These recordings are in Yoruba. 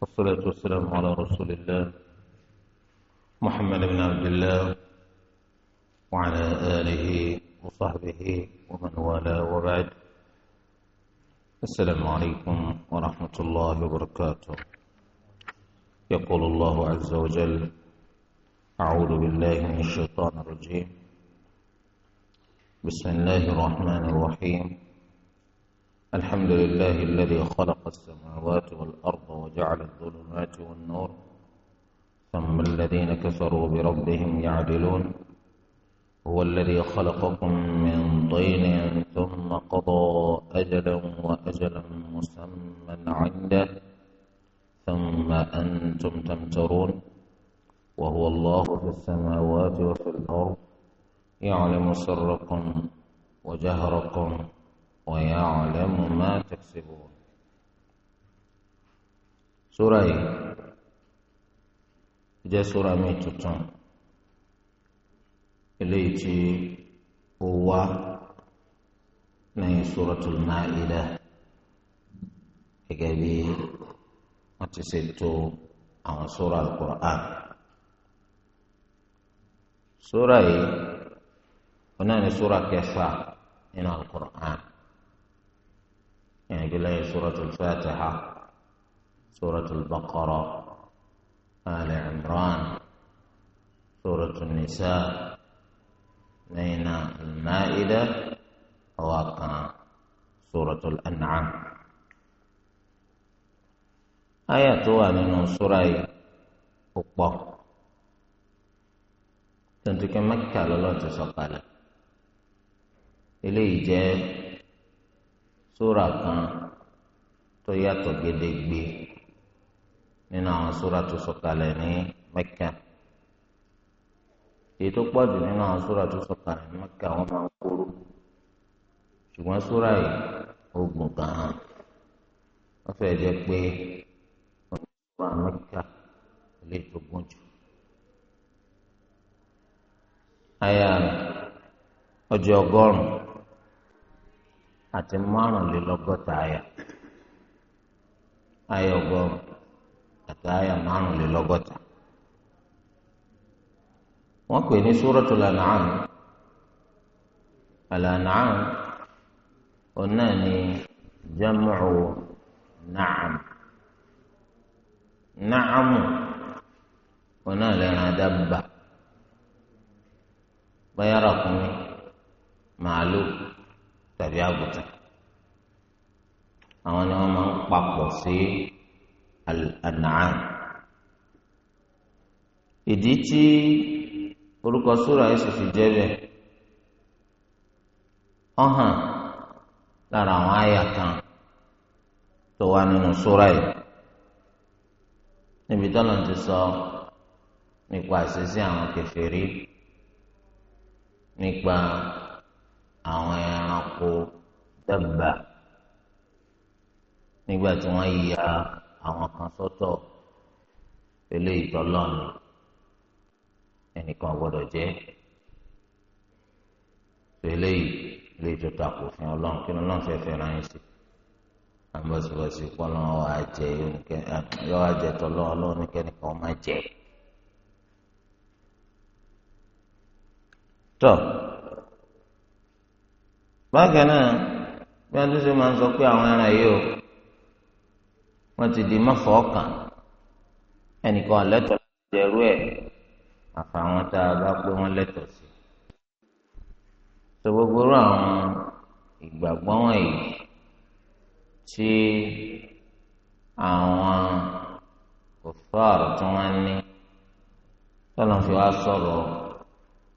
والصلاة والسلام على رسول الله محمد بن عبد الله وعلى آله وصحبه ومن والاه وبعد السلام عليكم ورحمة الله وبركاته يقول الله عز وجل أعوذ بالله من الشيطان الرجيم بسم الله الرحمن الرحيم الحمد لله الذي خلق السماوات والأرض وجعل الظلمات والنور ثم الذين كفروا بربهم يعدلون هو الذي خلقكم من طين ثم قضى أجلا وأجلا مسمى عنده ثم أنتم تمترون وهو الله في السماوات وفي الأرض يعلم سركم وجهركم ويعلم ما تكسبون سورة جاء سورة ميتوتون إليتي هو من سورة المائدة إيجابي وتسيتو عن سورة القرآن سورة هنا سورة كفا من القرآن يعني لله سورة الفاتحة سورة البقرة آل عمران سورة النساء لين المائدة وقع سورة الأنعام آيات وامن سورة أقوى تنتك مكة لله تسقى إليه جاء sóra kan tó yàtọ̀ gédégbé nínú àwọn sóra tó sọ̀kalẹ̀ ní Mẹ́kà èyí tó pọ̀ nínú àwọn sóra tó sọ̀kalẹ̀ ní Mẹ́kà wọ́n máa ń kóró ṣùgbọ́n sóra yìí kan hàn wọ́n pé wọ́n máa ń Mẹ́kà lè tó gùn jù. àti márùnlélọ́gọ́ta àyà àyà ọgọ́rùn àti àyà márùnlélọ́gọ́ta. wọ́n pè ní Suratul An'am Al-An'am òun náà ní jam'u na'am na'am òun náà lẹ́ran màálù tàbí àgùntàn àwọn ni wọn máa ń papọ̀ sí al-an'am ìdí tí orúkọ sóra yìí sì fi jẹ́ bẹ́ẹ̀ ọ̀hàn lára àwọn àyà kan tó wà nínú sóra yìí níbi tọ́lọ̀ ti sọ nípa àṣìṣe àwọn kèfèrí nípa àwọn ẹran dábàá nígbà tí wọ́n ya àwọn kan sọ́tọ̀ eléyìí tọ́lọ́ọ̀nù ẹnìkan gbọ́dọ̀ jẹ́ eléyìí lè tó takò fún ọlọ́run kí ni ọlọ́run fẹ́ fẹ́ ránṣẹ́ sí àbọ̀sibọ̀sì pọ́nlọ́ wa jẹ yọ àjẹ tọ́lọ́ ọlọ́run kẹ́nìkan má jẹ. tọ́ bákan náà bí wọ́n tún ṣe máa ń sọ pé àwọn ẹran yìí o wọ́n ti di mọ́fọ́ọ̀kan ẹnìkan lẹ́tọ̀ọ́ láti jẹrú ẹ̀ àfàwọn tá a bá pé wọ́n lẹ́tọ̀ọ́ sí tó gbogbo rú àwọn ìgbàgbọ́ wọ̀nyí tí àwọn kòfàr tí wọ́n ní tọ́lọ́ fi wá sọ̀rọ̀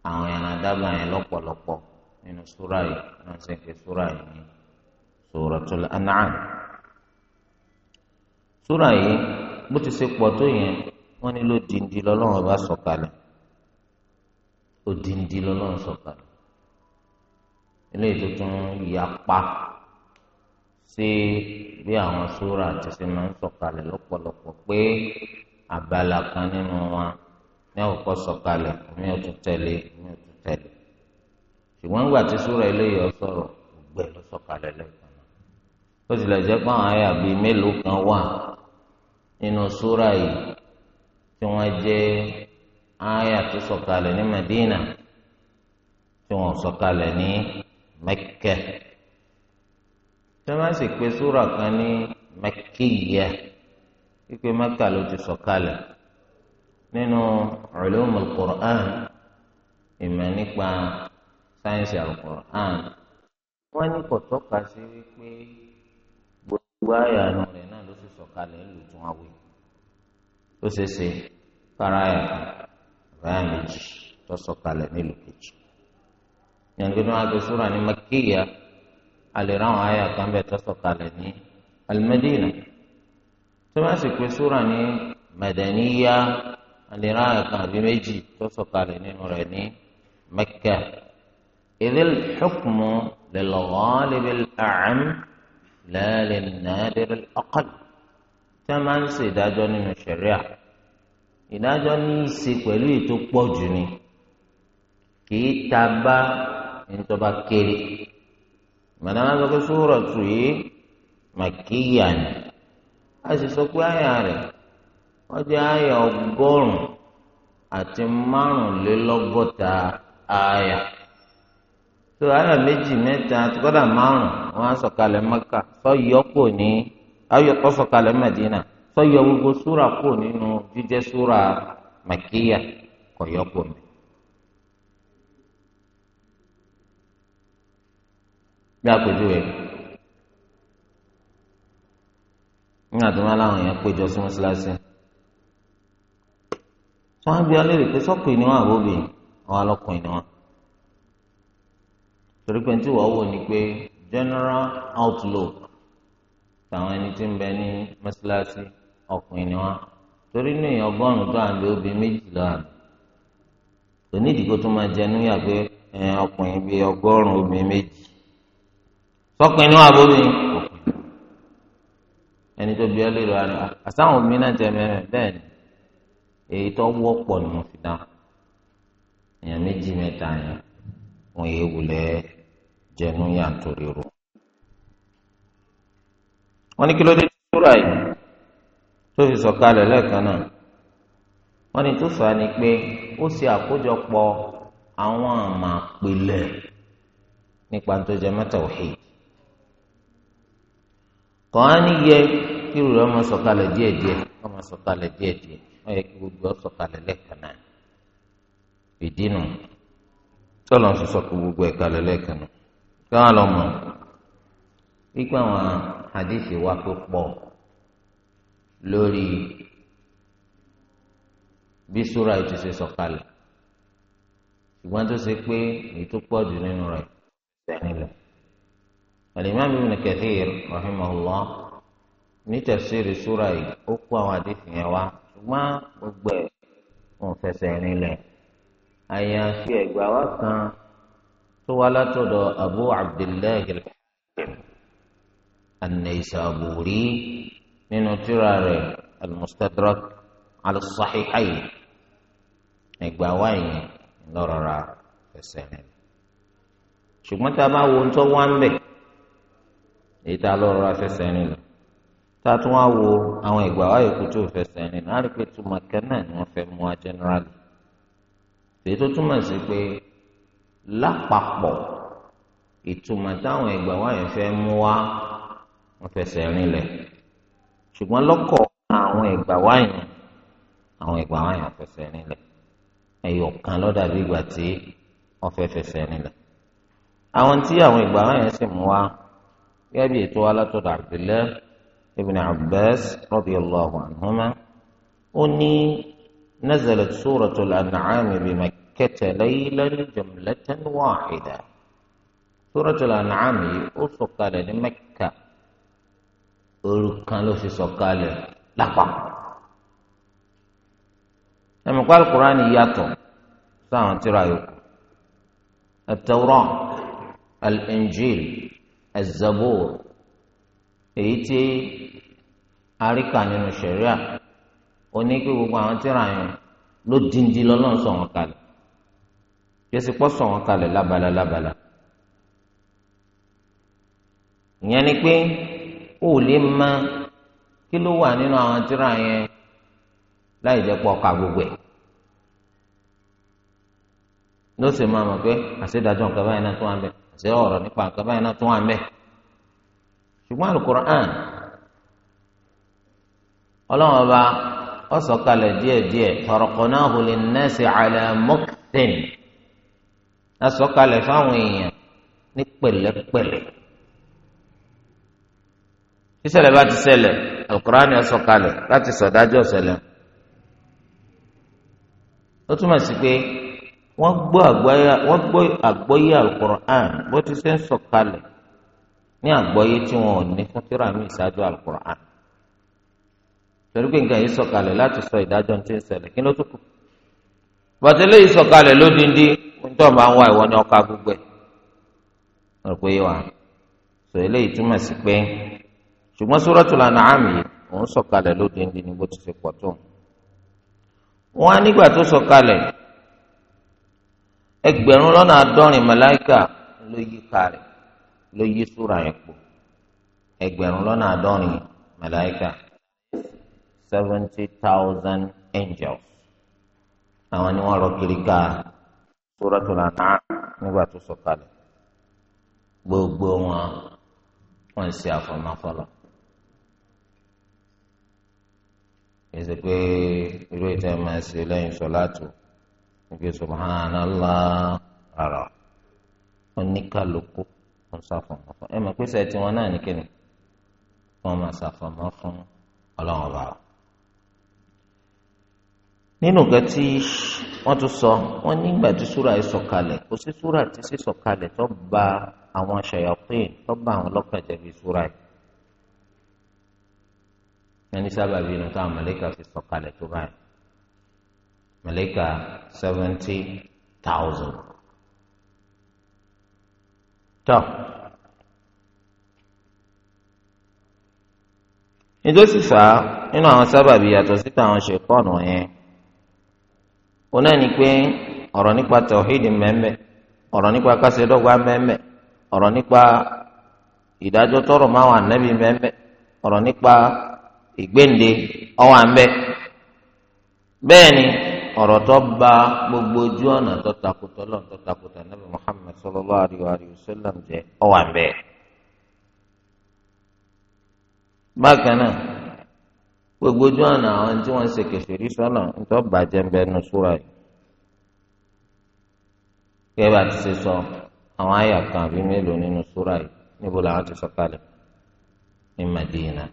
àwọn ẹran dábàá yẹn lọ́pọ̀lọpọ̀ nínú súrà yìí wọ́n ṣe ń pe súrà yìí ní. Suratul An'am sura yìí bó ti ṣe pọ̀ tó yẹn wọn ni ló dindi lọ́lọ́run bá sọ̀kalẹ̀ ó dìndì lọ́lọ́run sọ̀kalẹ̀ eléyìí tó yapa sí bí àwọn ti máa ń pé abala kan nínú ní tún tẹ̀lé omi ò ṣùgbọ́n nígbà tí sura eléyìí ọ sọ̀rọ̀ gbẹ lọ sọ̀kalẹ̀ lẹ́yìn. ó tilẹ̀ jẹ́ pé àwọn àyà bíi mélòó kan wà nínú súrà yìí tí wọ́n jẹ́ àyà tó sọ̀kalẹ̀ ní Madina tí wọ́n sọ̀kalẹ̀ ní Mẹ́kẹ́ tí sì pé súrà kan ní Mẹ́kíyà wípé Mẹ́kà ló ti sọ̀kalẹ̀ nínú ulumul Qur'an ìmọ̀ nípa sáyẹ́nsì al-Qur'an wọ́n ní kò tọ́ka sí wípé gbogbo àyà àánú rẹ̀ náà ló sì sọ̀kalẹ̀ ńlù tún àwẹ̀ ó ṣe ṣe kára àyà kan àbáyà méjì tó sọ̀kalẹ̀ nílùú kejì yàgbẹ́nu àgbẹ̀sọ́ra ní makéyà alẹ́ ráwọn àyà kan bẹ̀ tó sọ̀kalẹ̀ ní alimẹ́dínà tó bá sì pé sọ́ra ní mẹ̀dẹ̀níyà alẹ́ ráwọn kan àbí méjì tó sọ̀kalẹ̀ nínú rẹ̀ ní mẹ́kà ìdílé xukumu lè lọ́wọ́ lè lẹ́ẹ̀lẹ́ nàádẹ́rẹ́ ọ̀kọ́d tí a máa ń ṣe ìdájọ́ nínú ṣẹ̀ríà ìdájọ́ ní í ṣe pẹ̀lú ètò pọ̀jù ni kì í ta bá ìjọba kéré màdàmá sọ pé sóòrọ̀ tù yìí a sì sọ pé àyà rẹ̀ wọ́n jẹ́ àyà ọgọ́rùn-ún àti márùnlélọ́gọ́ta tó a méjì mẹ́ta kọ́dà márùn wọn á sọ̀kalẹ̀ mẹ́kà sọyọ kò ní ayọ̀kọ́ sọ̀kalẹ̀ mẹ́dínà sọ́yọ́ gbogbo súrà kò nínú jíjẹ́ súrà màkíyà kọ̀yọ́ kò ní. bí àpèjúwe nígbà tó máa láwọn èèyàn péjọ sí mọ́ṣáláṣí tí bí pé ni torí pé tí wọ́n wò ni pé general outlook tàwọn ẹni tí ń bẹ ní mọ́ṣáláṣí ọkùnrin ni wọ́n torí ní èèyàn ọgọ́rùn-ún tó àǹdí obìnrin méjìlá àmì tó máa jẹnu yà pé ọkùnrin bíi ọgọ́rùn-ún obìnrin méjì sọ́kùnrin ni wọ́n abóbìnrin ọkùnrin ẹni tó bí ọ lè lọ àná àsáwọn obìnrin náà jẹ mẹ́rin bẹ́ẹ̀ ni èyí tó wọ́pọ̀ ni mo fi wọn yé wulẹ̀ jẹnu yàntorí ro wọn ní kí ló dé tóra yìí tó fi sọ̀kalẹ̀ lẹ́ẹ̀kan náà wọn ní tó ni pé ó ṣe àkójọpọ̀ àwọn àmà pilẹ̀ nípa tó jẹ mọ́ tawhid kàn án níyẹ kí rúra ọmọ sọ̀kalẹ̀ díẹ̀díẹ̀ ọmọ sọ̀kalẹ̀ wọn yẹ kí gbogbo ọ náà nù. tọ́lọ̀ ń sọ̀sọ̀ kó gbogbo ẹ̀ka lẹ́lẹ́kan nù kí wọ́n lọ mọ̀ wípé àwọn àdéhìí wa tó pọ̀ lórí bí súra ètò ṣe sọ̀kalẹ̀ ṣùgbọ́n tó ṣe pé èyí tó pọ̀ jù nínú rẹ̀ sẹ́yìn lọ. Al-Imam Ibn Kathir rahimahullah ní tafsiri súra yìí ó kó àwọn àdéhìí yẹn wá ṣùgbọ́n gbogbo ẹ̀ wọn fẹsẹ̀ rinlẹ̀ àyàfi ẹgbàá wa kan tó wá látọ̀dọ̀ abu abdullahi al-hakim an-naysaburi nínú tírà rẹ̀ al-mustadrak al-sahihayn ẹgbàá wa yẹn lọ́rọ̀ra fẹsẹ̀ rẹ̀ ṣùgbọ́n tá a bá wo ń tọ́ wá ń bẹ̀ èyí tá a lọ́rọ̀ra fẹsẹ̀ rẹ̀ lọ tá a tún wá wo àwọn ẹgbàá wa yòókù tó fẹsẹ̀ rẹ̀ lọ rí i pé túmọ̀ kẹ́nà ni wọ́n fẹ́ mú wa generally èyí tó túmọ̀ sí pé lápapọ̀ ìtumọ̀ táwọn ẹgbẹ́ wa yẹn fẹ́ mú wá wọ́n fẹsẹ̀ rinlẹ̀ ṣùgbọ́n lọ́kọ̀ àwọn ẹgbẹ́ wa yẹn àwọn ẹgbẹ́ wa yẹn fẹsẹ̀ rinlẹ̀ ẹ̀yọ̀ kan lọ́dà bí ìgbà tí wọ́n fẹ́ fẹsẹ̀ rinlẹ̀ àwọn tí àwọn ẹgbẹ́ wa yẹn sì mú wá gẹ́gẹ́ bí ètò alátọ́dọ̀ Abdullah ibn Abbas radiyallahu anhuma ó نزلت سورة الأنعام بمكة ليلا جملة واحدة سورة الأنعام أسقل لمكة أركان في سقال لقا لما قال القرآن ياتو سامع ترايو التوراة الإنجيل الزبور إيتي أريكا من الشريعة oní pé gbogbo àwọn tíra yẹn ló dìndín lọ́lọ́run sọ̀ kalẹ̀ yẹsi pọ́ kalẹ̀ lábala lábala ni pé ó lè ma kí ló wà nínú àwọn tíra yẹn láì jẹ́ pọ̀ ká gbogbo ẹ̀ ló sì máa mọ̀ pé àṣedájọ́ nǹkan báyìí náà tún wà àṣẹ ọ̀rọ̀ nípa nǹkan ọba. ọsọkalẹ díẹ̀díẹ̀ taraqnahu linnasi ala muktin asọkalẹ fáwọn èèyàn ní pẹ̀lẹ́pẹ̀lẹ́ tíṣẹ̀lẹ̀ bá ti ṣẹlẹ̀ alukurani asọkalẹ láti sọdájọ ṣẹlẹ̀ ó túmọ̀ sí pé wọ́n gbọ́ àgbọ́yé alukur'an bó ti ṣe ń sọ̀kalẹ̀ ní àgbọ́yé tí wọn ní fún tíra mi alukur'an. torí pé nǹkan yìí sọ̀kalẹ̀ láti sọ ìdájọ́ tí ń ṣẹlẹ̀ kí ló tún kù bàtẹ́lẹ̀ yìí sọ̀kalẹ̀ lódindi nítorí wọn máa ń wá ìwọ ní ọkọ agbègbè wọn pé wà sọ eléyìí túmọ̀ sí pé ṣùgbọ́n Suratul An'am yìí òun sọ̀kalẹ̀ lódindi ni bó ti ṣe pọ̀ tó wọn á nígbà tó ẹgbẹ̀rún lọ́nà àádọ́rin ló yí kárẹ̀ ló yí súra ẹgbẹ̀rún lọ́nà seventy thousand angels àwọn ni wọ́n rọ kiri ká Suratul An'am nígbà tó sọ̀kalẹ̀ gbogbo wọn wọ́n ń ṣe àfọmọfọlọ èsì pé irú ìtẹ́ máa ṣe lẹ́yìn sọ́láàtù nígbà subhanallah ara oníkàlùkù ń ṣàfọmọfọ ẹ mọ̀ pé sẹ́ẹ̀ tí wọ́n náà ní kíni wọ́n máa ṣàfọmọ fún ọlọ́run ọba nínú nǹkan tí wọ́n tún sọ wọ́n nígbà tí súrà yìí sọ̀kalẹ̀ kò sí súrà tí sì sọ̀kalẹ̀ tó ba àwọn ṣàyàpín tó bà àwọn ọlọ́kàn jẹ́ bí súrà yìí. wọ́n ní sábà bí inú táwọn mọ̀lẹ́kà fi sọ̀kalẹ̀ tó báyìí mọ̀lẹ́kà seventy thousand. tọ́ nítorí fà á nínú àwọn sábà bí yàtọ̀ síta àwọn ṣèkọ́ọ̀nù yẹn. ona náà ni pé ọ̀rọ̀ nípa tọ̀hídì mẹ́mẹ́ ọ̀rọ̀ nípa kásìdọ́gba mẹ́mẹ́ ọ̀rọ̀ nípa ìdájọ́ tọrọ máwọn ànábì mẹ́mẹ́ ni ọ̀rọ̀ ba gbogbo ojú ọ̀nà tó takùtọ̀ lọ́n tó takùtọ̀ nàbì Muhammad sọlọlọ alaihi wa sallam jẹ́ ọwọ́ àmbẹ́. bákan náà gbogbo ojú àná àwọn tí wọ́n ń ṣe kẹsìrì sọ́nà nítorí bàjẹ́ ń bẹnu súra yìí gẹ́gẹ́ bá ti ṣe sọ àwọn àyà kan àbí mélòó nínú súra yìí níbo làwọn ti sọ̀kalẹ̀ ní Madina.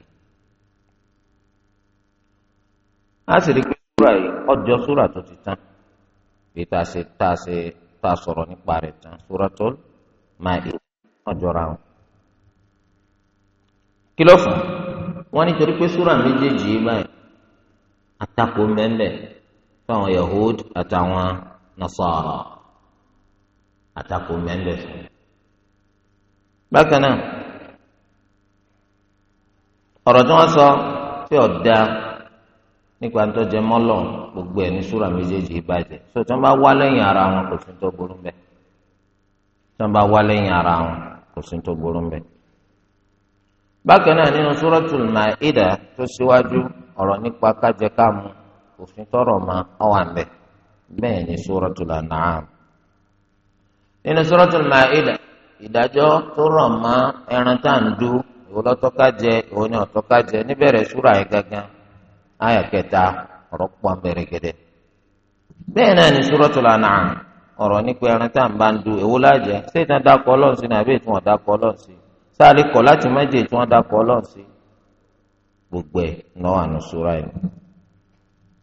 a sì rí i pé súra yìí ọjọ́ súra tó ti tán bí tá a ṣe tá a ṣe tá a sọ̀rọ̀ nípa rẹ̀ tán Suratul Maida ọjọ́ ra wọn. kí ló fún un wọ́n nítorí pé súrà méjèèjì yìí báyìí àtakò mẹ́mẹ́ fáwọn yahood àtàwọn nasara àtakò mẹ́mẹ́ fún un. bákan náà ọ̀rọ̀ tí wọ́n sọ tí ọ̀dà nípa ń mọ́lọ̀ gbogbo ẹ̀ ní súrà méjèèjì yìí bàjẹ́ so tí wọ́n bá wá lẹ́yìn ara wọn kò sí tó burú mbẹ́ tí wọ́n bá wá lẹ́yìn ara wọn kò sí tó burú mbẹ́. bákan náà nínú suratul Maida tó síwájú ọ̀rọ̀ nípa kájẹkámu òfin tọrọ ma ọwà ń bẹ bẹ́ẹ̀ ni suratul An'am nínú suratul Maida ìdájọ́ tó rọ̀ mọ́ ẹran tá à ń dú ìwọ lọ́tọ́ká jẹ ìwọ ni níbẹ̀rẹ̀ súra yẹn gangan ayà kẹta ọ̀rọ̀ pọ̀ bẹ̀rẹ̀ gẹ̀dẹ̀ bẹ́ẹ̀ náà ni suratul An'am ọ̀rọ̀ nípa ẹran tá à ń bá ń sáré kọ̀ láti méje tí wọ́n dakọ̀ ọlọ́run sí gbogbo ẹ̀ náà ànusúra ẹ̀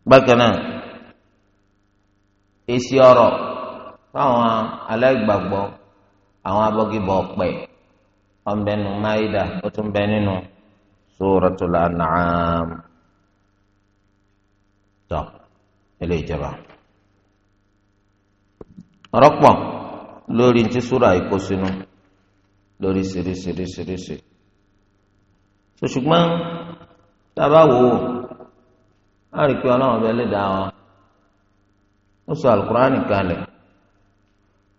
bákan náà èsì ọ̀rọ̀ fáwọn aláìgbàgbọ́ àwọn abọ́gibọ̀ ọ̀pẹ ọ̀nbẹ́nu máìdá ó tún bẹ nínú Suratul An'am tọ́ ilé ìjọba ọ̀rọ̀ lórí ti ìkó lórí ṣeréṣeréṣeréṣe so ṣùgbọ́n tá a bá wò ó a rí i pé ọlọ́run ọbẹ̀ lè dá wa ó sọ alukurani kalẹ̀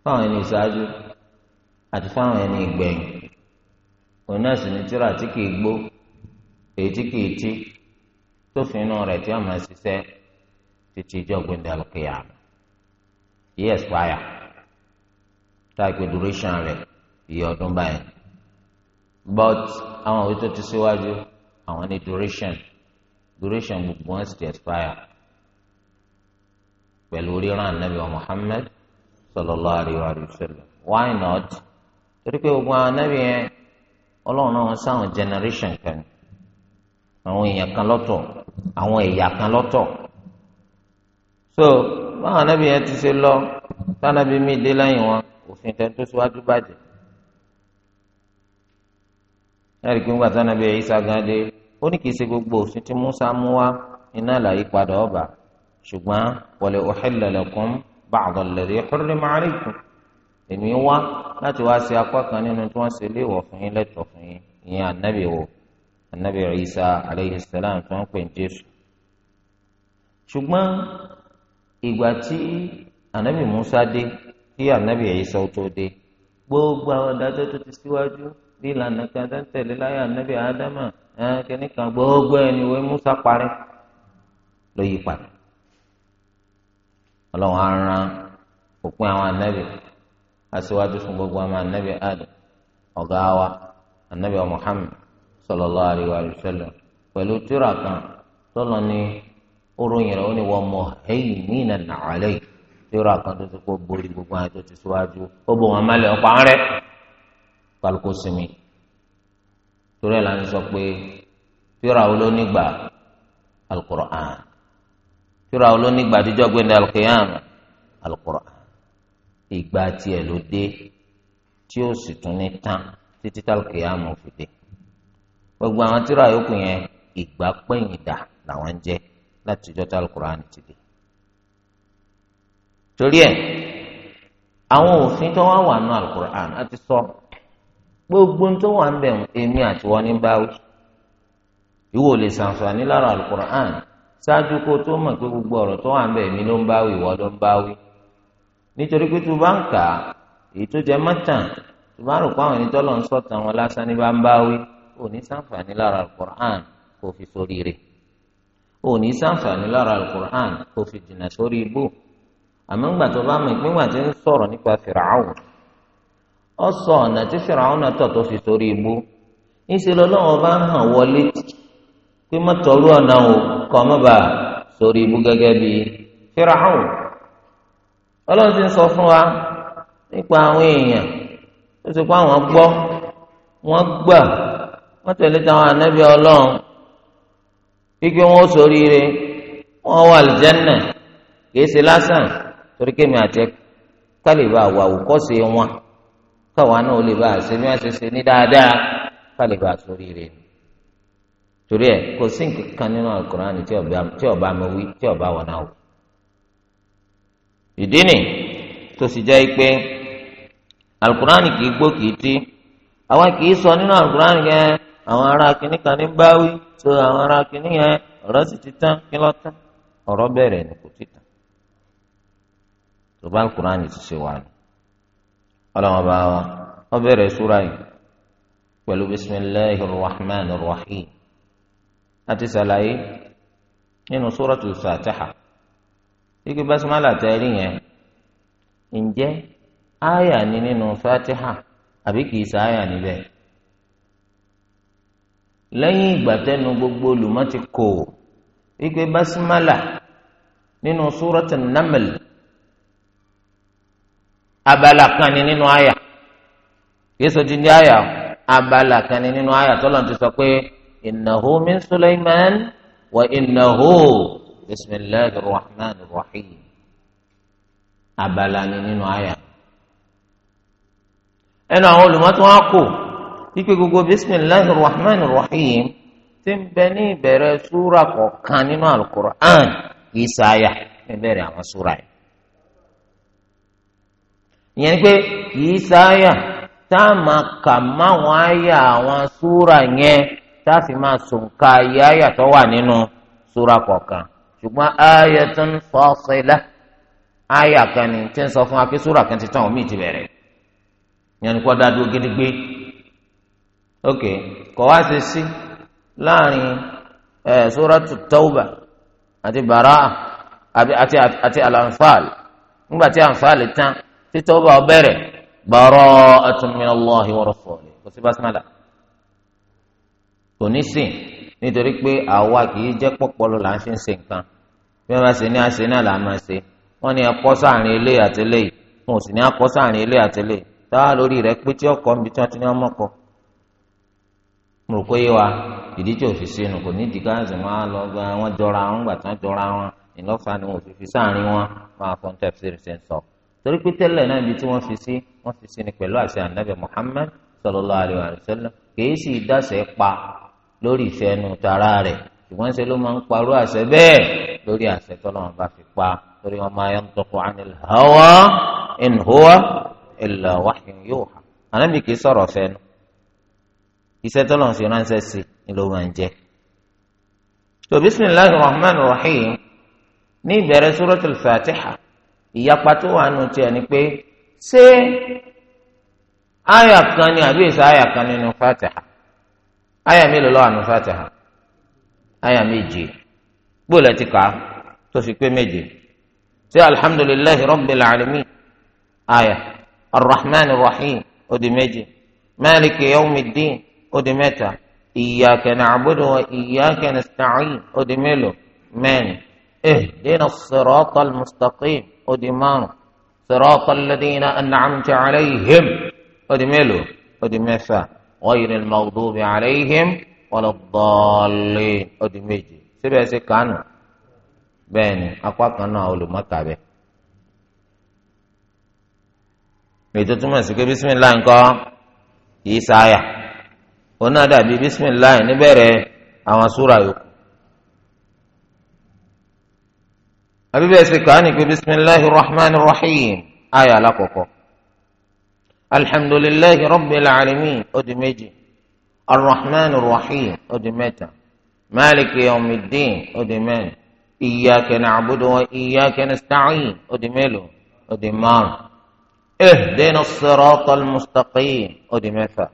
fáwọn ẹni ìṣáájú àti fáwọn ẹni ìgbẹ̀yìn òun náà sì ní tíra tí kìí gbó èyí tí kìí tí tó fi inú rẹ̀ tí wọ́n máa ṣiṣẹ́ títí ìjọ gbẹ̀ndẹ̀ yí expire táà duration rẹ̀ iye ọdún báyìí but àwọn òwe tó ti síwájú àwọn ní duration duration gbogbo wọn sì ti expire pẹ̀lú ríran anabi wa Muhammad sallallahu alayhi wa sallam why not torí pé gbogbo àwọn anabi yẹn ọlọ́run náà wọn sáwọn generation kan àwọn èèyàn kan lọ́tọ̀ àwọn ẹ̀yà kan lọ́tọ̀ so báwọn anabi yẹn ti ṣe lọ tánabi mi dé lẹ́yìn wọn òfin tẹ́ tó síwájú bàjẹ́ ẹ̀rí pé ńgbà sànà bíi Ìsá gan dé ó ní kì í ṣe gbogbo òfin tí Musa mú wá iná àlàyé padà ọba ṣùgbọ́n wọlé uhilla lakum ba'da alladhi hurrima alaykum èmi wá láti wá ṣe apá kan nínú tí wọ́n ṣe léèwọ̀ fún yín lẹ́tọ̀ fún yín ìyẹn ànábì wò ànábì Ìsá alayhi tí wọ́n pè ní Jésù ṣùgbọ́n ìgbà tí ànábì Musa dé kí ànábì Ìsá ó tó dé gbogbo àwọn adájọ́ tó ti síwájú bí ìlànà tí a tẹ̀lé láyé ànábì ádámà kìnnì kan gbogbo ẹni musa parí ló yí padà ọlọ́run á ran òpin àwọn ànábì aṣíwájú fún gbogbo àwọn ànábì ádùn ọ̀gá wa ànábì Muhammad sallallahu alaihi wa pẹ̀lú kan tọ́lọ ni oróyìn rẹ̀ ó ní wọ́n ẹ̀yìn ní kan tó ti kó gbogbo ti ó wọ́n kálukó sinmi torí ẹ̀ la ń sọ pé tíra olónígbà alukur'an tíra olónígbà àtijọ́ gbẹ̀ndé alukiyam alukur'an ìgbà tiẹ̀ ló dé tí ó sì tún ní tán títí talukiyam fi dé gbogbo àwọn tíra yòókù yẹn ìgbà pẹ̀yìn dà làwọn ń jẹ́ láti ìjọ talukir'an ti dé torí ẹ̀ àwọn òfin tó wá wà nù alukur'an àti sọ. So, gbogbo tó wà ń bẹ̀ èmi àti wọn ní báwí ìwọ lè ṣàǹfààní lára alukur'an ṣáájú kó tó mọ̀ pé gbogbo ọ̀rọ̀ tó wà ń bẹ̀ èmi ló ń báwí ìwọ ló ń báwí nítorí pé tó bá ń kà á èyí tó jẹ mọ́tàn tó bá rò pé àwọn ẹni tọ́lọ̀ ń sọ̀tàn wọn lásán ní bá ń báwí ò ní ṣàǹfààní lára alukur'an kò fi sórí rẹ̀ ò ní ṣàǹfààní lára alukur'an kò fi jìnnà sórí ibú àmọ́ ńgbà tó bá mọ̀ ìpínwà ọ sọ ọ̀nà tí fìràwọn náà tọ̀ tó fi sórí ibú ńṣe lọ́lọ́wọ́ bá ń hàn wọlé pé mọ́tọ́rú ọ̀nà ò kọ́ mọ́ bá sórí ibú gẹ́gẹ́ bí fìràwọn ọlọ́run ti ń sọ fún wa nípa àwọn èèyàn ó pa gbọ́ gbà tẹ̀lé táwọn anábì ọlọ́run wọn ó káwa náà ó lè bá àṣẹ bí wọ́n ṣe ṣe ní dáadáa ká lè bá sórí rẹ̀ torí ẹ̀ kò sí nǹkan kan nínú alukur'an tí ọba mi wí tí ọba wọ̀ náà wò ìdí ni tó sì jẹ́ pé alukur'an kì í gbó kì í tí àwa kì í sọ nínú alukur'an yẹn àwọn ará kìnnì kan ní báwí tó àwọn ará kìnnì yẹn ọ̀rọ̀ sì ti tán kí ló tán ọ̀rọ̀ bẹ̀rẹ̀ ni kò ti tán tó bá alukur'an ti ṣe wà ní ọlọ́wọ́n bá wa wọ́n bẹ̀rẹ̀ súra yìí pẹ̀lú bisimilahi rahman rahim àti sàlàyé nínú súratul fàtàhà ike basimala tẹ́lẹ̀ yẹn ǹjẹ́ àyà ni nínú fàtàhà àbí kìí sa àyà níbẹ̀ lẹ́yìn ìgbà tẹnu gbogbo olùmọ́ ti kò ike basimala nínú súratul naml abala kan ni nínú àyà yéésù ti ní àyà abala kan ni nínú àyà tọ́lọ̀ ti sọ pé innahu min Sulaiman wa innahu bismillahir rahmanir rahim abala ni nínú àyà ẹnu àwọn olùmọ́tò wọn kò wípé gbogbo bismillahir rahmanir rahim ti ń bẹ ní ìbẹ̀rẹ̀ súra kọ̀ọ̀kan nínú Al-Qur'an kì í sáyà ìbẹ̀rẹ̀ àwọn súra yìí. ìyẹn ni pé kìí sáyà tá a máa kà máwọn àyà àwọn súra yẹn tá a fi máa sònkà ayé àyà tó wà nínú súra kọ̀ọ̀kan ṣùgbọ́n kan ní tí ń sọ fún wa kan ti tán omi ti bẹ̀rẹ̀ ìyẹn ni kò dá dúró gidigbe ok kò wá ṣe sí láàrin ẹ suratu tauba àti baraa àti àti àti títọ́ bá ọ bẹ̀rẹ̀ bara'atun min Allahi wa rasulihi kò sí basmala kò ní sìn nítorí pé àwa kì í jẹ́ pọ̀pọ̀lọ là ń ṣe ń ṣe nǹkan bí wọ́n bá ṣe ní àṣe náà là á máa ṣe wọ́n ní ẹ̀kọ́ sáàrin ilé àti ilé yìí wọn ò sì ní akọ́ sáàrin ilé àti ilé táwa lórí rẹ pé tí ọkọ níbi tí wọ́n ti ní ọmọ kọ mo wa ìdí tí òfin sínú kò ní dìgáàsì wọn lọ gba wọn jọra wọn gbà tí wọn jọra wọn ìlọ́fà ni wọn ò fi fi sáàrin wọn máa fọ́n tẹ̀síìrì ṣe ń sọ̀kọ̀ torí pé tẹ́lẹ̀ náà ibi tí wọ́n fi sí wọ́n fi sí ni pẹ̀lú àṣẹ ànábì Muhammad sallallahu alaihi wasallam kìí sì dáṣẹ pa lórí ìfẹ́ ẹnu tara rẹ̀ ṣùgbọ́n ṣe ló máa ń parú àṣẹ bẹ́ẹ̀ lórí àṣẹ tọ́lọ́wọ́n bá fi pa torí wa ma yantiqu anil hawa in huwa illa wahyun yuha ànábì kìí sọ̀rọ̀ fẹ́nu iṣẹ́ tọ́lọ́wọ́n fi ránṣẹ́ sí ni ló máa ń jẹ́ tó bismillahir ní ìbẹ̀rẹ̀ suratul ìyapa tó wà nù tiẹ̀ ni pé ṣé àyà kan ni àbí èso àyà kan nínú fatiha àyà mélòó lọ́wọ́ nù fatiha àyà méje gbọ́dọ̀ ti kà á tó fi pé méje ṣé alhamdulillahi rabbil alamin àyà arrahman rahim ó di méje maliki yawmiddin ó di mẹ́ta iyyaka wa iyyaka nasta'in ó di mélòó mẹ́rin ihdina mustaqim ودي مارو صراط الذين أنعمت عليهم ودي ميلو ودي ميسا غير المغضوب عليهم ولا الضالين ودي ميجي سبعه سكان بين أقوى كنا أول متابع ميتو تمسك بسم الله إنكا إيسايا ونادى بسم الله نبري أما سورة يوكو àbí bẹ́ẹ̀ ṣe kàá ní pé bisimilahi rahman rahim ayọ̀ alákọ̀ọ́kọ́ alhamdulilahi rabbil alamin ó di méjì arrahman rahim ó di mẹ́ta maliki yawmiddin ó di mẹ́rin iyyaka na'budu wa iyyaka nasta'in ó di mélòó ó di márùn ihdina sirata almustaqim ó di mẹ́fà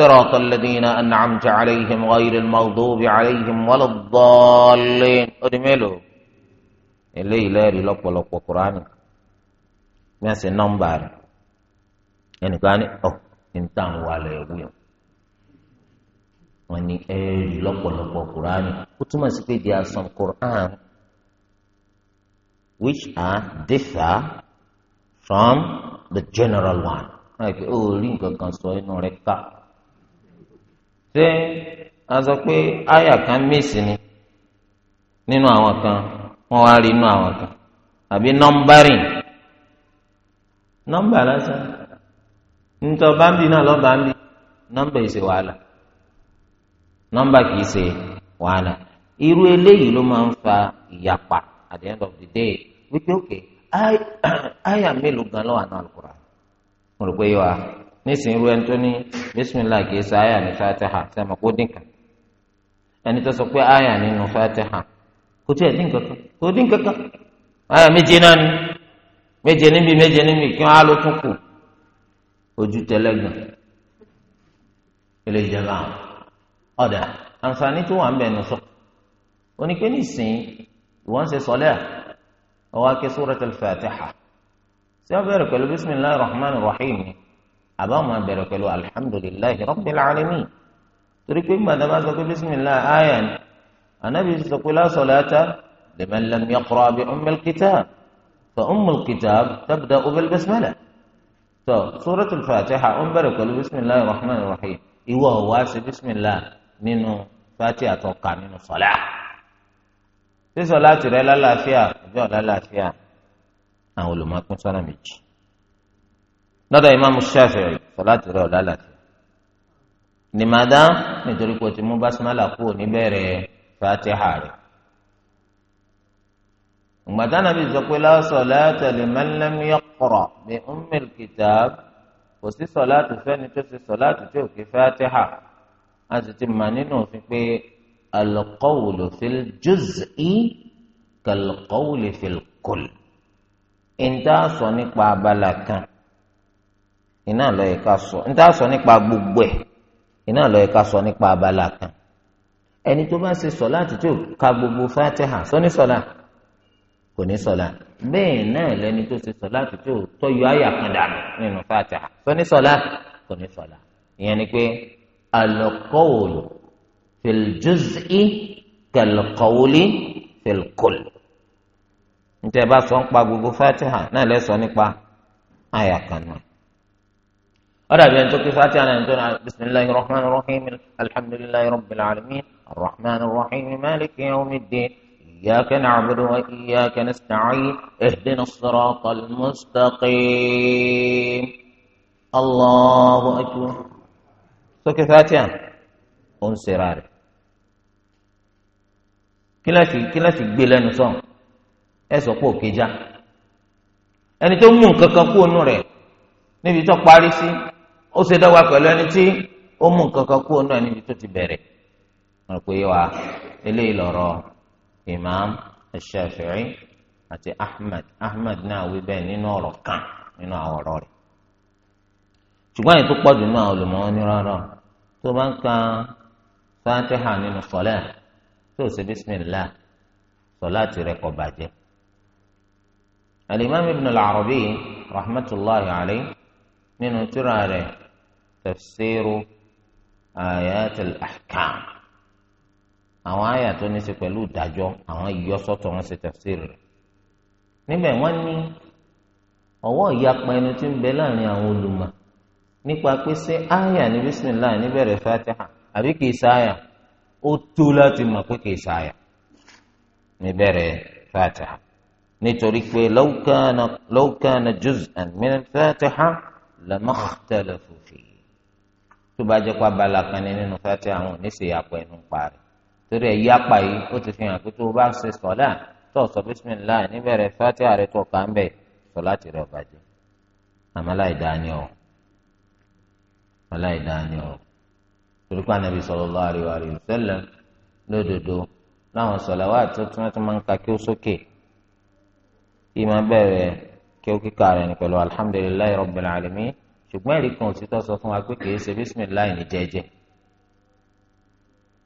صراط الذين أنعمت عليهم غير المغضوب عليهم ولا الضالين أدملوا eléyìí lẹ́rìí lọ́pọ̀lọpọ̀ kuraani bí wọ́n ṣe nọ́mbà rẹ̀ ẹnìkan ní ọ̀ níta ń wà lẹ̀ wí o wọ́n ní ẹ̀rìí lọ́pọ̀lọpọ̀ kuraani ó túmọ̀ sí pé di asan kuraan which are differ from the general one náà kí ó rí nǹkan kan sọ inú rẹ̀ ká ṣé a sọ pé àyà kan mí sí ni nínú àwọn kan. wọn wá rí inú àwọn kan àbí nọmbárìn nọmbà lásán nítorí bámbì náà lọ́ba ń bí ìṣe wàhálà nọmbà kìí ṣe wàhálà irú eléyìí ló máa fa ìyapa at the end of the day wípé òkè àyà mélòó gan lọ́wọ́ àná àlùkùrà mo rò pé yóò wá irú ẹni tó ní bísímìlá kìí ṣe kò tí ẹ dín kankan kò dín kankan ayọ̀ méje náà ni méje níbi méje níbi kí wọn á ló tún kù ojú tẹlẹgàn ilé ìjọba ọdà àǹfààní tó wà ń bẹnu sọ onípe nísìnyí ìwọ ń ṣe sọlẹ ọwọ akẹ suratul Fatiha sí ọ bẹ̀rẹ̀ pẹ̀lú bisimilahi rahman rahim àbá wọn bẹ̀rẹ̀ pẹ̀lú alihamdulilayi rabbil alamin torí pé gbàdá bá sọ pé bisimilahi ayani anabi sọ pé la salata liman lam yaqra bi ummil kitab fa ummul kitab tabda'u bil basmala tó suratul fatiha ó ń bẹ̀rẹ̀ pẹ̀lú bisimilahi rahman rahim ìwọ wá sí bisimilah nínú fatiha tó kà nínú sọlá sísọ láti rẹ lálàáfíà ìjọ lálàáfíà àwọn olùmọ̀pín sọ́nà méjì lọ́dọ̀ ìmáàmù Shafi'i sọláàtì rẹ̀ ọ̀làlàtì nìmàdá nítorí pé o ti mú basmala kúrò níbẹ̀rẹ̀ fatiha rẹ̀ ìgbàdá nàbí sọ pé la salata liman lam yaqra bi ummil kitab kò sí sọláàtù fẹ́ni tó ṣe sọláàtù tí ò kí fatiha a sì ti mà nínú òfin pé al-qawlu fil juz'i kal fil kull ìdá sọ nípa abala kan iná lọ́yẹ̀ká sọ ìdá sọ nípa gbogbo ẹ̀ iná lọ́yẹ̀ká sọ nípa abala kan ẹni tó bá ṣe sọlá àtútù ka gbogbo fatiha sọní sọlá kò ní sọlá bẹ́ẹ̀ náà lẹni tó ṣe sọlá àtútù tó yọ àyà kan dànù nínú fatiha sọní sọlá kò ní sọlá ìyẹn ni pé alqawlu fil juz'i kalqawli fil kull ntẹ bá sọ ń pa gbogbo fatiha náà lẹ sọ nípa àyà kan náà. أرى أن تكفي فاتحة أن بسم الله الرحمن الرحيم الحمد لله رب العالمين الرحمن الرحيم مالك يوم الدين إياك نعبد وإياك نستعين اهدنا الصراط المستقيم الله أكبر سكي فاتحة أنسراري كلا kíláàsì كلا lẹ́nu sọ ẹ sọ pé òkè já ẹni tó نوري نبي kan kú ònú ó ṣe dọ́gba pẹ̀lú ẹni tí ó mú nǹkan kan ti bẹ̀rẹ̀ wọn wa eléyìí imam Shafi'i àti Ahmad ahmed náà wí bẹ́ẹ̀ kan nínú àwọn ọ̀rọ̀ rẹ̀ ṣùgbọ́n èyí tó náà olùmọ̀ ní rárá tó bá ń kan fatiha nínú sọlẹ́ tó ṣe bísímìlá sọlá ti rẹ̀ kọ́ bàjẹ́. ibn al-arabi rahmatulahi alayhi tafsiru ayat al-ahkam àwọn àyà tó ní í ṣe pẹ̀lú ìdájọ́ àwọn yíyọ sọ́tọ̀ wọn ṣe tafsir rẹ̀ níbẹ̀ wọ́n ní ọwọ́ ìyapa ẹnu tí ń bẹ láàrin àwọn olùmọ̀ nípa pé ṣé àyà ní bísímìlá níbẹ̀rẹ̀ fatiha àbí kìí ṣáyà ó tó láti mọ̀ pé kìí ṣáyà níbẹ̀rẹ̀ fatiha nítorí pé law kana law kana fatiha lamahtalafu fi tó bá jẹ́ pa abala kan ní nínú fati àwọn oníṣe àpọ̀ ẹnu parí torí ẹ̀yí apá yìí ó ti fi hàn pé tó o bá ń ṣe sọ̀lá tó o sọ bísímìlá níbẹ̀rẹ̀ fati ààrẹ tó kà ń bẹ̀ sọ láti rẹ̀ ọ̀bàjẹ́ àmọ́ aláìdáni ọ̀ aláìdáni ọ̀ torí pé ànábì sallallahu alaihi wa sallam lódodo láwọn sọ̀làwà tó tí wọ́n ti máa ń ka kí ó sókè kí máa bẹ̀rẹ̀ kí ó kíkà rẹ̀ pẹ̀lú alhamdulillahi rabbil alamin ṣùgbọ́n ẹ̀rí kan òtítọ́ sọ fún wa pé kìí ṣe bísímìláì ní jẹ́jẹ́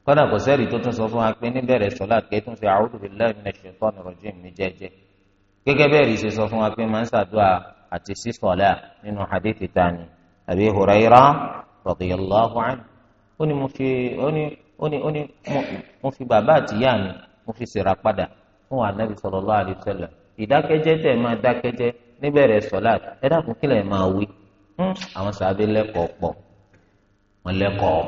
kọ́dà kò sẹ́rí tó tún sọ fún wa pé níbẹ̀rẹ̀ sọ́lá kẹ́tùn fi a'udhu billahi minash shaitanir rajim ní jẹ́jẹ́ gẹ́gẹ́ bẹ́ẹ̀ rí ṣe sọ fún wa pé máa ń ṣàdúrà àti sísọ̀lá nínú hadith tani Abi Hurairah radiyallahu anhu ó ní mo fi ó ní ó ní ó ní mo fi bàbá àtìyá mi mo fi ṣèrà padà fún anabi sallallahu alaihi wasallam ìdákẹ́jẹ́ tẹ̀ máa dákẹ́jẹ́ níbẹ̀rẹ̀ sọ́lá ẹ dákun máa wí Hmm. àwọn sàbẹ lẹ́kọ̀ọ́ pọ̀ wọn lẹ́kọ̀ọ́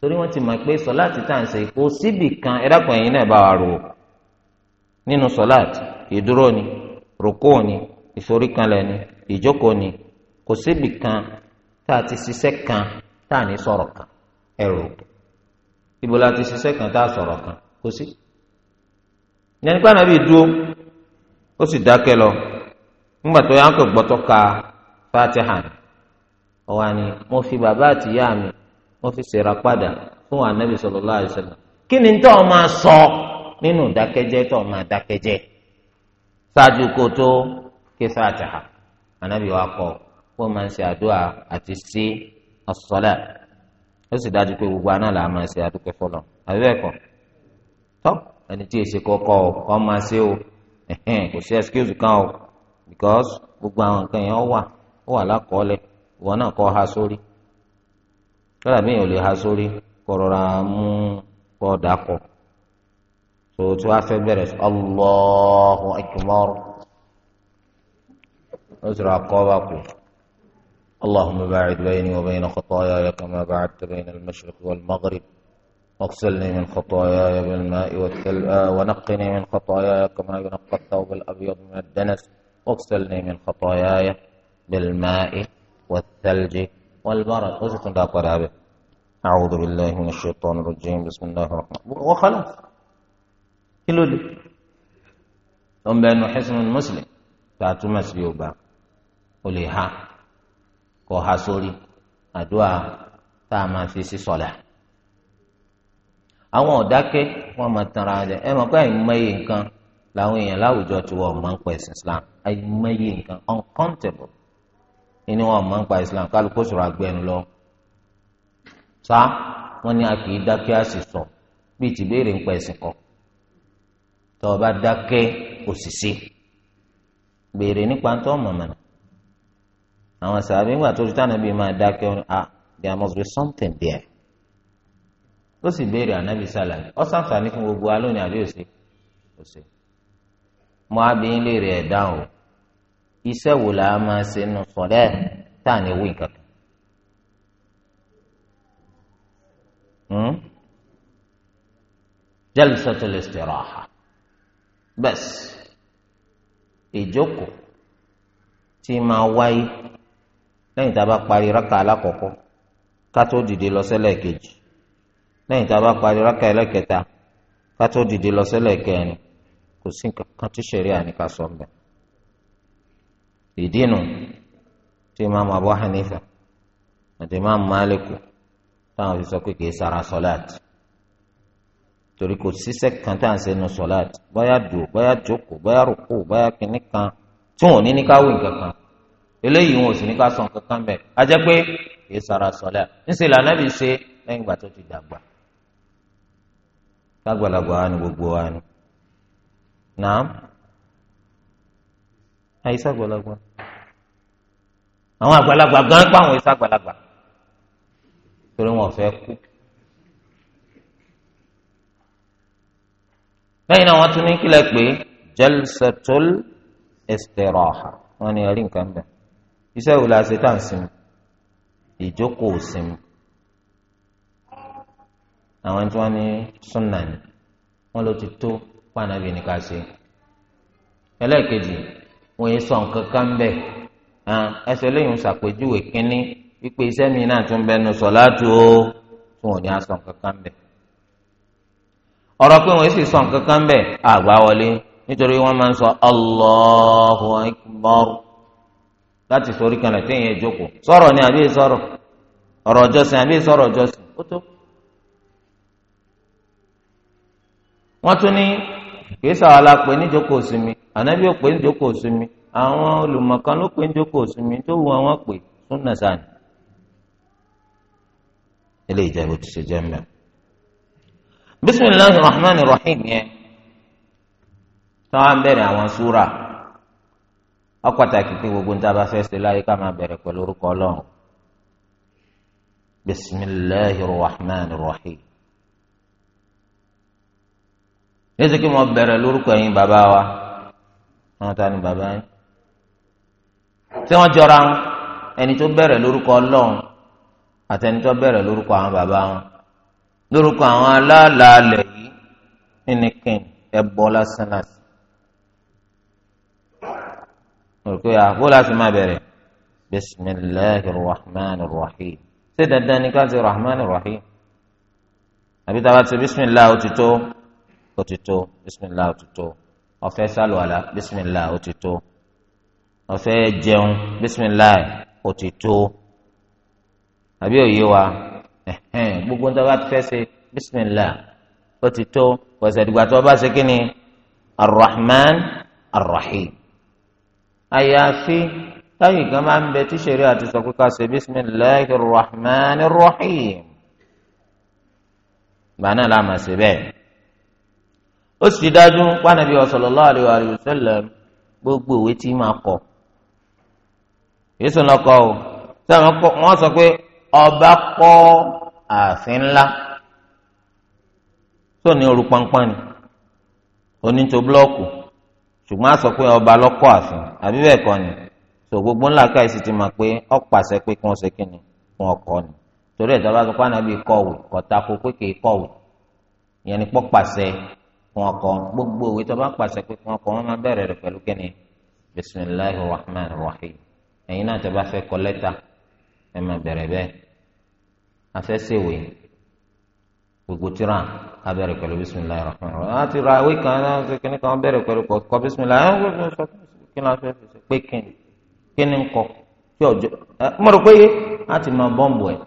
torí wọn ti mọ̀ pé sọláàtì tá à ń ṣe kó síbì kan ẹ dákun ẹ̀yin náà bá wa rò nínú sọláàtì ìdúró ni ròkó ni ìforíkanlẹ̀ ni ìjókòó ni kò síbì kan tá a ti ṣiṣẹ́ kan tá a ní sọ̀rọ̀ kan ẹ ti ṣiṣẹ́ kan tá a sọ̀rọ̀ kan kò sí. ìyẹn nípa náà bí dúró ó sì lọ nígbà tó ń gbọ́tọ́ fatiha ọwọ ni mo fi bàbá ya mi mo fi ṣèrà padà fún anabi sallallahu alaihi kí ni tó o sọ nínú dákẹ́jẹ́ tó o máa dákẹ́jẹ́ ṣáájú kó tó ké fatiha anabi wa kọ kó ma ṣe àdúrà àti ó sì dájú pé gbogbo aná làá máa ṣe fọlọ tọ́ ẹni tí èsì kọ́kọ́ ọ máa ṣe o kò sí excuse kan o because gbogbo àwọn nǹkan yẹn wà wà lákọọ́lẹ̀ ìwọ náà kọ́ ha sórí kọ́lá mi ò lè ha sórí kọ̀rọ̀ra mú kọ́ọ̀dà kọ̀ tòótọ́ afẹ́ bẹ̀rẹ̀ Allahu akbar ó sọ̀rọ̀ akọ́ba kù. اللهم باعد بيني وبين خطاياي كما بعدت بين المشرق والمغرب واغسلني من خطاياي بالماء والثلأ ونقني من خطاياي كما ينقى الثوب الأبيض من الدنس واغسلني من خطاياي بالماء والثلج والبرد وزيتون دا قرابة أعوذ بالله من الشيطان الرجيم بسم الله الرحمن الرحيم وخلاص كيلو لي ثم بأنه حسن المسلم تاتو مسيوبا قولي ها kọ ha sórí àdúrà tá a máa fi sí sọlá àwọn ọ̀dákẹ́ wọn máa tanra rẹ ẹ mọ̀ pé àìmọye nǹkan làwọn èèyàn láwùjọ ti wọ̀ máa ń pẹ̀ sí Islam àìmọye nǹkan uncountable inú wọn máa ń pa islam kálukú sọ̀rọ̀ agbẹnu lọ sá wọn ní a dákẹ́ a sọ bíi ti ń pa ẹ̀sìn kọ tó o bá dákẹ́ òṣìṣẹ́ béèrè nípa tó mọ̀mọ́nà àwọn sàbí ma tó ti bíi máa ah, must be something there ó sì béèrè ànábì sàlàyé ọ sàǹfààní gbogbo alónìí àbí o. iṣẹ́ wo la máa ṣe nù sọ̀rẹ́ tá à ní wí nǹkan kan. Hmm? jalsatul istiraha bẹ́s ìjókòó tí máa wáyé lẹ́yìn tá a bá parí rákà alákọ̀ọ́kọ́ ká tó dìde kejì lẹ́yìn tá a bá parí rákà ẹlẹ́kẹta ká tó dìde kẹrin kò àníkà ìdínú tí imaamu abu hanifa àti imaamu maliku táwọn fi sọ pé kì í sara sọláàtì torí kò sísẹ kan tá à ń ṣe nu sọláàtì bóyá dùn bóyá jókòó bóyá rúkú bóyá kínní kan tí wọn ò ní ní ká wí nǹkan kan eléyìí wọn ò sì ní ká sọ nǹkan kan bẹ́ẹ̀ a jẹ́ pé kì í sara ńṣe ṣe lẹ́yìn ìgbà tó ti dàgbà gbogbo wa ni àyíṣà àgbàlagbà àwọn àgbàlagbà gan pa àwọn àyíṣà àgbàlagbà torí wọn fẹ́ kú. lẹ́yìn náà wọ́n tún ní kílẹ̀ pé jalsatul istiraha wọ́n ní ẹ̀rí nǹkan bẹ́ẹ̀ iṣẹ́ wo la ṣe tá à ń sinmi ìjókòó sinmi àwọn tí wọ́n ní súnà ni ló ti tó pàànàbì ní ṣe ẹlẹ́ẹ̀kejì wọn yẹn sọ nǹkan kan bẹ ẹsẹ lẹ́yìn ṣàpèjúwe kínní wípé iṣẹ́ mi náà tún bẹnu sọ láti o tí wọn ò sọ nǹkan kan bẹ pé sọ nǹkan kan bẹ àgbà wọlé nítorí wọn máa ń sọ Allahu Akbar láti ànábì ò pé ń jókòó sí mi àwọn olùmọ̀kan ló pé ń jókòó sí mi tó wu àwọn pè súnà sani ilé ìjẹ̀bù ti ṣe jẹ́ mẹ́rin. bisimilahi rahman rahim yẹn táwọn bẹ̀rẹ̀ àwọn súra ó pàtàkì pé gbogbo níta bá fẹ́ ṣe láyé ká máa bẹ̀rẹ̀ pẹ̀lú orúkọ ọlọ́run bisimilahi rahman rahim yéésì kí mo bẹ̀rẹ̀ lórúkọ yín bàbá wa wọn ta ni bàbá yín tí wọn jọra wọn ẹni tó bẹ̀rẹ̀ lórúkọ Ọlọ́run àtẹni tó bẹ̀rẹ̀ lórúkọ àwọn bàbá wọn lórúkọ àwọn aláàlálẹ̀ yìí ẹnìkan ẹbọ lásán lásán òkè àpò láti má bẹ̀rẹ̀ bisimilahi rahman rahim ṣé dandan ni ká rahman rahim àbí tá ti bisimilahi òtítọ́ òtítọ́ bisimilahi òtítọ́ ọ̀fẹ́ sálùwàlà bísímìlá ó ti tó ọ̀fẹ́ jẹun bísímìlá ó ti tó àbí òye wa gbogbo ń tọ́ba fẹ́ ṣe bísímìlá ó ti tó pẹ̀sẹ̀ ìdìgbà tó bá ṣe kí ni arrahman arrahim àyàfi táyì kan máa ń bẹ tí ṣeré àti sọ ṣe bísímìláì rahman rahim gbà náà ṣe bẹ́ẹ̀ ó sì dájú pánàbí sallallahu alaihi wa sallam gbogbo òwe tí máa kọ yéésù lọkọ o sẹ́wọ̀n wọ́n sọ pé ọba kọ́ ààfin ńlá tó ní oru pọnpọ́n ni onítò búlọ́ọ̀kù ṣùgbọ́n a sọ pé ọba lọ́kọ́ ààfin àbí bẹ́ẹ̀ kọ́ ni tó gbogbo ńlá káyì sì ti mọ̀ pé ó pàṣẹ pé kí wọ́n ṣe kí ni wọ́n kọ́ ni torí ẹ̀dá bá sọ pé kọ̀wé kọ̀tàkó pé kì í kọ̀wé ìyẹn ni pọ́ pàṣẹ wọn kọ gbogbo òwe tó bá pàṣẹ pé wọn kọ wọn máa bẹ̀rẹ̀ rẹ̀ pẹ̀lú kíni bisimilahi rahman rahim ẹ̀yin náà tó bá fẹ́ kọ lẹ́tà ẹ máa bẹ̀rẹ̀ bẹ́ẹ̀ afẹ́sẹ̀wé gbogbo tíra a bẹ̀rẹ̀ pẹ̀lú bisimilahi rahman rahim láti ra awé kan náà ṣe kíni kan bẹ̀rẹ̀ pẹ̀lú kọ bisimilahi ẹ̀ ń gbọ́dọ̀ kí ni a fẹ́ pé kíni kọ kí ọjọ́ ẹ mọ̀rọ̀ pé a máa bọ́ǹbù ẹ̀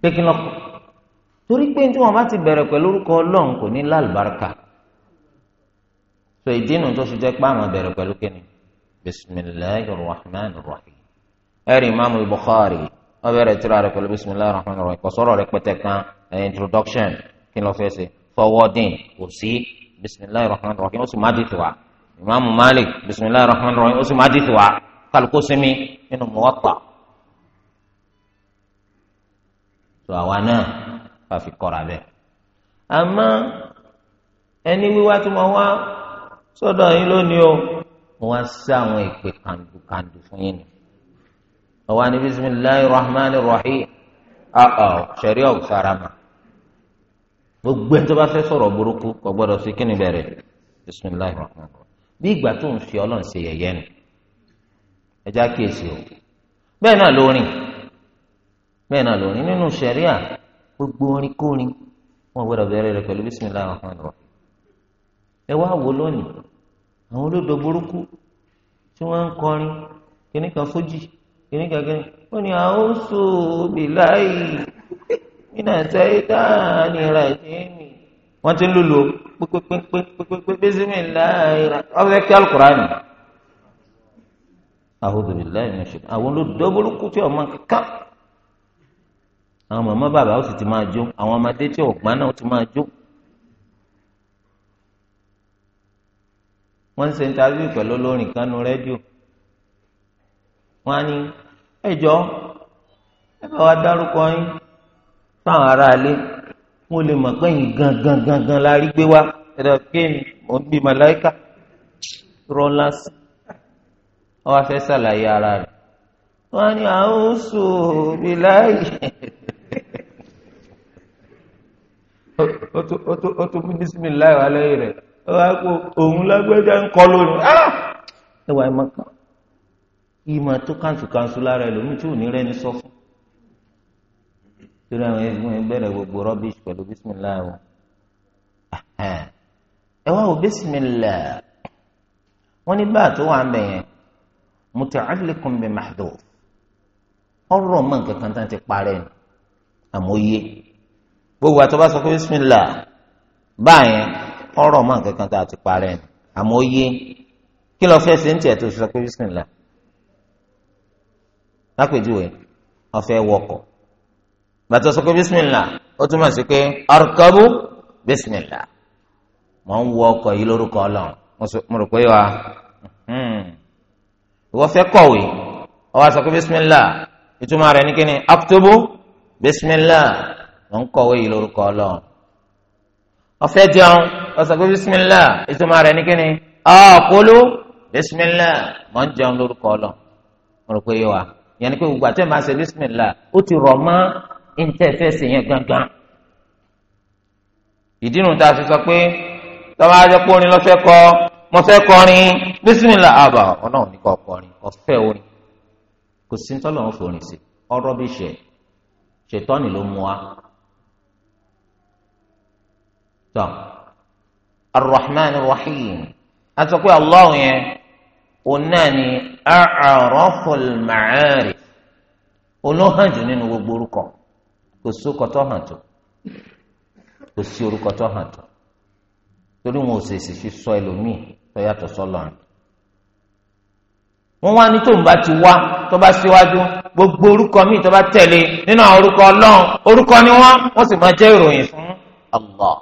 pé kí ni ọkọ̀ torí pé tí wọn bá ti bẹ̀rẹ̀ pẹ̀lú orúkọ Ọlọ́run kò ní lálùbáríkà so ìdí nu tó ṣe jẹ́ pé àwọn bẹ̀rẹ̀ pẹ̀lú kíni bisimilahi rahman rahim ẹ̀rí imaamu Bukhari wọ́n bẹ̀rẹ̀ tírà rẹ̀ pẹ̀lú bisimilahi rahman rahim kò sọ̀rọ̀ rẹ̀ kan introduction kí ló fẹ́ ṣe forwarding kò sí bisimilahi rahman rahim ó sì má dìtì wá imaamu Malik bisimilahi rahman rahim ó sì má dìtì wá kálukó sinmi nínú Muwatta so àwa náà. ká kọ́ra bẹ́ẹ̀. àmọ́ ẹni wíwá tí mo wá sọ́dọ̀ yín o mo wá sí àwọn ìpè kàndùkàndù fún yín ni. ọ̀wá ní bisimilayi rahman rahim ọ̀ọ́ sẹ̀rí ọ̀sáràmà gbogbo ẹni tó bá fẹ́ sọ̀rọ̀ burúkú kò gbọ́dọ̀ fi kí bẹ̀rẹ̀ bisimilayi rahman bí ìgbà tó ń fi ọlọ́run ṣe yẹ̀yẹ́ ni ẹ já o bẹ́ẹ̀ náà lórin bẹ́ẹ̀ náà lórin nínú sẹ̀ríà. gbogbo orin kórin wọn gbọ́dọ̀ bẹ̀rẹ̀ rẹ̀ pẹ̀lú bísímìlá ọhún ẹwà ẹ wá wò lónìí àwọn olódò burúkú tí wọn ń kọrin kíní kan fújì kíní kan kíní ó ní àwọn oṣù bìláì nínú ẹsẹ ìdáhàní rẹ jẹmí wọn ti ń lùlù pépépépépépépé bísímìlá ìrà ọfẹ kí alukurani àwọn olódò burúkú tí wọn máa ń kà àwọn màmá bàbá ó sì ti máa jó àwọn ọmọdé tí ò gbọ́n náà ó ti máa jó. wọ́n ń ṣe interview pẹ̀lú olórin kan nu rédíò wọ́n á ní ẹ jọ ẹ bá wa dárúkọ yín fáwọn aráalé mo lè mọ̀ pé yín gangan gangan la rí gbé wá ẹ̀rọ kéènì mo ń bí màláìka rọ́láṣí wọ́n wá fẹ́ ṣàlàyé ara rẹ̀ wọ́n á ní àwòsàn bíláyì ó tún fún bisimilayi wà lẹ́yìn rẹ̀ ó wá kó òun lágbẹ́jà ń kọ́ lónìí ah! ẹ wà ẹ má ìmọ̀ tó kàǹtù kàǹtù lára tí ò ní rẹ́ni sọ fún àwọn ẹgbẹ́ gbogbo rubbish pẹ̀lú bisimilayi wọn ẹ àmóye gbogbo àtọ́bá sọ pé bísímìlà báyẹn ọ̀rọ̀ mọ́ nǹkan tá a ti parẹ́ ni àmóye kí lọ́ọ́ fẹ́ ṣe ń tiẹ̀ tó sọ pé bísímìlà lápèjúwe ọ̀fẹ́ wọkọ̀ bàtà sọ pé bísímìlà ó túmọ̀ sí pé arkabu bísímìlà mọ̀ ń wọ ọkọ̀ yìí lórúkọ ọlọ́run mo rò pé wa hmm. ìwọ fẹ́ kọ̀wé ó wá sọ pé bísímìlà ìtumọ̀ rẹ̀ ní kíni aktubu bisimilá ló ń kọ̀wé yìí lórúkọ ọlọ́run ọ̀fẹ́ jẹun ọ̀sán pé bisimilá ìtumọ̀ rẹ̀ ní kíni ọ̀kúlú bisimilá mọ̀ ń jẹun lórúkọ ọlọ́run mo rò pé yóò wá yẹn ni pé gbogbo àti ẹ̀ máa ṣe bisimilá ó ti rọ̀ mọ́ ìǹtẹ̀fẹ́sẹ̀ yẹn gangan ìdí nu ta fi sọ pé tọ́wọ́ ajẹ́ pé orin lọ́fẹ́ kọ mo fẹ́ kọrin bísímìlà àbà ọ̀nà òní kọ kọrin ọ̀fẹ́ orin kò sí tọ́lọ̀ ń ṣètọ́ni ló mú wa. tọ́ rahim a sọ yẹn ni olóhàn jù nínú gbogbo orúkọ kò sí orúkọ tó hàn tó kò sí orúkọ tó hàn tó torí wọn ò fi sọ ẹlòmíì ti wá tó bá síwájú gbogbo orúkọ míì tó bá tẹ̀lé nínú àwọn orúkọ ọlọ́run orúkọ ni wọ́n wọ́n sì máa jẹ́ ìròyìn fún Allah.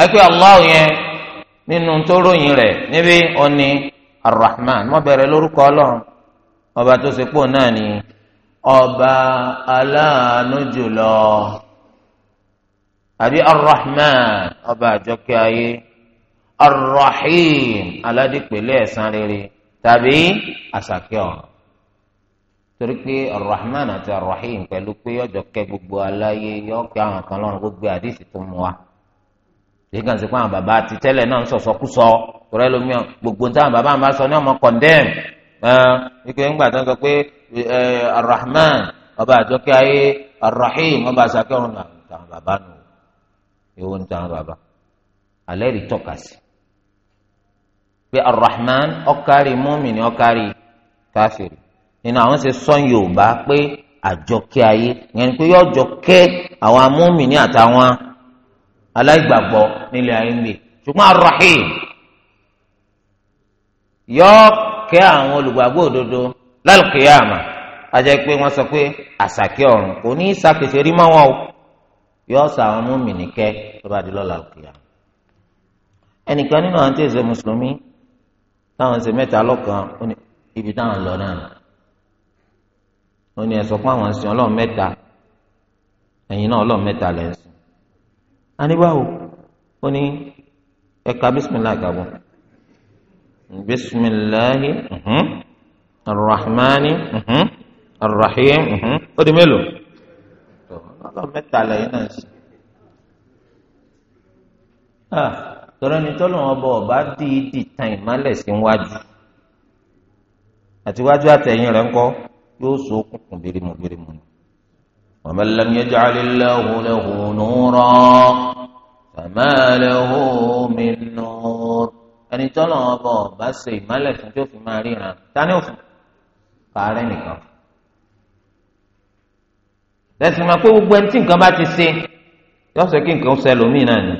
àìpé Allah yẹn nínú tó ròyìn rẹ̀ níbi òní Ar-Rahman wọ́n bẹ̀rẹ̀ lórúkọ ọlọ́run ọba tó ṣe pò náà ni ọba aláàánú jùlọ àbí ar ọba àjọkẹ́ ayé Ar-Rahim aládìpẹ̀lẹ́ rere tàbí àsàkẹ́ ọ̀run torí pé arahman àti arahim pẹ̀lú pé ọjọ́ kẹ́ gbogbo aláyé yọ kí àwọn kan lọ́run gbogbo àdìsí tó mú wa èyí kan sí pé àwọn bàbá àti tẹ́lẹ̀ náà ń sọ̀sọ́kúsọ torí ẹlòmíràn gbogbo táwọn bàbá àwọn bá sọ ní ọmọ kọ̀ndẹ́m wípé ńgbà tó ń sọ pé arahman ọba àjọkẹ́ ayé arahim ọba àsàkẹ́ ọ̀run náà táwọn bàbá nù ewu ní táwọn bàbá alẹ́ rí tọ́ka sí i pé arahman ọkàrí mọ́mìnì ọkàrí káfíìrì nínú àwọn ṣe sọ yorùbá pé àjọkẹ́ ayé yẹn pé yóò jọ kẹ́ àwọn amọ́mìnì àtàwọn aláìgbàgbọ́ nílé ayé ń lè ṣùgbọ́n arahim yóò kẹ́ àwọn olùgbàgbọ́ òdodo lálùkìyàmà ajẹ́ pé wọ́n sọ pé àṣàkẹ́ ọ̀run kò ní í ṣàkèṣe rí mọ́ wọn o yóò sọ àwọn mọ́mìnì kẹ́ tó bá di lọ́la òkèèyàn ẹnìkan nínú àwọn tí èso mùsùlùmí táwọn ṣe mẹ́ta lọ́kàn ó ní ibi táwọn lọ náà ó ní ẹ̀sọ́ pé àwọn sìn ọlọ́run mẹ́ta ẹ̀yin náà ọlọ́run mẹ́ta lẹ́ ń sìn. aníbáwò ó ní ẹ̀ka bísímìlá àgàbọ̀ bísímìláhi mhm. arahmani mhm. arahim mhm. ó di mélòó ọlọ́run mẹ́ta lẹ́yìn náà ń sìn. Ah tọ́lọ́ ni tọ́lọ́ wọn bọ̀ ọba dídì tan ìmọ́lẹ̀ sí wájú àtiwájú àtẹ̀yìn rẹ̀ ńkọ́ yóò so okùnkùn birimu birimu ni. wa man lam yaj'alillahu lahu nuran fama lahu min nur. ẹni tọ́lọ́ wọn bọ̀ ọba ṣe ìmọ́lẹ̀ fún tó fi máa ríran tani òfin kàárẹ̀ nìkan. lẹ́sìn máa pé gbogbo ẹni tí nǹkan bá ti ṣe yọ̀ọ́sẹ̀ kí nǹkan ṣẹlòmíì náà ni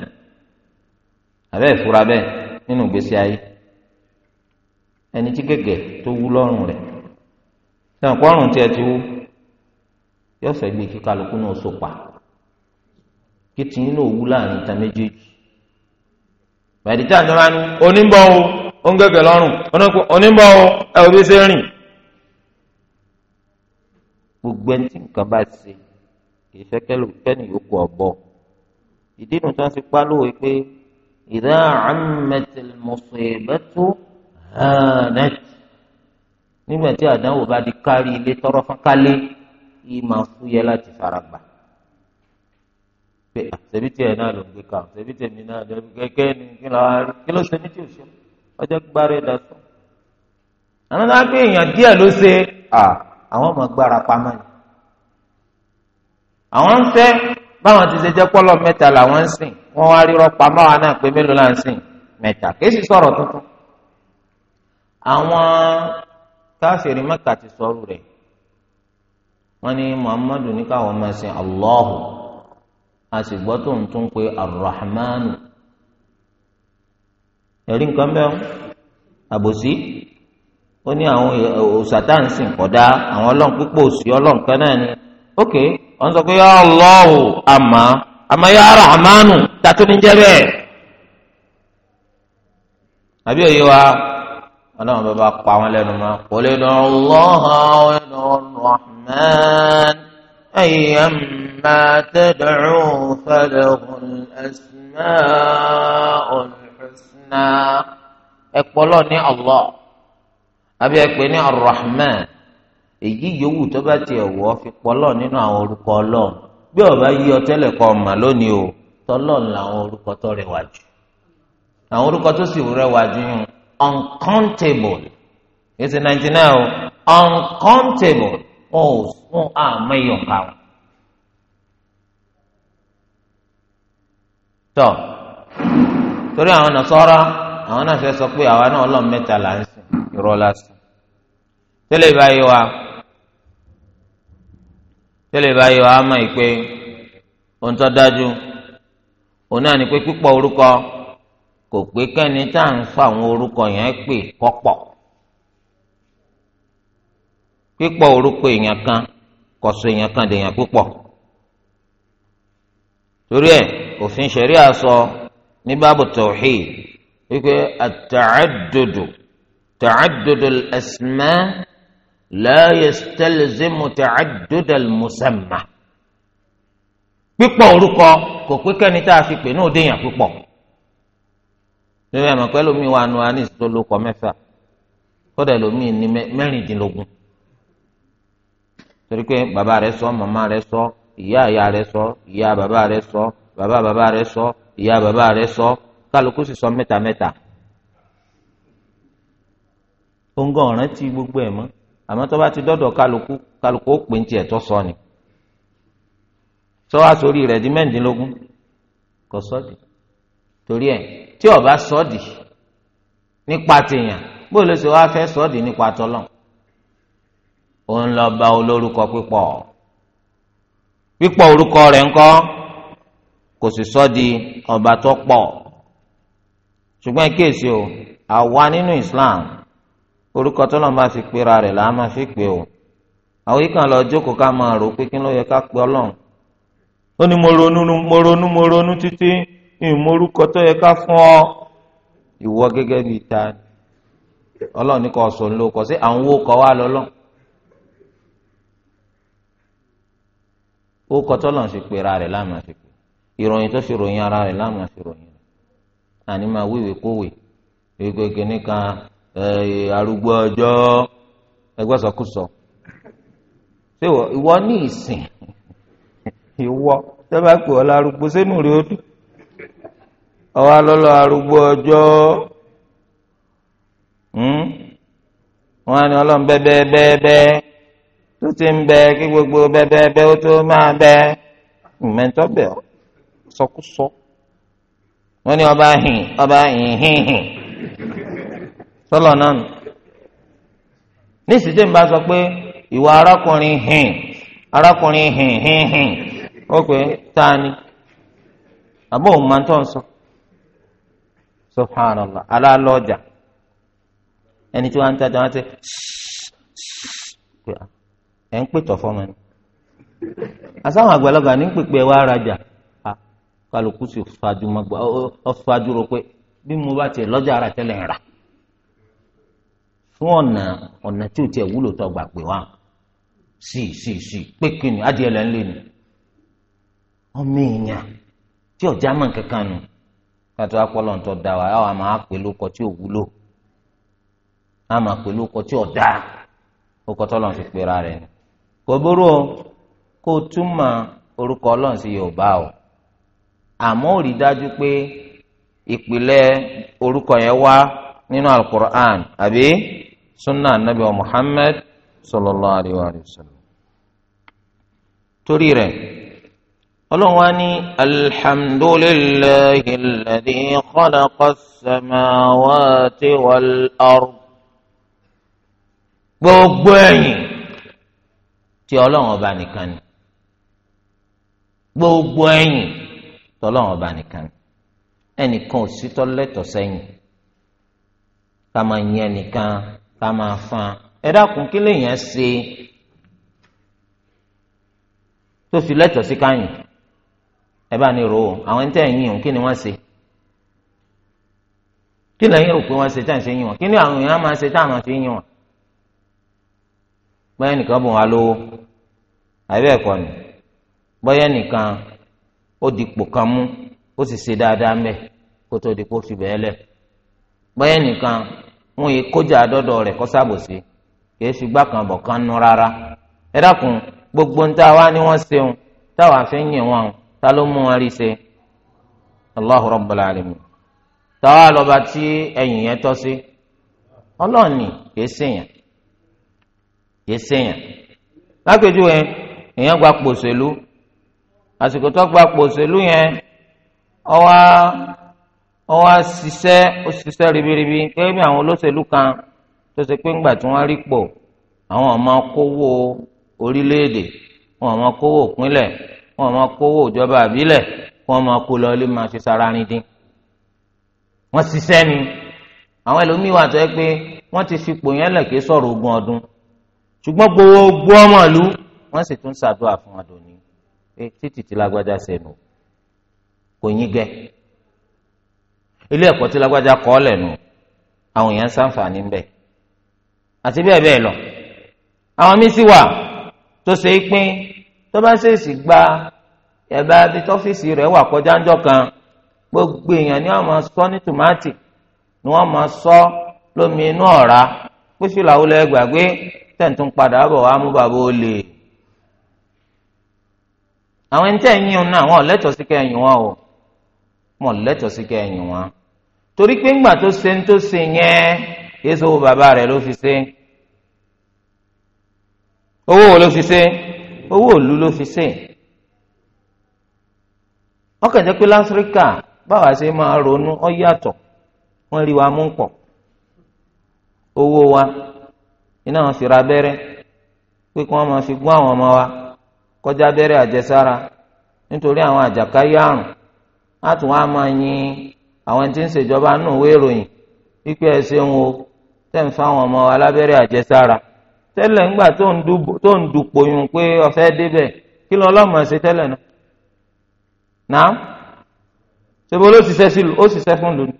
abẹ́ ìfura bẹ́ẹ̀ nínú ìgbésí ayé ẹni tí gẹ́gẹ́ tó wú lọ́rùn rẹ̀ sẹ́wọ̀n kọ́rùn tiẹ̀ ti wú yóò fẹ́ gbé kí kálukú náà sopa kí tìyín náà wú láàrin ìta méjèèjì bàdí tí àná máa ní onímbọ̀ o ó ń gẹ́gẹ́ lọ́rùn onímbọ̀ o ẹ ò bí ṣe rìn gbogbo ẹni tí nǹkan bá ṣe kì í fẹ́ kẹ́lò fẹ́ni yòókù ọ̀bọ ìdí nu tí wọ́n ti pa lóore pé. إذا عمت المصيبة هانت nígbà tí àdánwò bá di kárí ilé tọrọ fún kálé yìí máa fúyẹ́ láti faragbà pé àtẹ̀bí tiẹ̀ náà ló ń gbé kàn àtẹ̀bí tèmi náà ló ń gbé kẹ́kẹ́ ni kí ló rí kí ló ṣe ní tí ò ṣe ọjọ́ gbára ẹ̀dá sọ. àwọn náà pé èèyàn díẹ̀ ló ṣe àwọn ọmọ gbára pamọ́ ni àwọn ń fẹ́ báwọn ti ṣe jẹ́ pọ́lọ́ mẹ́ta làwọn ń sìn wọ́n wá rírọ́ pamọ́ àwọn náà pé mélòó là ń sìn mẹ́ta kì í sì sọ̀rọ̀ tuntun. àwọn káfíìrì mẹ́ka ti sọ̀rọ̀ rẹ̀ wọ́n ní muhammadu ní káwọn máa sìn allahu a sì gbọ́ tó ń tún pé arrahmanu ẹ̀rí nǹkan bẹ́ẹ̀ àbòsí ó ní àwọn òṣàtàǹsìn kọ̀dá àwọn ọlọ́run pípò sí ọlọ́run kan náà ni ókè. Okay wọ́n sọ pé yà Allahu àmà àmà yà Rahmanu tàtó ní jẹ́ bẹ́ẹ̀. àbí òye wa ọlọ́run bá bá pa wọn lẹ́nu mọ́ kò lè nà Allaha wa nà Rahman ayyamma tad'u falahul asma'ul husna ní Allah àbí ẹ̀pẹ̀ ní ar èyí yòówù tó bá tiẹ̀ wọ́ fi pọ́lọ́ nínú àwọn orúkọ ọlọ́run bí ọba yí ọ tẹ́lẹ̀ kọ́ ọmọ lónìí o tọ́lọ́run làwọn orúkọ tó rẹwà jù àwọn orúkọ tó sì rẹwà jù yún uncountable èsì ninety nine o uncountable wọn ò fún àmọ́ ìyọ̀nká wọn. tọ́ torí àwọn Nasara àwọn náà fẹ́ sọ pé àwa náà ọlọ́run mẹ́ta là ń sìn irọ́ lásán tẹ́lẹ̀ báyìí wa. tẹ́lẹ̀ báyìí wàá mọ̀ ìpè ohun tó dájú òun náà ni pé pípọ orúkọ kò pé kẹni tá à ń fa àwọn orúkọ yẹn pè kọpọ pípọ orúkọ èèyàn kan kọ̀sọ èèyàn kan dèèyàn púpọ̀ torí ẹ, òfin ṣẹ̀ríà sọ ní báàbù tawhid wípé at-ta'addudu ta'addudul asma. la yastalzimu ta'addud al-musamma pípọ̀ orúkọ kò pé kẹ́ni tá a fi pè ní òdeyàn pípọ̀ lórí àmọ́ pẹ́lú mi wà nù anis tó lóko mẹ́fà kódà lómi ní mẹ́rìndínlógún torí pé bàbá rẹ̀ sọ màmá rẹ̀ sọ ìyá ìyá rẹ̀ sọ ìyá bàbá rẹ̀ sọ bàbá bàbá rẹ̀ sọ ìyá bàbá rẹ̀ sọ kálukú sì sọ mẹ́ta mẹ́ta ó ń gan gbogbo ẹ̀ mọ́ àmọ́ tó bá ti dọ́dọ̀ kálukú kálukú ó pè ń tiẹ̀ tó sọ ni sọ wá sórí rẹ̀ di mẹ́ǹdínlógún kò sọ́ọ̀dì torí ẹ̀ tí ọba sọ́ọ̀dì nípa tèèyàn bó ló ṣe wá fẹ́ sọ́ọ̀dì nípa tọ́lọ̀ òun lọ bá olórúkọ pípọ̀ pípọ̀ orúkọ rẹ̀ ńkọ́ kò sì sọ́ọ̀dì ọba tó pọ̀ ṣùgbọ́n kíyèsí o àwa nínú Islam orúkọ tọ́lọ́n bá fi pera rẹ̀ là á máa fi pè o àwọn yìí kan lọ jókòó ká máa rò pé kí ló yẹ ká pe ọlọ́run ó ní mo ronú mo ronú mo ronú títí ìmọ̀ orúkọ tó yẹ ká fún ọ ìwọ gẹ́gẹ́ bí ta ọlọ́run ní kò sọ ń lò kọ sí àwọn owó kọ wá lọ́lọ́ owó kọ tọ́lọ́run fi pera rẹ̀ là máa fi pè ìròyìn tó fi ròyìn ara rẹ̀ là máa fi ròyìn àní máa wíwèé kówèé wíwèé kìnnìkan. arúgbó ọjọ́ ẹgbẹ́ sọkúsọ ìwọ ní ìsìn ìwọ sábà pè ọ lárúgbó sínú rí ó dùn ọwọ́ alọ́lọ́ arúgbó ọjọ́ hmm? wọn á ní ọlọ́run bẹ́ẹ̀bẹ́ẹ́bẹ́ tó ti ń bẹ kí gbogbo ó tó máa bẹ bẹ̀ sọkúsọ ní ọba hìn ọba hìn hìn hìn. sọlọ náà nù nísìsiyìí ń sọ pé ìwà arákùnrin hìn arákùnrin hìn hìn hìn ó pé tá àbọ̀ òun máa ń tọ́ ń sọ subhanallah alálọ́ọ̀jà ẹni tí wọ́n ń tajà wọ́n ti ẹ̀ ni àsáwọn àgbàlagbà ní pèpè wa rajà kálukú sì fàájú mọ́gbà ara tẹ́lẹ̀ ń fún ọ̀nà ọ̀nà tí o tiẹ̀ wúlò tó gbà pé wá sí sí sí pé kìnnì adìẹ lẹ́ lẹ́nu lé ni ọmọ èèyàn tí ọ̀já mọ̀ kankan nù kátó akpọ̀lọ̀ ń tọ́ da wa àwọn àmà pè lóko tí o wúlò àmà pè lóko tí ò da kókó tọ́lọ̀ fi pera rẹ̀ kò bóró kó o orúkọ ọlọ́run sí yorùbá àmọ́ ò sunna anabi wa muhammad sallallahu alayhi wa sallam. torí rẹ̀ ọlọ́run wa ní alhamdulillahi alladhi khalaqa as-samawati wal ard gbogbo ẹ̀yìn tí ọlọ́run ọba nìkan ni gbogbo ẹ̀yìn tí ọlọ́run ọba nìkan ni ẹnìkan ò sí tọ́lẹ́tọ̀ sẹ́yìn ká máa yẹn nìkan kama fa, fan ẹ dákun kí lèèyàn ṣe tó fi lẹ́tọ̀ọ́ sí káyìn ẹ bá ní ro àwọn ẹni tẹ́ ẹ̀ yìn kí ni wọ́n ṣe kí lẹ́yìn rò pé wọ́n ṣe tá ṣe yìn wọ́n kí ni àwọn èèyàn máa ṣe tá à máa fi yìn wọ́n bóyá nìkan bùn wá lówó àbẹ́ ẹ̀kọ́ ni bóyá nìkan ó dipò kan mú ó sì ṣe dáadáa mẹ́ kó tó dipò fi bẹ́ẹ̀ lẹ̀ bóyá nìkan wọn yìí kójú àdọ́dọ̀ rẹ̀ kọ́ sábòsí kìí ṣùgbọ́n kan bọ̀ kan nu rárá ẹ gbogbo ń a ní wọ́n ṣeun táwa fi ń yìn wọn ta ló mú wọn rí ṣe táwa tí ẹyìn yẹn tọ́ sí èèyàn gba pòṣèlú àsìkò tó gba pòṣèlú yẹn wọ́n wá ṣiṣẹ́ ó ṣiṣẹ́ ribiribi gẹ́gẹ́ bí àwọn olóṣèlú kan tó ṣe pé ńgbà tí wọ́n rí pò àwọn ọmọ kówó orílẹ̀-èdè wọn ọmọ kówó ìpínlẹ̀ wọn ọmọ kówó ìjọba àbílẹ̀ wọn ọmọ kó lọ ilé máa ṣe sára ní dín wọ́n ṣiṣẹ́ ni àwọn ẹlòmíín wà tó pé wọ́n ti fipò yẹn lẹ̀kẹ́ sọ̀rọ̀ ogún ọdún ṣùgbọ́n gbogbo ọmọ ìlú wọ́n sì tún ṣàdúrà fún wọn dòní títí tí lágbájá sẹ́nu kò yín gẹ́ ilé ẹ̀kọ́ tí lágbájá kọ́ ọ́ lẹ́nu àwọn èèyàn ṣàǹfààní ńbẹ àti bẹ́ẹ̀ bẹ́ẹ̀ lọ àwọn míín sì wà tó ṣe é pín tó bá ṣèèṣì gba ẹ̀bá bíi tọ́fíìsì rẹ̀ wà kọjá ńjọ́ kan gbogbo èèyàn ni wọ́n máa sọ ní tòmátì ni wọ́n máa sọ lómi inú ọ̀rá píṣù làwọn lẹ gbàgbé tẹ̀ǹtún padà bọ̀ wá mú bàbá ó lè àwọn ẹni tẹ́ ẹ̀yìn náà wọn ò lẹ́tọ̀ọ́ sí wọn o wọn ò lẹ́tọ̀ọ́ sí kẹ́yìn wọn. torí pé ńgbà tó se ń tó ṣe yẹn kìí owó bàbá rẹ̀ ló fi se. owó wo ló fi se. owó òlu ló fi ṣe ọkàn jẹ́ pé láfíríkà báwa ṣe máa ronú ọ yàtọ̀ wọ́n rí wa mú pọ̀ owó wa iná wọn fi ra abẹ́rẹ́ pé kí wọ́n máa fi gún àwọn ọmọ wa kọjá abẹ́rẹ́ àjẹsára nítorí àwọn àjàkáyé àrùn a tún wá máa yin àwọn tí ń ṣèjọba nù wé ìròyìn wípé ẹ ṣeun o tẹ̀ ń fáwọn ọmọ alábẹ́rẹ́ àjẹsára tẹ́lẹ̀ ńgbà tó ń dupò yun pé ọ̀fẹ́ débẹ̀ kí lọ lọ́mọ ṣe tẹ́lẹ̀ náà náà ṣebí ló ṣiṣẹ́ sí ó ṣiṣẹ́ fún lónìí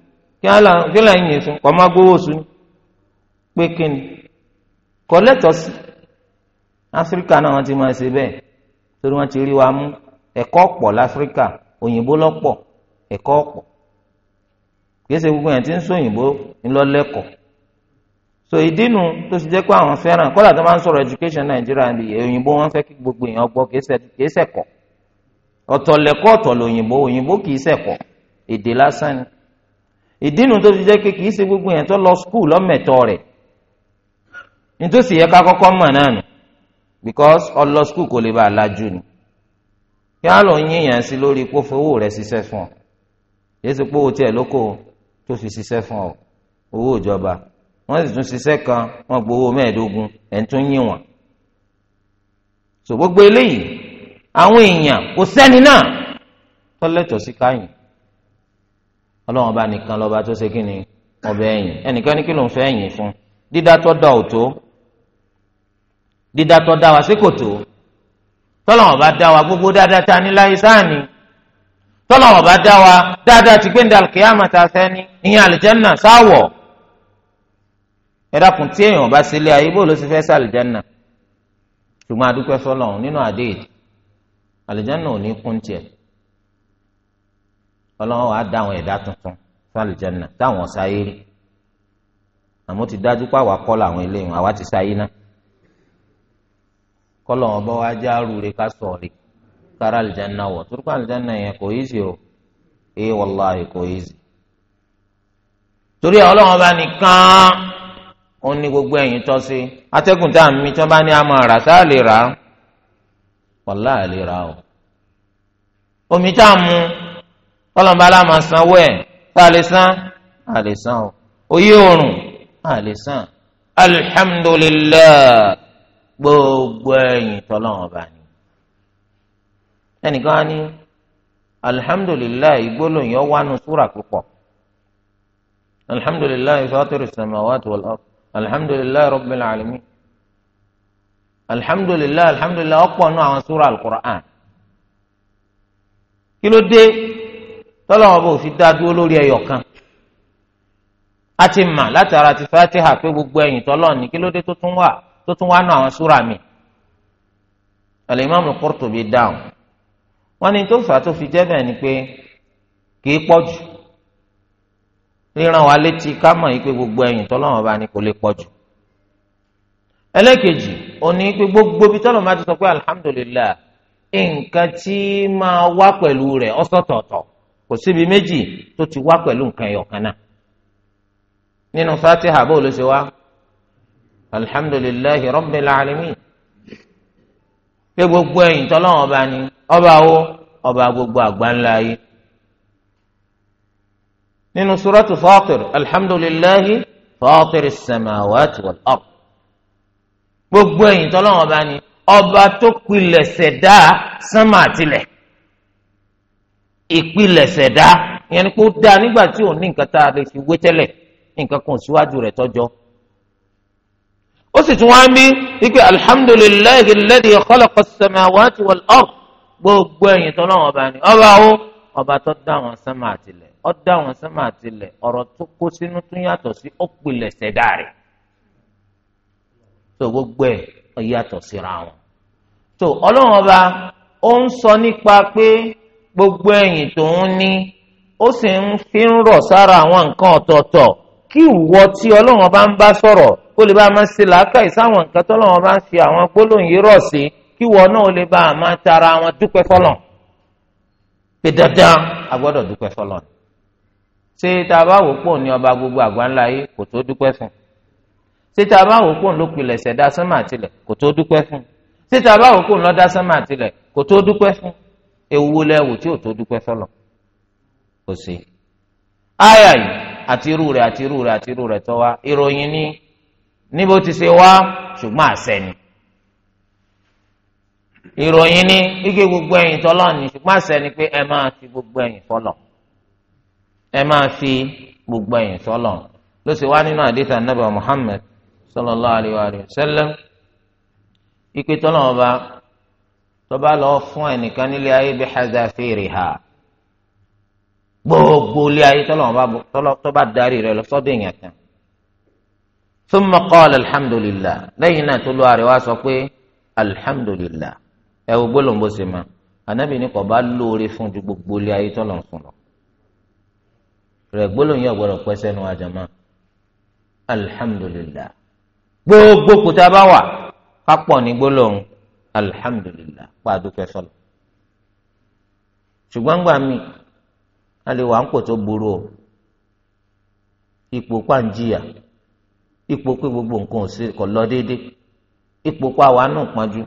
kí lẹ́yìn yìí sùn kọ́ máa gbowó sùn pé kí ni kọ́ lẹ́tọ̀ọ́ sí áfíríkà náà wọ́n ti máa ṣe bẹ́ẹ̀ torí wọ́n ti rí wa mú ẹ̀kọ́ pọ̀ láfíríkà òyìnbó lọ́pọ̀ ẹ̀kọ́ pọ̀ kìí ṣe gbogbo yẹn tí ń sọ òyìnbó ńlọlẹ́kọ̀ọ́ so ìdínú tó ti jẹ́ pé àwọn fẹ́ràn kọ́lá tó máa ń sọ̀rọ̀ education Nàìjíríà ní òyìnbó wọn fẹ́ kí gbogbo èèyàn gbọ́ kìí ṣẹ̀kọ́ ọ̀tọ̀ lẹ́kọ́ ọ̀tọ̀ lòyìnbó òyìnbó kìí ṣẹ̀kọ́ èdè lásán ni ìdínú tó ti jẹ́ pé kìí ṣe gbogbo yẹn tó lọ skul lọ́mẹ̀tọ́ rẹ̀ nítòsí yẹ ká kọ́kọ́ mọ̀ náà nù because ọlọ skul kò lè bá a lajú ni kí á lọ yín yàn sí lórí kó rẹ̀ ṣiṣẹ́ fún ọ yéésì pé tiẹ̀ lóko tó fi ṣiṣẹ́ fún ọ owó ìjọba wọ́n sì tún ṣiṣẹ́ kan wọ́n gbowó mẹ́ẹ̀ẹ́dógún ẹ̀ ń tún yìn wọ́n. sọ gbogbo eléyìí àwọn èèyàn kò sẹ́ni náà tọ́lẹ̀tọ̀ sí káyìn ọlọ́run ọba nìkan lọ́ba tó ṣe kí ni ọbẹ̀ ẹ̀yìn ẹnìkan ní kí ló ń fẹ́ ẹ̀yìn fún dídá tó dá ò tó dá wa sí kò tọ́lọ́run ọba dá wa gbogbo dáadáa ta ní láyé sáà ni tọ́lọ́wọ̀n bá dá wa dáadáa ti gbé ní alùkìyàmà tá a fẹ́ ní ìyẹn àlìjẹ́nà sáwọ̀ ẹ dákun tí èèyàn bá sílé ayé bó ló ti fẹ́ sí àlìjẹ́nà ṣùgbọ́n adúpẹ́ sọ́lọ́run nínú àdéhìí àlìjẹ́nà ò ní kún tiẹ̀ ọlọ́wọ́n wàá dá àwọn ẹ̀dá tuntun fún àlìjẹ́nà táwọn sáyé rí àmọ́ ti dájú pé àwa kọ́ làwọn eléyìí àwa ti sáyé náà kọ́lọ́wọ́n bá wá já rúre ká sọ̀rọ̀ kára àlùjáná wọ̀ turukọ àlùjáná yẹn kò yí sí o ee wàláhì kò yí sí. torí ọlọ́run ọba nìkan ó ní gbogbo ẹ̀yìn tọ́ sí atẹ́gùn tá à ń mi tí wọ́n bá ní àmọ́ àrà sá lè rà á wàlá lè rà o. omi tá à ń mu kọ́lọ́mbà aláàmọ̀ sanwó ẹ̀ tá a lè san a lè san o oyé oòrùn a lè san alihamdulilayi gbogbo ẹ̀yìn tọ́lọ́run ọba ni ẹnìkan á ní alihamudulilayi gbólóyìn ọ wánu súrà púpọ̀ alihamudulilayi fàtúrù sàmáwá tó lọ alihamudulilayi rọbìnrin àlùmí alihamudulilayi alihamudulilayi ọ̀pọ̀ nù àwọn súrà alukur'an kí ló dé tọ́lọ́wọ́n bò fi dá dúró lórí ẹyọ kan a ti mà látara ti fatiha pé gbogbo ẹ̀yìn tọ́lọ́ ní kí ló dé tó tún wà tó tún wà nù àwọn súrà mi alimami Qurtubi dáhùn. wọ́n ní tó fà tó fi jẹ́ bẹ́ẹ̀ ni pé kì í pọ̀ jù ríran wa létí ká gbogbo ẹ̀yìn tọ́lọ́wọ́n bá ní kò lè pọ̀ ẹlẹ́kejì òní pé gbogbo ibi tọ́lọ́wọ́n bá ti sọ pé alihamudulilayi nǹkan tí máa wá pẹ̀lú rẹ̀ ọ̀sọ̀tọ̀ọ̀tọ̀ kò síbi méjì tó ti wá pẹ̀lú nǹkan ẹ̀yọ̀kan náà nínú fatiha bó ló ṣe wá alihamudulilayi pé gbogbo ẹ̀yìn tọ́lọ́wọ́n ọba ni ọba wo ọba gbogbo àgbáńlá yìí. nínú suratu Fatir alhamdulillahi Fatiris samawati wal ard gbogbo ẹ̀yìn tọ́lọ́wọ́n ọba ni ọba tó pilẹ̀ ṣẹ̀dá sánmà tilẹ̀ ìpìlẹ̀ ṣẹ̀dá ìyẹn ni kó dáa nígbà tí ò ní nǹkan tá a lè fi wé tẹ́lẹ̀ nǹkan kan síwájú rẹ̀ tọ́jọ́ ó sì tún wá ń bí wípé alhamdulillahi alladhi khalaqa as-samawati wal-ard gbogbo ẹ̀yìn tó lọ́wọ́ ọba ni ọba ó ọba tó dá wọn sánmà àtìlẹ̀ ó dá wọn sánmà àtìlẹ̀ ọ̀rọ̀ tó kó sínú tún yàtọ̀ sí ó pilẹ̀ ṣẹ̀dá rẹ̀ tó gbogbo ẹ̀ ó yàtọ̀ síra wọn. tó ọlọ́wọ́n ọba ó ń sọ nípa pé gbogbo ẹ̀yìn tó ń ní ó sì ń fi ń rọ̀ sára àwọn nǹkan ọ̀tọ̀ọ̀tọ̀ kí ìwọ tí ọlọ́run ọba ń bá sọ̀rọ̀ kó lè bá a máa ṣe làákàyè sáwọn nǹkan tọ́lọ́run ọba ń ṣe àwọn gbólóhùn yìí rọ̀ sí kí ìwọ náà ó lè bá a máa tara wọn dúpẹ́ fọlọ́n pé dandan a gbọ́dọ̀ dúpẹ́ fọlọ́n ṣé tá a bá wò pò ní ọba gbogbo àgbáńlá yìí kò tó dúpẹ́ fún ṣé tá a bá wò pò ló pilẹ̀ ṣẹ̀dá sánmà tilẹ̀ kò tó dúpẹ́ fún ṣé tá a bá wò pò ló àti irú rẹ̀ àti irú rẹ̀ àti irú ni tó wá ìròyìn ní níbo ti ni ike gbogbo ẹ̀yìn tọ́lọ́ ni ṣùgbọ́n àṣẹ ni pé ẹ fi gbogbo ẹ̀yìn fọlọ̀ ẹ máa fi gbogbo ẹ̀yìn fọlọ̀ ló ṣe wá nínú àdìsá nàbẹ muhammed sallallahu alayhi wa sallam ike tọ́lọ́ ọba tọ́ba lọ fún ẹnìkan nílé ayé bí ha. gbogbo ilé ayé tọ́lọ́ tó bá darí rẹ̀ lọ sọ́dọ̀ èèyàn kan. ثم قال الحمد لله lẹ́yìn náà tó lu àríwá sọ pé alhamdulillah ẹ wo gbólóńgbò sí ma anábì ní kò bá lóore fún ju gbogbo ilé ayé tọ́lọ̀ ń fún lọ. rẹ̀ gbólóńgbò yẹn gbọ́dọ̀ pẹ́ sẹ́nu àjàmá alhamdulillah gbogbo kùtà bá wà kápọ̀ ní gbólóhùn alhamdulillah pàdúpẹ́ sọlọ. ṣùgbọ́n gbà a lè wà ń pò tó burú o ipò pàǹjìyà ipò pé gbogbo nǹkan ò sí kò lọ déédé ipò pa wà nù pọ́njú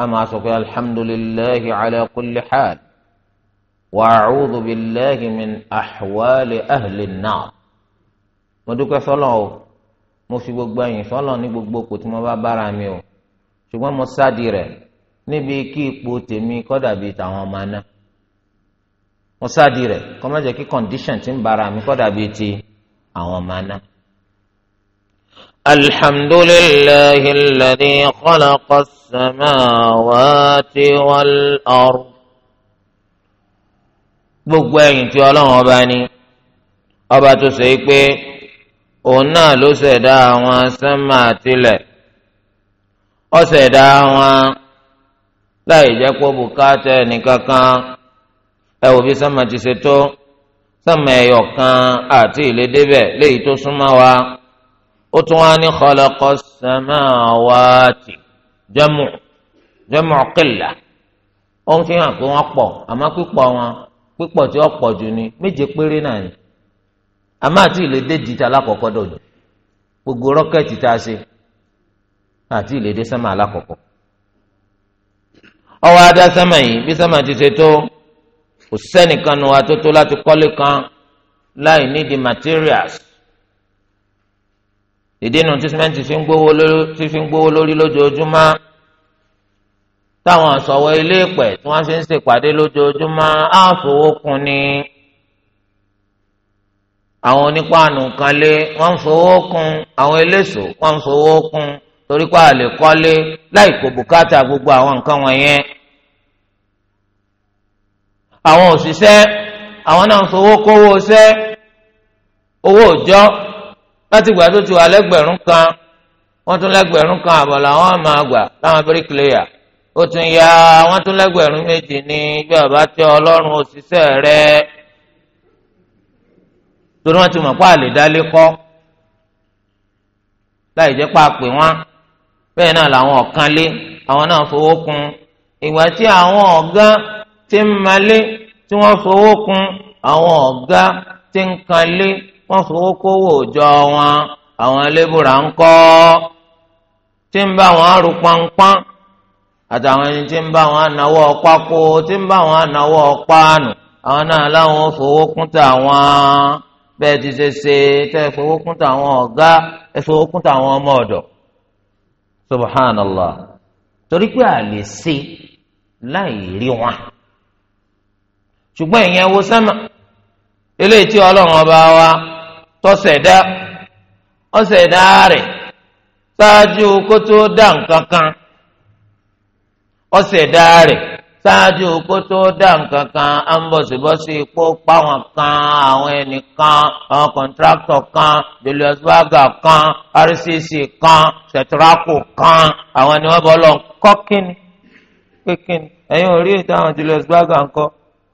a máa sọ pé alhamdulillahi ala kulli hal wa a'udhu billahi min ahwali ahli an-nar mo dúpẹ́ sọ́lọ́ o mo fi gbogbo ẹ̀yìn sọ́lọ́ ní gbogbo kò tí mo bá bára mi o ṣùgbọ́n mo sáàdì rẹ̀ níbi kí ipò tèmi kọ́ dàbí tàwọn ọmọ náà mo sáàdì rẹ̀ kọ́ má jẹ́ kí condition ti ń bara mi kọ́ dàbí ti àwọn ọmọ aná. الحمد لله الذي خلق السماوات والأرض gbogbo ẹ̀yìn tí Ọlọ́run ọba ni ọba tó ṣe é pé òun náà ló ṣẹ̀dá àwọn sánmà tilẹ̀ ó àwọn láì jẹ́ pé bùkátà ẹnìkankan ẹ wò bí sánmà ti ṣe tó sánmà ẹyọ kan àti ilé débẹ̀ léyìí tó súnmọ́ wa ó tún wá ní khalaqa samawati jamu jamu qilla ó ń fi hàn pé wọ́n pọ̀ àmọ́ pípọ̀ wọn pípọ̀ tí wọ́n pọ̀ jù ni méje péré náà ni àmọ́ àti ilé dé jìtá alákọ̀ọ́kọ́ dọ̀jọ́ gbogbo rọ́kẹ́tì tá a ṣe àti ilé dé sánmà alákọ̀ọ́kọ́ ọwọ́ adá sánmà yìí bí sánmà ti ṣe tó kò sẹ́nìkan nu atótó láti kọ́lé kan láì nídìí materials ìdínà tí sìmẹ́ǹtì fi ń gbówó lórí tí fi ń gbówó lórí lójoojúmọ́ táwọn àsọ̀wọ́ ilé ìpẹ̀ tí wọ́n fi ń ṣèpàdé lójoojúmọ́ á fowó kun ni àwọn onípaànù kan lé wọ́n ń fowó kun àwọn eléso wọ́n ń fowó kun torí pé a lè láì kó bùkátà gbogbo àwọn nǹkan wọ̀nyẹn àwọn òṣìṣẹ́ àwọn náà ń fowó kówó ṣẹ́ owó òjọ́ láti gbà tó ti wà lẹ́gbẹ̀rún kan wọ́n tún lẹ́gbẹ̀rún kan àbọ̀ làwọn máa gbà láwọn bíríkìlẹ́yà ó tún ya wọ́n tún lẹ́gbẹ̀rún méjì ní bí ọba tí ọlọ́run òṣìṣẹ́ rẹ̀ torí wọ́n ti mọ̀ pé àlè dálé kọ́ láì jẹ́ pàpè wọn bẹ́ẹ̀ náà làwọn ọ̀kanlé àwọn náà fowó kun ìgbà tí àwọn ọ̀gán ti ń malé tí wọ́n fowó kun àwọn ọ̀gá tí ń kanlé wọ́n fowó kówó òjọ wọn àwọn lébùrà ń kọ́ tí ń bá wọn rú pọnpọ́n àtàwọn ẹni tí ń bá wọn náwó ọ̀pá kó tí ń bá wọn náwó ọ̀pá nù àwọn náà láwọn fowó kún tàwọn bẹ́ẹ̀ ti ṣe ṣe tẹ́ fowó kún tàwọn ọ̀gá ẹ fowó kún tàwọn ọmọ ọ̀dọ̀ subhanallah torí pé àlè lè ṣe láì rí wọn ṣùgbọ́n ìyẹn wo sẹ́mà eléyìí tí ọlọ́run ọba wa tọ́sẹ̀dá ọ̀sẹ̀dá rẹ̀ ṣáájú kó tó dá nǹkan kan ọ̀sẹ̀dá rẹ̀ ṣáájú kó tó dá nǹkan kan á ń bọ̀sibọ́sí ipò páwọn kan àwọn ẹnìkan àwọn kọ̀ǹtráktọ̀ kan Julius Berger kan RCC kan Setraco kan àwọn ni wọ́n bọ́ lọ kọ́ kíni pé kíni ẹ̀yin ò rí ìtàn Julius Berger kan.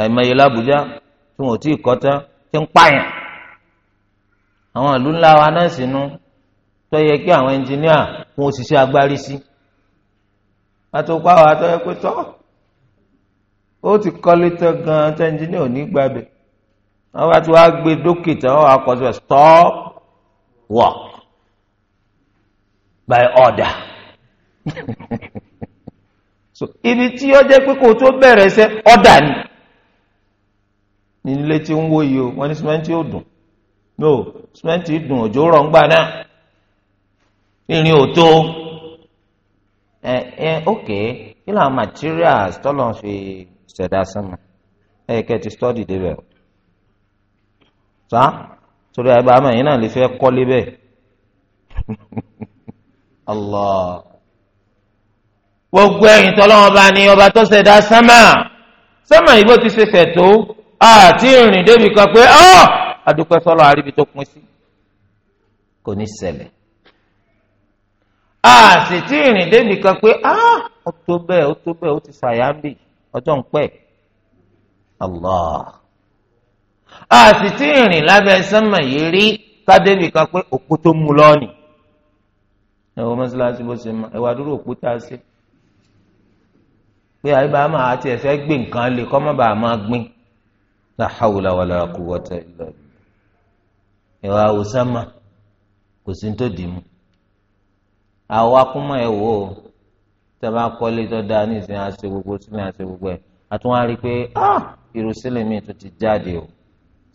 àìmọye lábújá tí wọn ò tí ì kọ́ tán ti ń pààyàn àwọn ìlú ńlá wa náà sì nu tó yẹ kí àwọn ẹnjìníà fún òṣìṣẹ́ agbárí sí àtòkọ́ àwọn àtọ́yẹ pé tọ́ ó ti kọ́lé tán gan-an tó ẹnjìníà ò ní gbàgbé àwọn àti wàá gbé dókítà wọn àkọsílẹ̀ stop work by order so ibi tí ó jẹ́ pé kò tó bẹ̀rẹ̀ sẹ́ order ni nílé tí ń wó yìí o wọ́n ní sìmẹ́ǹtì ò dùn no sìmẹ́ǹtì dùn òjò rọ̀ ń gbà náà irin ò ẹ ẹ ok kí làwọn materials tọ́lọ̀ fi ṣẹ̀dá sánmà ẹ kẹ́ ti study débẹ̀ o sá torí àgbà àmọ́ yìí náà lè fẹ́ kọ́lé bẹ́ẹ̀ allah gbogbo ẹ̀yin tọ́lọ́wọ́n bá ní ọba tó ṣẹ̀dá sánmà sánmà ìbò ti ṣe fẹ̀ tó. àti ìrìn débi kan pé ọ́ adúpẹ́ fọlọ́ àríbi tó pin sí kò ní ṣẹlẹ̀ a ti ìrìn débi kan pé ó tó bẹ́ẹ̀ ó tó bẹ́ẹ̀ ó ti ṣàyàmbì ọjọ́ ń pẹ́ Allah àti tí ìrìn lábẹ́ sánmà yìí rí kádébì kan pé òkú tó mú lọ́ọ̀nì ẹ mọ́ṣáláṣí bó ṣe mọ òkú tá a ṣe pé àyíbá ti ẹ̀fẹ́ la hawla wala quwwata illa billah ìwà àwòsánmà kò sí tó dì mú àwa kún mọ́ ẹ̀ wò ó tẹ́lá kọ́lé tó dáa ní ìsìn àṣẹ gbogbo sílẹ̀ àṣẹ gbogbo ẹ̀ àtún wá rí i pé ah, irú sílẹ̀ mi tún ti jáde o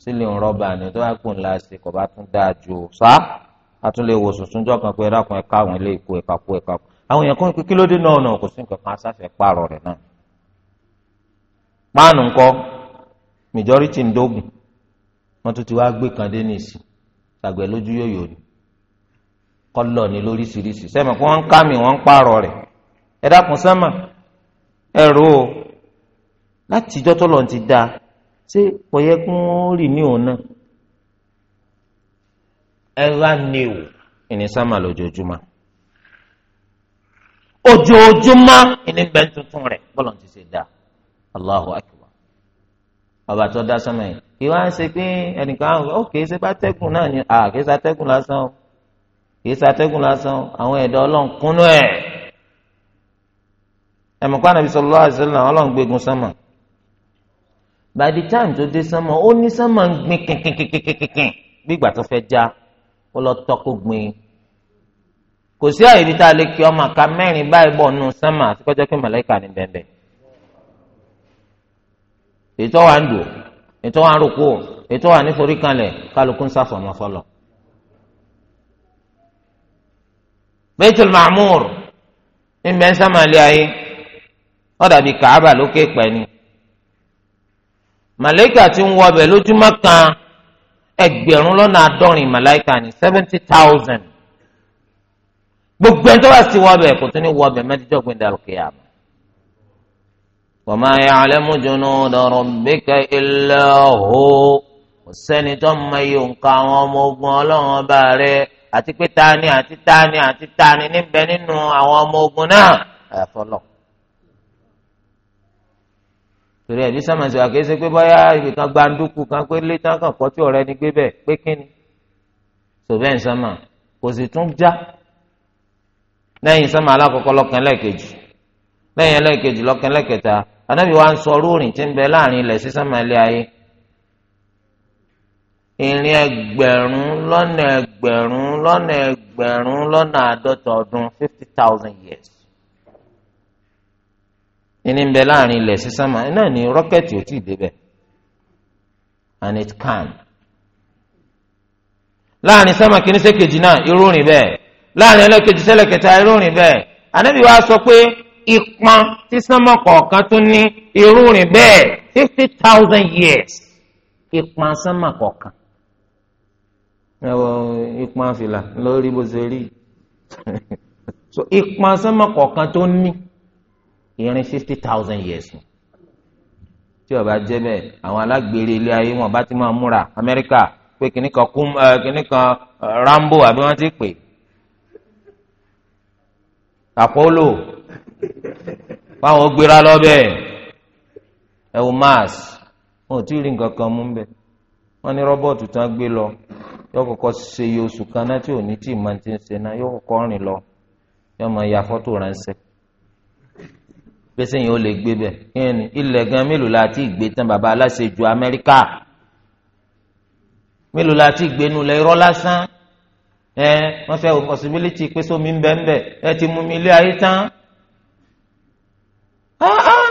sílẹ̀ ń rọ́bà ni tó bá kù ńlá ṣe kò bá tún dáa ju o sá àtún lè wò sùsùn jọ kan pé ẹ̀dàkùn ẹ̀ka àwọn ilé ìkó ẹ̀ka kó ẹ̀ka kó àwọn èèyàn kan pé kí ló dé náà náà kò sí nǹkan kan asáfẹ́ pààrọ̀ rẹ̀ náà. páànù ńkọ́ majority ń dógùn wọ́n tún ti wá gbé kan dé nìsí tàgbẹ̀ lójú yòyò ni kọ́lọ̀ ni lóríṣiríṣi sẹ́mi kí wọ́n ń ká mi wọ́n ń pààrọ̀ rẹ̀ ẹ dákun sẹ́mà ẹ rò ó láti ìjọ́ tó lọ́n ti da ṣé kò kí wọ́n rì ní òun náà ẹ rà ní ìní sẹ́mà lójoojúmọ́ ojoojúmọ́ ìní bẹ́ẹ̀ tuntun rẹ̀ bọ́lọ̀ ti ṣe da Allahu akbar ọba tó dá sọmọ yìí kí wọ́n á ṣe pé ẹnìkan àwọn ó kìí ṣe bátẹ́gùn náà ni à kìí ṣàtẹ́gùn lásán o kìí ṣàtẹ́gùn lásán o àwọn ẹ̀dá ọlọ́run kúnú ẹ̀ ẹ̀mọ̀kọ́ ànábi sallallahu alaihi wasallam ọlọ́run gbégun sọmọ by the time tó dé sọmọ ó ní sọmọ ń gbin kìnkìnkìnkìnkìn bí ìgbà tó fẹ́ já ó lọ tọ́kọ gbin kò sí àyè ibi tá a lè kí ọmọ ká mẹ́rin báyìí bọ̀ nù sọmọ àti kọjá pé màláìka ní bẹ́ẹ̀ bẹ́ẹ̀ ètò wa ń dùn ètò wa ń rúkú ètò wa níforí kanlẹ̀ kálukú ń sàfọ̀mọ́ fọlọ́. Baitul Ma'mur ìmẹ̀ ń sàmàlẹ́ ayé ó dàbí kàábà lókè pẹ̀lú. màlẹ́kà tí ń wọbẹ̀ lójúmọ́ kan ẹgbẹ̀rún lọ́nà àádọ́rin màlẹ́kà ní seventy thousand gbogbo ẹni tó bá sì wọbẹ̀ kò tún ní wọbẹ̀ mẹ́tẹ́jọ́ gbẹ̀dẹ̀ àlùkìyàmù. وما يعلم جنود ربك إلا هو sẹ́ni تم mọ iye nǹkan àwọn ọmọ ogun ọlọ́run ọba rẹ̀ àti pé tani àti tani àti tani níbẹ̀ nínú àwọn ọmọ ogun náà àfọlọ́. torí ẹ̀bí sàmàṣì wà kéésì pé bóyá ibìkan gbàǹdùkú kan pé létán kan kọ́ tí ni gbé bẹ̀ pé kíni. sòbẹ́ ń sàmà kò sì tún já lẹ́yìn sàmà alákọ̀ọ́kọ́ lọ́kàn lẹ́ẹ̀kejì lẹ́yìn ẹlẹ́ẹ̀kejì lọ́kàn lẹ́ẹ̀kẹta anábì wa ń sọ rúurìn tí ń bẹ láàrin ilẹ̀ sí sánmà ilé ayé ìrìn ẹgbẹ̀rún lọ́nà ẹgbẹ̀rún lọ́nà ẹgbẹ̀rún lọ́nà àádọ́ta ọdún fifty thousand years ìní ń bẹ láàrin ilẹ̀ sí sánmà náà ni rọ́kẹ̀tì ò tí ì débẹ̀ and it can láàrin sánmà kìíní sẹ́kejì náà irú rìn bẹ́ẹ̀ láàrin ẹlẹ́kejì sẹ́lẹ̀kẹta irú rìn bẹ́ẹ̀ anábì wa sọ pé ìpọn tí sánmọ̀ kọ̀ọ̀kan tún ní irú rìn bẹ́ẹ̀ fifty thousand years ìpọn sánmọ̀ kọ̀ọ̀kan. ìpọn fìlà lórí bó ṣe rí so ìpọn sánmọ̀ kọ̀ọ̀kan tó ní ìrìn fifty thousand years ni tí ó bá jẹ́ bẹ́ẹ̀ àwọn alágbèrè ilé ayé wọn bá ti máa múra Amẹ́ríkà pé kìnnì kan kún kìnnì kan Rambo àbí wọ́n ti pè Apollo báwọn gbéra lọ́bẹ̀ ẹ mars wọn ò tí ì rí nǹkan kan mú lọ yóò kọ́kọ́ ṣe iye oṣù kan náà tí ò ní tí ti ń ṣe náà yóò kọ́kọ́ rìn lọ yóò máa ya fọ́tò ránṣẹ́ pèsè yìí ó lè gbé bẹ́ẹ̀ kí ni ilẹ̀ gan mélòó la ti gbé tán bàbá la ti gbé nulẹ̀ irọ́ lásán ẹ wọ́n fẹ́ possibility pé sómi ń Ah, ah.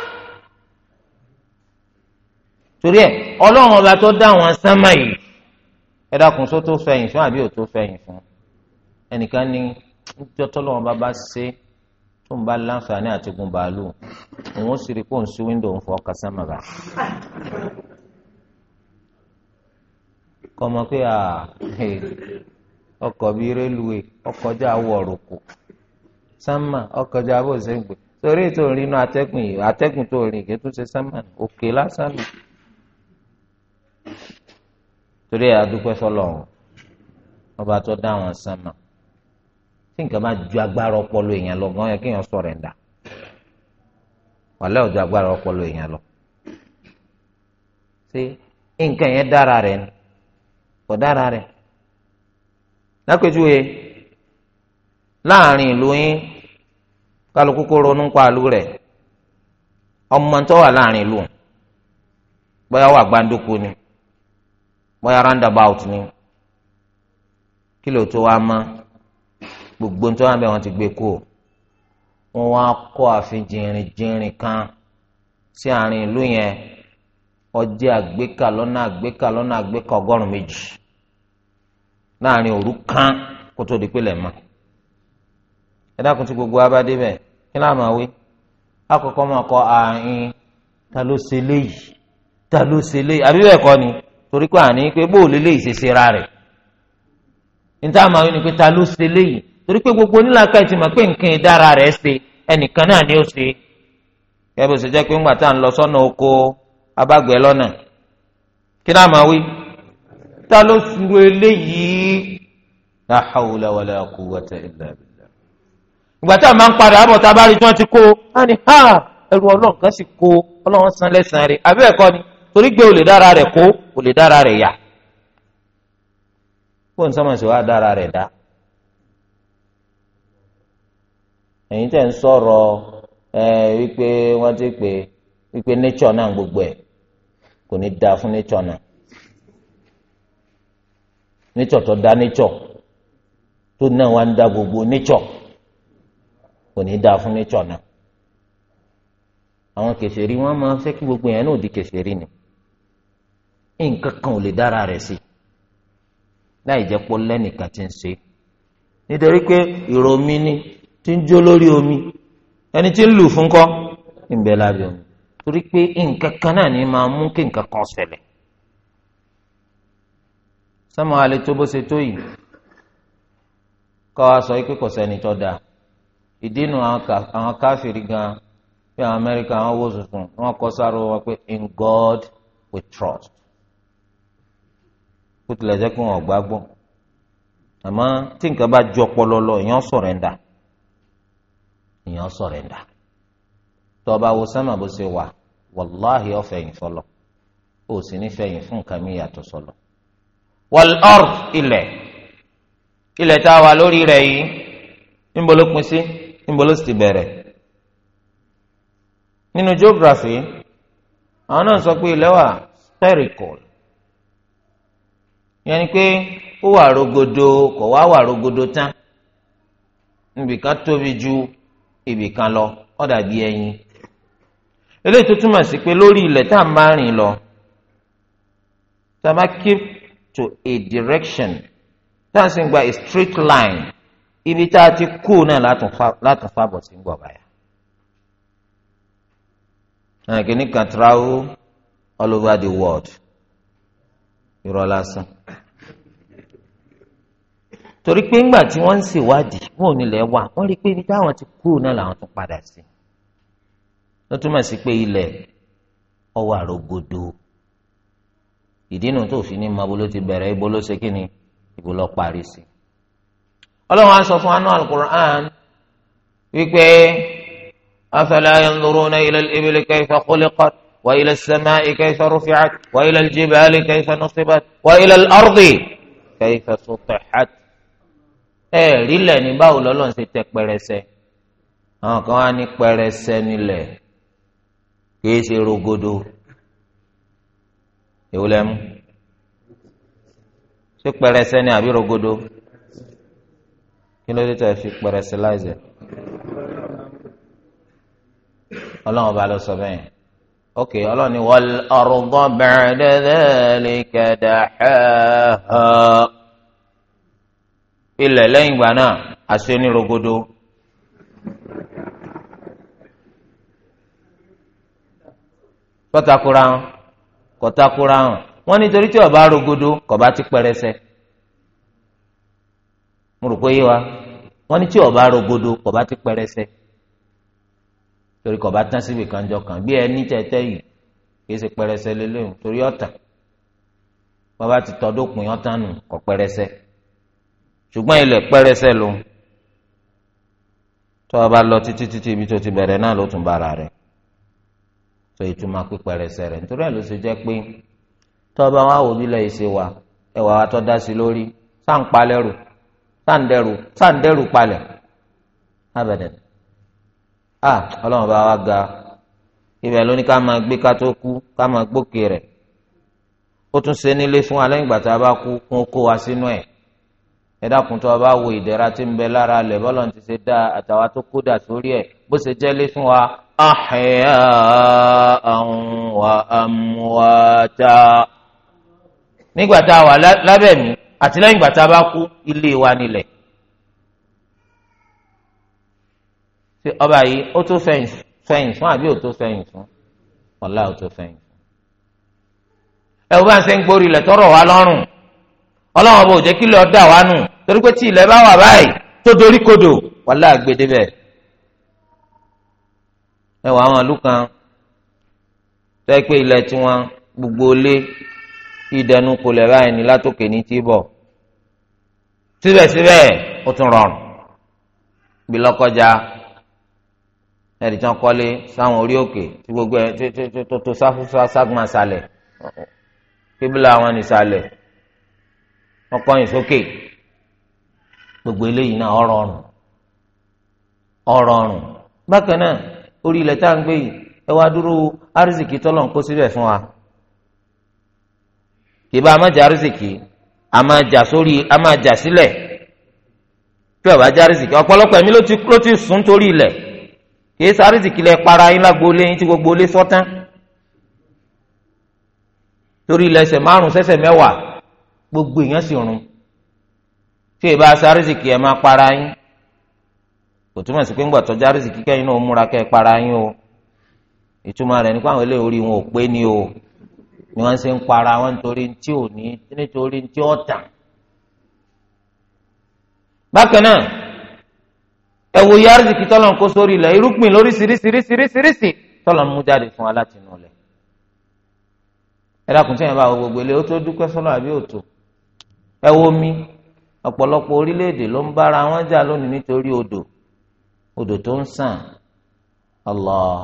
torí ẹ ọlọ́run ọba tó dá àwọn sánmà yìí ẹ dákun só tó fẹ̀yìn fún àbí ò tó fẹ̀yìn fún ẹnìkan ní níjọ́ tọ́lọ́run bá bá ṣe tó ń bá láǹfààní àti gun bàálù òun ó sì rí kóun sí wíńdò òun fọ ọkà sánmà bá kọ́ mọ pé ọkọ̀ bíi rélùwé ọkọjá wọ̀rùkù sánmà ọkọjá bó ṣe ń gbé torí ètò ìrìnnà atẹ́gùn yìí atẹ́gùn tó rìn kí tó ṣe sánmà òkè lásán ni torí àdúpẹ́ fọlọ́run ọba tó dá àwọn sánmà tí nǹkan máa ju agbára ọpọlọ èèyàn lọ gan yẹ kí èèyàn sọ̀rọ̀ ẹ̀dá wàlẹ́ ọ̀dọ̀ agbára ọpọlọ èèyàn lọ ṣé nǹkan yẹn dára rẹ̀ ni kò dára rẹ̀ lápèjúwe láàrin ìlú yín. kálukú kó ronú pa ọmụma rẹ̀ ọmọ tó wà láàrin ìlú bóyá wà gbàǹdókò ni bóyá roundabout ni kí ló tó wá mọ́ gbogbo tó wà bẹ́ẹ̀ wọ́n ti gbé kó wọ́n wá kó àfin jìnrìnjìnrìn kan sí àárín ìlú yẹn ọjẹ àgbékà lọ́nà àgbékà lọ́nà àgbékà ọgọrùn méjì láàrin òru kan kó tó di pé ẹ tí gbogbo abadé bẹ kí náà máa wí akọkọ máa kọ ààyìn ta ló ṣe léyìí ta ló ṣe léyìí àbí bẹ́ẹ̀ kọ́ ni torí pé àní pé bó lè léyìí ṣe ṣe rẹ̀ níta máa wí ni pé ta gbogbo onílàkà ẹ̀ ti mọ̀ pé nǹkan ìdára rẹ̀ ṣe ẹnìkan náà ni ó ṣe kẹ́ bó ṣe jẹ́ pé ńgbà tá à ń lọ sọ́nà oko lọ́nà ìgbà tá a máa ń padà àbọ̀ ti kó a ní ha ẹrù ọlọ́run kan sì kó ọlọ́run san lẹ́sàn-án rẹ̀ àbẹ́ ẹ̀kọ́ ni torí gbé olè dára rẹ̀ kó olè dára rẹ̀ yá kó n sọmọ sí wa dára rẹ̀ dá ẹ̀yin tẹ̀ ń sọ̀rọ̀ wípé ti pè wípé nature náà gbogbo ẹ̀ kò ní da fún nature náà nature tó da nature tó náà wá kò ní dáa fún na. náà àwọn kèsèrí wọn máa fẹ́ kí gbogbo yẹn náà di kèsèrí ni nǹkan kan ò lè dára rẹ̀ sí láì jẹ́ pọ́ lẹ́nìkan tí ń ṣe nítorí pé ni tí ń jó lórí omi ẹni tí ń lù fún kọ́ ìbẹ̀ lábẹ́ omi torí pé nǹkan kan náà ni máa mú kí nǹkan kan ṣẹlẹ̀ sọ́mọ́ alẹ́ tó bó ṣe tó yìí kọ́ wa sọ pé kò sẹ́ni tó dáa. ìdínú àwọn káfíìrì gan bí àwọn amẹ́ríkà àwọn owó tuntun wọn kọ sáré wọn pé in God we trust kó tilẹ̀ jẹ́ pé wọn àmọ́ tí nǹkan bá jọ pọlọlọ èèyàn sọ̀rẹ́ndà èèyàn sọ̀rẹ́ndà tọba wo sẹ́mà bó ṣe wà ọ̀fẹ̀yìn fọlọ ó sì ní fẹ̀yìn fún nǹkan sọlọ. ilẹ̀ ilẹ̀ tá wà lórí rẹ̀ yìí níbo ló sì ti bẹ̀rẹ̀ nínú geography àwọn náà sọ pé ilẹ̀ wà spherical yẹn ni pé ó wà rogodo kò wá wà rogodo tán ibìkan tóbi ju ibìkan lọ ó dàbí ẹyin eléyìí tó túmọ̀ sí pé lórí ilẹ̀ tá a máa rìn lọ tá a bá keep to a direction tá a sì ń gba a straight line ibi tá a ti kú náà látún fábọ̀ sí ń gbọ̀ báyà. kìnnì kan travel all over the world irọ́ lásán. torí pé ńgbà tí wọ́n ń ṣèwádìí wọn ò nílẹ̀ wà wọ́n rí i pé ibi táwọn ti kú náà làwọn tún padà sí. ló túmọ̀ sí pé ilẹ̀ ọwọ́ àrògbòdo ìdí nu tó fi ní mọ bó ti bẹ̀rẹ̀ ibo ló ṣe kí ni ibo ló parí sí ọlọ́run á sọ fún anú alukur'an wípé afala yanzuruna ila al-ibili kayfa khuliqat wa ila as-sama'i kayfa rufi'at wa ila al-jibali kayfa nusibat wa ila al-ardi kayfa sutihat. ẹ rí lẹ́ni báwo lọ́lọ́run ṣe tẹ pẹrẹsẹ àwọn kan wá ní pẹrẹsẹ nílẹ̀ kìí ṣe rogodo èwo lẹ́mú ṣé pẹrẹsẹ ni àbí rogodo kí ló dé tẹ̀ fi pẹrẹsiláìsì ọlọ́run ọba ló sọ bẹ́ẹ̀ ok ọlọ́run ni wal arda ba'da dhalika dahaha ilẹ̀ lẹ́yìn ìgbà náà àṣẹ onírogodo. tọ́takura hàn kọ́takura hàn wọ́n nítorí tí ọba rogodo kọ̀ọ̀bá ti pẹrẹsẹ̀ mo rò pé yé wa wọ́n ní tí ọba rogodo kọba ti pẹrẹsẹ torí kọba tán síbi kanjọ kan bí ẹni tẹtẹ yìí kì í ṣe pẹrẹsẹ lélẹyìn torí ọ̀tá bàbá ti tọdọkùn ọ̀tá nù kọ pẹrẹsẹ ṣùgbọ́n ilẹ̀ pẹrẹsẹ ló ń tó ọba lọ títí títí ibi tó ti bẹ̀rẹ̀ náà ló tún bára rẹ̀ tó ìtumọ̀ pípẹrẹsẹ rẹ̀ nítorí ẹ̀ ló ṣe jẹ́ pé tó ọba wa wò bí lọ́ọ́ ṣe wà ẹwà wa tó dá sí lórí sáà ń palẹ́rù sáǹdẹ̀rù sáǹdẹ̀rù palẹ̀ abẹ̀dẹ̀ a ọlọ́run bá wa ga ibẹ̀ lóní ká máa gbé ká tó kú ká máa gbókè rẹ̀ ó tún ṣe nílé fún wa lẹ́yìn ìgbà tá a bá kú kún kó wa sínú ẹ̀ ẹ dákun tó a bá wo ìdẹ̀ra tí ń bẹ lára alẹ̀ bọ́lọ̀ ti ṣe dá àtàwa tó kó dà sórí ẹ̀ bó ṣe jẹ́ lé fún wa ahya wa amwata nígbà tá a wà lábẹ́ mi àti lẹ́yìn ìgbà tá a bá kú ilé wa nílẹ̀. ṣé ọba yìí ó tó fẹ̀yìn fún àbí ó tó fẹ̀yìn fún ọ̀la ó tó fẹ̀yìn fún. ẹ wo bá ń ṣe ń gborí ilẹ̀ tọrọ wa lọ́rùn ọlọ́run bò jẹ́ kí ilẹ̀ ọ̀dà wa nù torí pé tí ilẹ̀ bá wà báyìí tó dorí kodò wàhálà àgbèdè bẹ́ẹ̀. ẹ wọ àwọn àlù kan tẹ́ pé ilẹ̀ tiwọn gbogbo lé ìdẹnu báyìí ní látòkè ní tí síbẹ̀síbẹ̀ ó tún rọrùn bí lọ́kọjá ẹ̀rì tí wọ́n kọ́lé sáwọn orí òkè tí gbogbo ẹ̀ tó tó ságbọ́n sálẹ̀ kíbílà wọn ní sálẹ̀ wọ́n kọ́yìn sókè gbogbo eléyìí náà ọ̀rọ̀ọ̀rùn ọ̀rọ̀ọ̀rùn bákan náà orí ilẹ̀ tá à ń gbé yìí ẹ wá dúró arísìkì tọ́lọ̀ ń kó síbẹ̀ fún wa kì bá a má jẹ arísìkì. a máa jà sórí a máa jà sílẹ̀ tí ọba já rìsìkì ọ̀pọ̀lọpọ̀ ẹ̀mí ló ti sùn torí ilẹ̀ kì í sáré rìsìkì lẹ para yín lágboolé yín tí gbogbo olé sọ́tán torí ilẹ̀ ẹsẹ̀ márùn sẹ́sẹ̀ mẹ́wàá gbogbo èèyàn sì rún tí ìbá rìsìkì ẹ̀ máa para yín kò túmọ̀ sí pé rìsìkì kẹ́yìn náà múra kẹ́ para yín o ìtumọ̀ rẹ̀ eléyìí orí wọn ò pé o. ni wọ́n ṣe ń para wọn nítorí tí ò ní nítorí tí ó tàn. bákan náà ẹ wo iye arzikì tọ́lọ̀ ń kó sórí ilẹ̀ irúgbìn lóríṣiríṣiríṣiríṣi tọ́lọ̀ ń mú jáde fún wa láti inú ilẹ̀. ẹ dákun tí yẹn bá wo gbogbo ilé ó tó dúpẹ́ sọ́lọ́ àbí òtò ẹ wo omi ọ̀pọ̀lọpọ̀ orílẹ̀-èdè ló ń bára wọn jà lónìí nítorí odò odò tó ń sàn Allah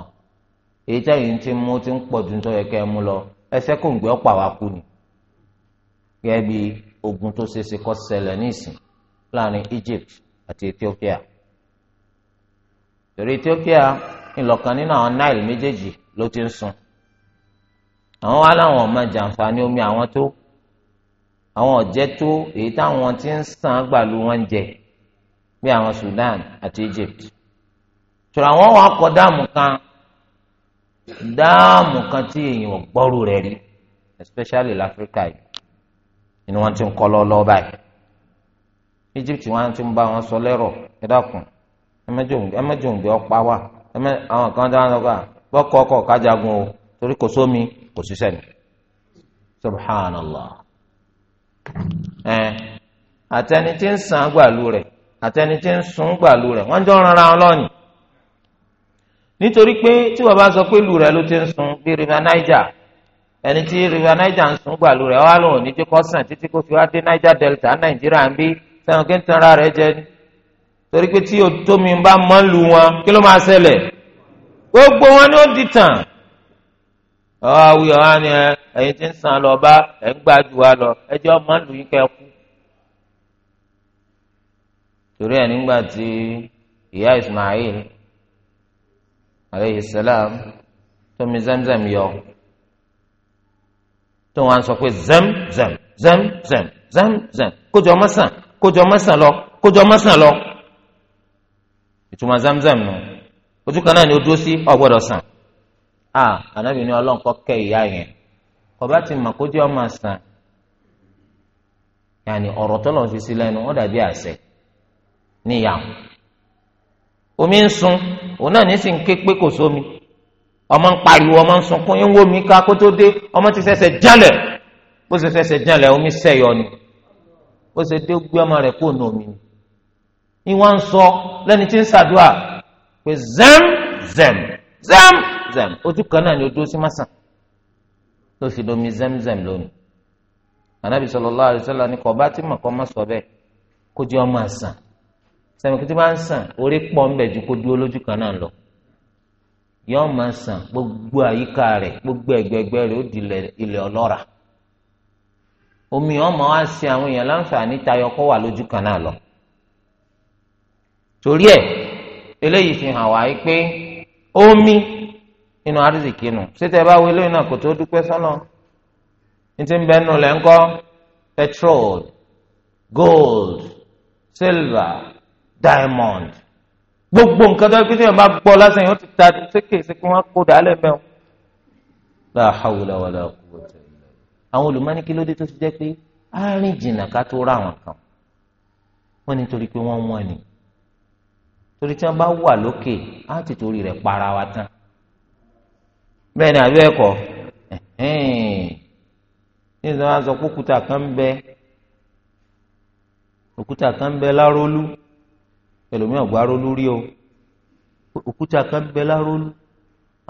èyí táyì ń ti mú ti ń pọ̀ ju nítorí ẹ̀kẹ́ mú lọ ẹsẹ̀ kò ń gbé ọ̀pọ̀ àwa kú ni gẹ́gẹ́ bí ogun tó ṣeé ṣe kó ṣẹlẹ̀ nísìn láàrin Egypt àti Ethiopia torí Ethiopia ńlọ̀kan nínú àwọn Nile méjèèjì ló ti ń sun àwọn wá láwọn ọmọ jàǹfààní omi àwọn tó àwọn ọ̀jẹ́ tó èyí táwọn ti ń sàn gbàlú wọn jẹ bí àwọn Sudan àti Egypt tòrọ àwọn wà kọ dáàmù kan dáàmù kan tí èèyàn gbọ́rù rẹ̀ rí especially láfíríkà yìí ni wọ́n ti ń kọ́ lọ́lọ́ báyìí Egypt wọ́n ti ń bá wọn sọ lẹ́rọ̀ ẹ dákun ẹ òǹgbẹ wà àwọn kan dáhùn lọ́gbà bọ́kọ̀ ọkọ̀ kájagun o torí kò sómi kò ṣiṣẹ́ ni subhanallah ẹ àtẹni tí ń gbàlú àtẹni tí ń nítorí pé tí wọ́n bá sọ pé ìlú rẹ̀ ló ti ń sun bí river niger ẹni tí river niger ń sun gbàlú rẹ̀ wà lóhùn ní jẹ́kọ́sàn títí kó fi wá dé niger delta nàìjíríà ń bí sẹ́wọ̀n kí n tan ara rẹ̀ jẹ ni torí pé tí omi bá mọ́ lu wọn kí ló máa ṣẹlẹ̀ gbogbo wọn ni ó di tàn ọ̀hún àwùyọ̀ wa ni ẹ̀yin ti ń sàn lọ bá ẹ̀ ń gbájú wa lọ ẹjọ́ mọ́ lu yín kẹ́ kú torí ẹ̀ nígbà tí ìyá Ismail aleyhi salam tó mi zamzam yọ tó wọn sọ pé zam zam zam zam zam zam kójọ mọ́sàn kójọ mọ́sàn lọ kójọ mọ́sàn lọ ìtumọ̀ zamzam nù ojú kan náà ni ó dúró sí ọgbọ́dọ̀ sàn a ànábì ní ọlọ́nkọ́ kẹ ìyá yẹn ọba ti mọ̀ kójọ ọmọ sàn yàní ọ̀rọ̀ tọ́lọ̀ fi sí lẹ́nu ó àṣẹ níyàwó omi ń sun òun náà nísìn ké pé kò sómi ọmọ ń pariwo ọmọ ń sunkún ń wo mi ká kó tó dé ọmọ ti ṣẹ̀ṣẹ̀ jálẹ̀ bó ṣe ṣẹ̀ṣẹ̀ jálẹ̀ omi sẹ̀yọ ni bó ṣe dé gbé ọmọ rẹ̀ kó nù omi ni ìwọ́n ń sọ lẹ́ni tí ń ṣàdúrà pé zẹ́m zẹ́m zẹ́m zẹ́m ojú kan náà ni o dúró sí mọ́sàn ló fi domi zẹ́m zẹ́m lónìí anabi sallallahu alaihi wasallam ni kò bá ti mọ̀ sọ bẹ́ẹ̀ kó jẹ́ ọmọ àṣà sẹ́mi kìtì máa ń sàn orí pọ̀ ń bẹ̀ ju kó dúró lójú kan náà gbogbo àyíká rẹ̀ gbogbo egbegbe rẹ̀ ó di ilẹ̀ ọlọ́ra omi ọmọ wa ṣe àwọn èèyàn láǹfààní tayọ kó wà lójú kan náà lọ torí ẹ̀ eléyìí fi hàn wá pé omi nínú àrísìkí nù ṣètẹ bá wọlé náà kò tó dúpẹ́ sọ́nà ní ti ń bẹ nù lẹ́ńkọ́ petrol gold silver diamond gbogbo nǹkan tó ń pété ọba gbọ́ lásán yìí wọ́n ti ta sékè sí kí wọ́n kó dàálẹ̀ mẹ́wọ́n. la hawla wala quwwata illa àwọn olùmọ́ni kí ló dé tó ti jẹ́ pé àárín jìnnà ká tó rà wọn kan wọ́n ní torí pé wọ́n wọ́n ni torí tí wọ́n bá wà lókè á ti torí rẹ̀ para wa tán bẹ́ẹ̀ ni àbí ẹ̀kọ́ ní ìsìn wọn sọ kan ń òkúta kan ń lárólú ẹlòmíì ọgbà rólú rí o òkúta kan bẹ lárólú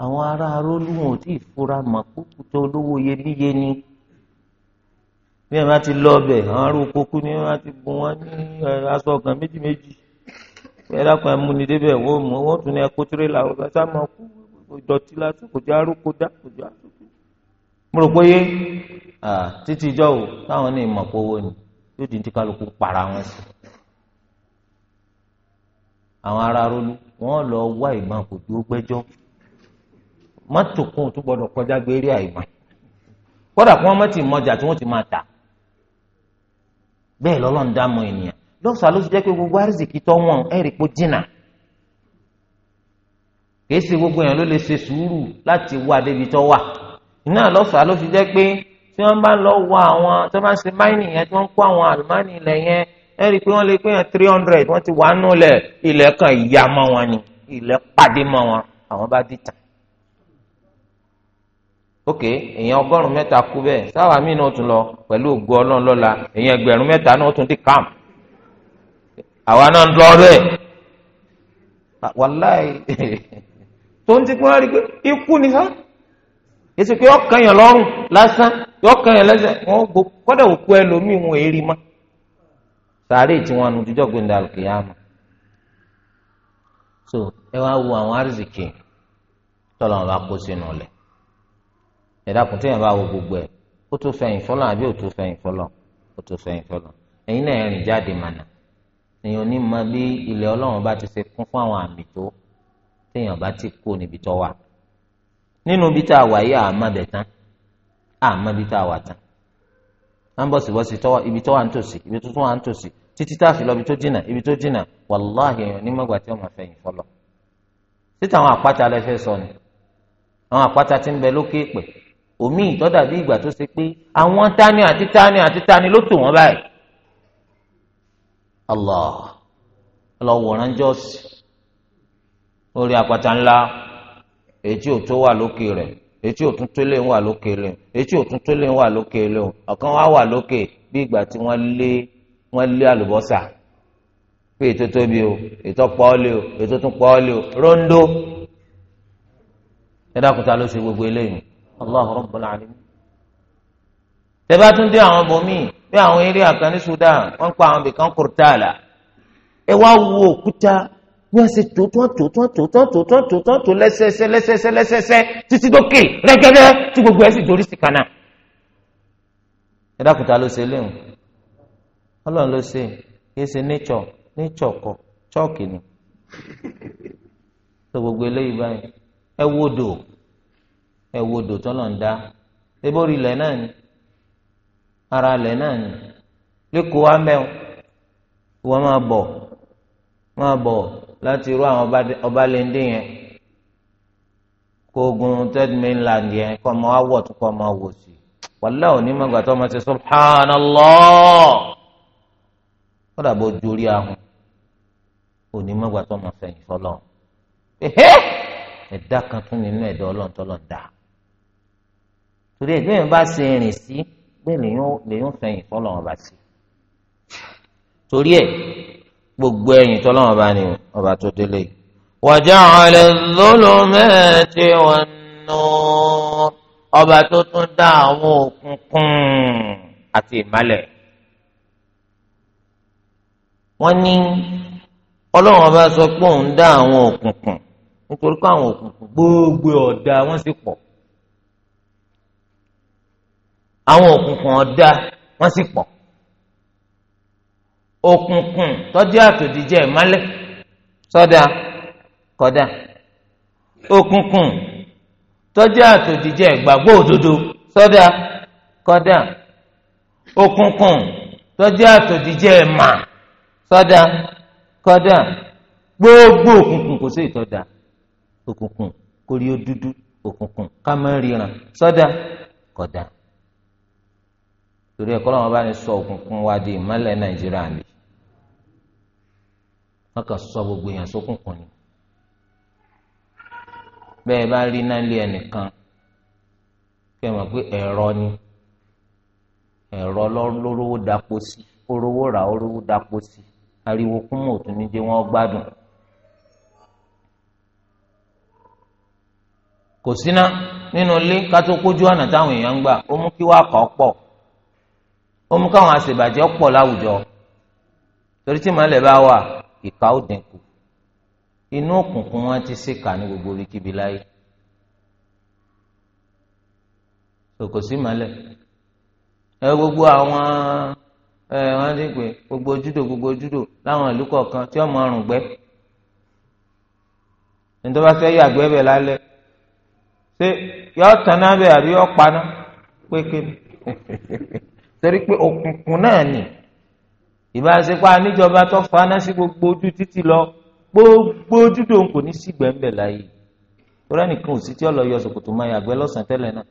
àwọn ará rólú wọn ò tí ì fura mọ kókúta olówó iyebíye ni bí ẹ bá ti lọ ọbẹ àwọn ará okókú ni wọn ti bùn wọn ní aṣọ ọgàn méjì méjì ẹ dákun ẹmúni débẹ̀ wọn mú wọn tún ní ẹkọ tirẹlà ọgbà sá máa kú ìdọ̀tí láti kò jẹ arókò dá kò jẹ arókò mo rò pé títí ìjọ o táwọn ní ìmọ̀ pọ̀ owó ni yóò di ti kálukú para wọn sí i àwọn ará ronú wọn lọ wá ìmọ̀ kò dúró gbẹ́jọ́ mọ́tò kún tó gbọ́dọ̀ kọjá gbérí àìmọ̀ kódà kí wọ́n mọ́tì mọ́jà tí wọ́n ti máa tà bẹ́ẹ̀ lọ́lọ́run dá mọ ènìyàn lọ́sàá ló ti jẹ́ pé gbogbo àrísìkí tọ́ wọn ẹ̀rì pé jìnnà kìí ṣe gbogbo èèyàn ló lè ṣe sùúrù láti wá débi tọ́ wà iná lọ́sàá ló fi jẹ́ pé tí wọ́n bá lọ wá àwọn tí wọ́n bá ń ṣe máìnì yẹn tí wọ́n kó àwọn àlùmáàní ilẹ̀ yẹn ẹ rí i pé wọ́n lè pé yàn three hundred wọ́n ti wà nù lẹ̀ ilẹ̀ kan ìyá mọ́ wọn ni ilẹ̀ pàdé mọ́ wọn àwọn bá dìtà ok èèyàn ọgọ́rùn-ún mẹ́ta kú bẹ́ẹ̀ sáwà míì náà tún lọ pẹ̀lú ògo ọlọ́run lọ́la èèyàn ẹgbẹ̀rún mẹ́ta náà tún ti kàm àwa náà ń lọ bẹ́ẹ̀ wàláì tó ń ti pín wọ́n rí pé ikú ni sá èsì pé ọkàn yàn lọ́rùn lásán yọkàn yàn lẹ́sẹ̀ wọ́n gbó kọ́dà òkú ẹlòmíì wọn èrì máa. sàárè tí wọn nu jíjọ so ẹ wá wo àwọn àrísìkì tọ́lọ̀ wọn bá kó sínú ọ̀lẹ̀ ẹ̀dá bá wo gbogbo ẹ̀ ó tó fẹ̀yìn fọlọ́ àbí ó tó fẹ̀yìn fọlọ́ ó tó fẹ̀yìn fọlọ́ ẹ̀yin náà rìn jáde mànà èèyàn ní mọ bí ilẹ̀ ọlọ́run bá ti ṣe kún àwọn àmì tó téèyàn bá ti kó nínú bí tá a wà yìí àmọ́ bẹ̀ tán àmọ́ bí tá a wà tán títí tá a fi lọ ibi tó jìnnà ibi tó jìnnà wàláhì èèyàn ní mọ́gbà tí wọ́n máa fẹ̀yìn fọlọ́ títí àwọn àpáta lẹ fẹ́ sọ ni àwọn àpáta ti ń bẹ lókè èpè omi ìtọ́dà bí ìgbà tó ṣe pé àwọn tani àti tani àti tani ló tò wọ́n báyìí Allah ọlọ́wọ̀rán jọ́ọ̀sì orí àpáta ńlá etí òtó wà lókè rẹ̀ etí òtún tó lé wà lókè rẹ̀ etí òtún tó lè wà lókè rẹ̀ ọ̀kan wá wà lókè bí ìgbà tí wọ́n lé. wọ́n lé àlùbọ́sà pé ètò tóbi o ètò pọ́ọ́lì o ètò tún pọ́ọ́lì o rondo ẹ dákúta ló ṣe gbogbo eléyìí Allahu Rabbul Alamin. tẹ́bá tún dé àwọn bòmíì bí àwọn eré àkàn ní Sudan wọ́n pa àwọn ibìkan Kurtala ẹ wá wo òkúta wọ́n ṣe tó tó tó tó tó tó tó tó tó tó tó lẹ́sẹsẹ lẹ́sẹsẹ lẹ́sẹsẹ títí dókè rẹ́gẹ́dẹ́ tí gbogbo ẹ̀ sì dorí sí kanáà ẹ dákúta ló ṣe léyìn. ọlọ́run ló ṣe kìí ṣe nature kọ ni tó gbogbo eléyìí báyìí ẹ wodò ẹ wodò tọ́lọ̀ ń dá ebórí ilẹ̀ náà ni ara ilẹ̀ náà ni lẹ́kọ̀ọ́ wa mẹ́wọ́ máa bọ̀ máa bọ̀ láti àwọn yẹn third mainland yẹn kọ́ tó kọ́ sí kódà bó dorí ahùn òní mọ́gbà tó mọ̀ sẹ́yìn sọ́lọ́ ẹ̀hẹ́ ẹ̀dá kan tún nínú ẹ̀dá ọlọ́run tọ́lọ̀ dá torí ẹ̀ bẹ́ẹ̀ bá ṣe rìn sí bẹ́ẹ̀ lèyún sẹ́yìn sọ́lọ́ ọba sí torí ẹ̀ gbogbo ẹ̀yìn tọ́lọ́ ọba ni ọba tó délé waja'ala adh-dhulumati wan-nur ọba tó tún dá àwọn òkùnkùn àti ìmálẹ̀ wọ́n ní ọlọ́run ọba sọ pé òun dá àwọn òkùnkùn nítorí pé àwọn òkùnkùn gbogbo ọ̀dà wọ́n sì pọ̀ àwọn òkùnkùn ọ̀dà wọ́n sì pọ̀ òkùnkùn tọ́jú àtòdìjẹ́ ìmálẹ̀ sọ́dà kọ́dà òkùnkùn tọ́jú àtòdìjẹ́ ìgbàgbọ́ òdodo sọ́dà kọ́dà òkùnkùn tọ́jú àtòdìjẹ́ ìmà sọ́dà kọ́dà gbogbo òkùnkùn kò sí ìtọ́dà òkùnkùn kórí ó dúdú òkùnkùn ká má ríran sọ́dà kọ́dà torí ẹ̀kọ́ làwọn bá ní sọ òkùnkùn wa di ìmọ́lẹ̀ nàìjíríà ni wọ́n kàn sọ gbogbo èèyàn sókùnkùn ni bẹ́ẹ̀ bá rí náà lé ẹnìkan kí ẹ mọ̀ pé ẹ̀rọ ni ẹ̀rọ lọ́wọ́ dapo sí orówó rà orówó dapo sí ariwo kún mọ̀ tún ní jẹ́ wọ́n gbádùn. kò síná nínú ilé kátó kójú ọ̀nà táwọn èèyàn ń gbà ó mú kí wàá kọ́ pọ̀ ó mú káwọn àṣebàjẹ́ pọ̀ láwùjọ torí tí màálẹ̀ bá wà ìka ó dínkù inú òkùnkùn wọn ti ṣèkà ní gbogbo oríkìbí láyé kò sí màálẹ̀ ẹ gbogbo àwọn ẹ wọ́n ti pè gbogbo ojúdò gbogbo ojúdò láwọn ìlú kọ̀ọ̀kan tí ọmọ ọrùn gbẹ́ nítorí wọ́n fẹ́ yàgbẹ́ bẹ̀ lálẹ́ ṣé yọ tán náà bẹ̀ àbí yọ paná pékin torí pé òkùnkùn náà nì ìbáṣepọ̀ àníjọba tó faná sí gbogbo ojú títí lọ gbogbo ojúdò ń kò ní sí gbẹ̀ǹbẹ̀ láàyè torí ẹnìkan ò sí tí ọlọ́yọ ṣòkòtò máa yàgbẹ́ lọ́sàn-án tẹ́lẹ̀ náà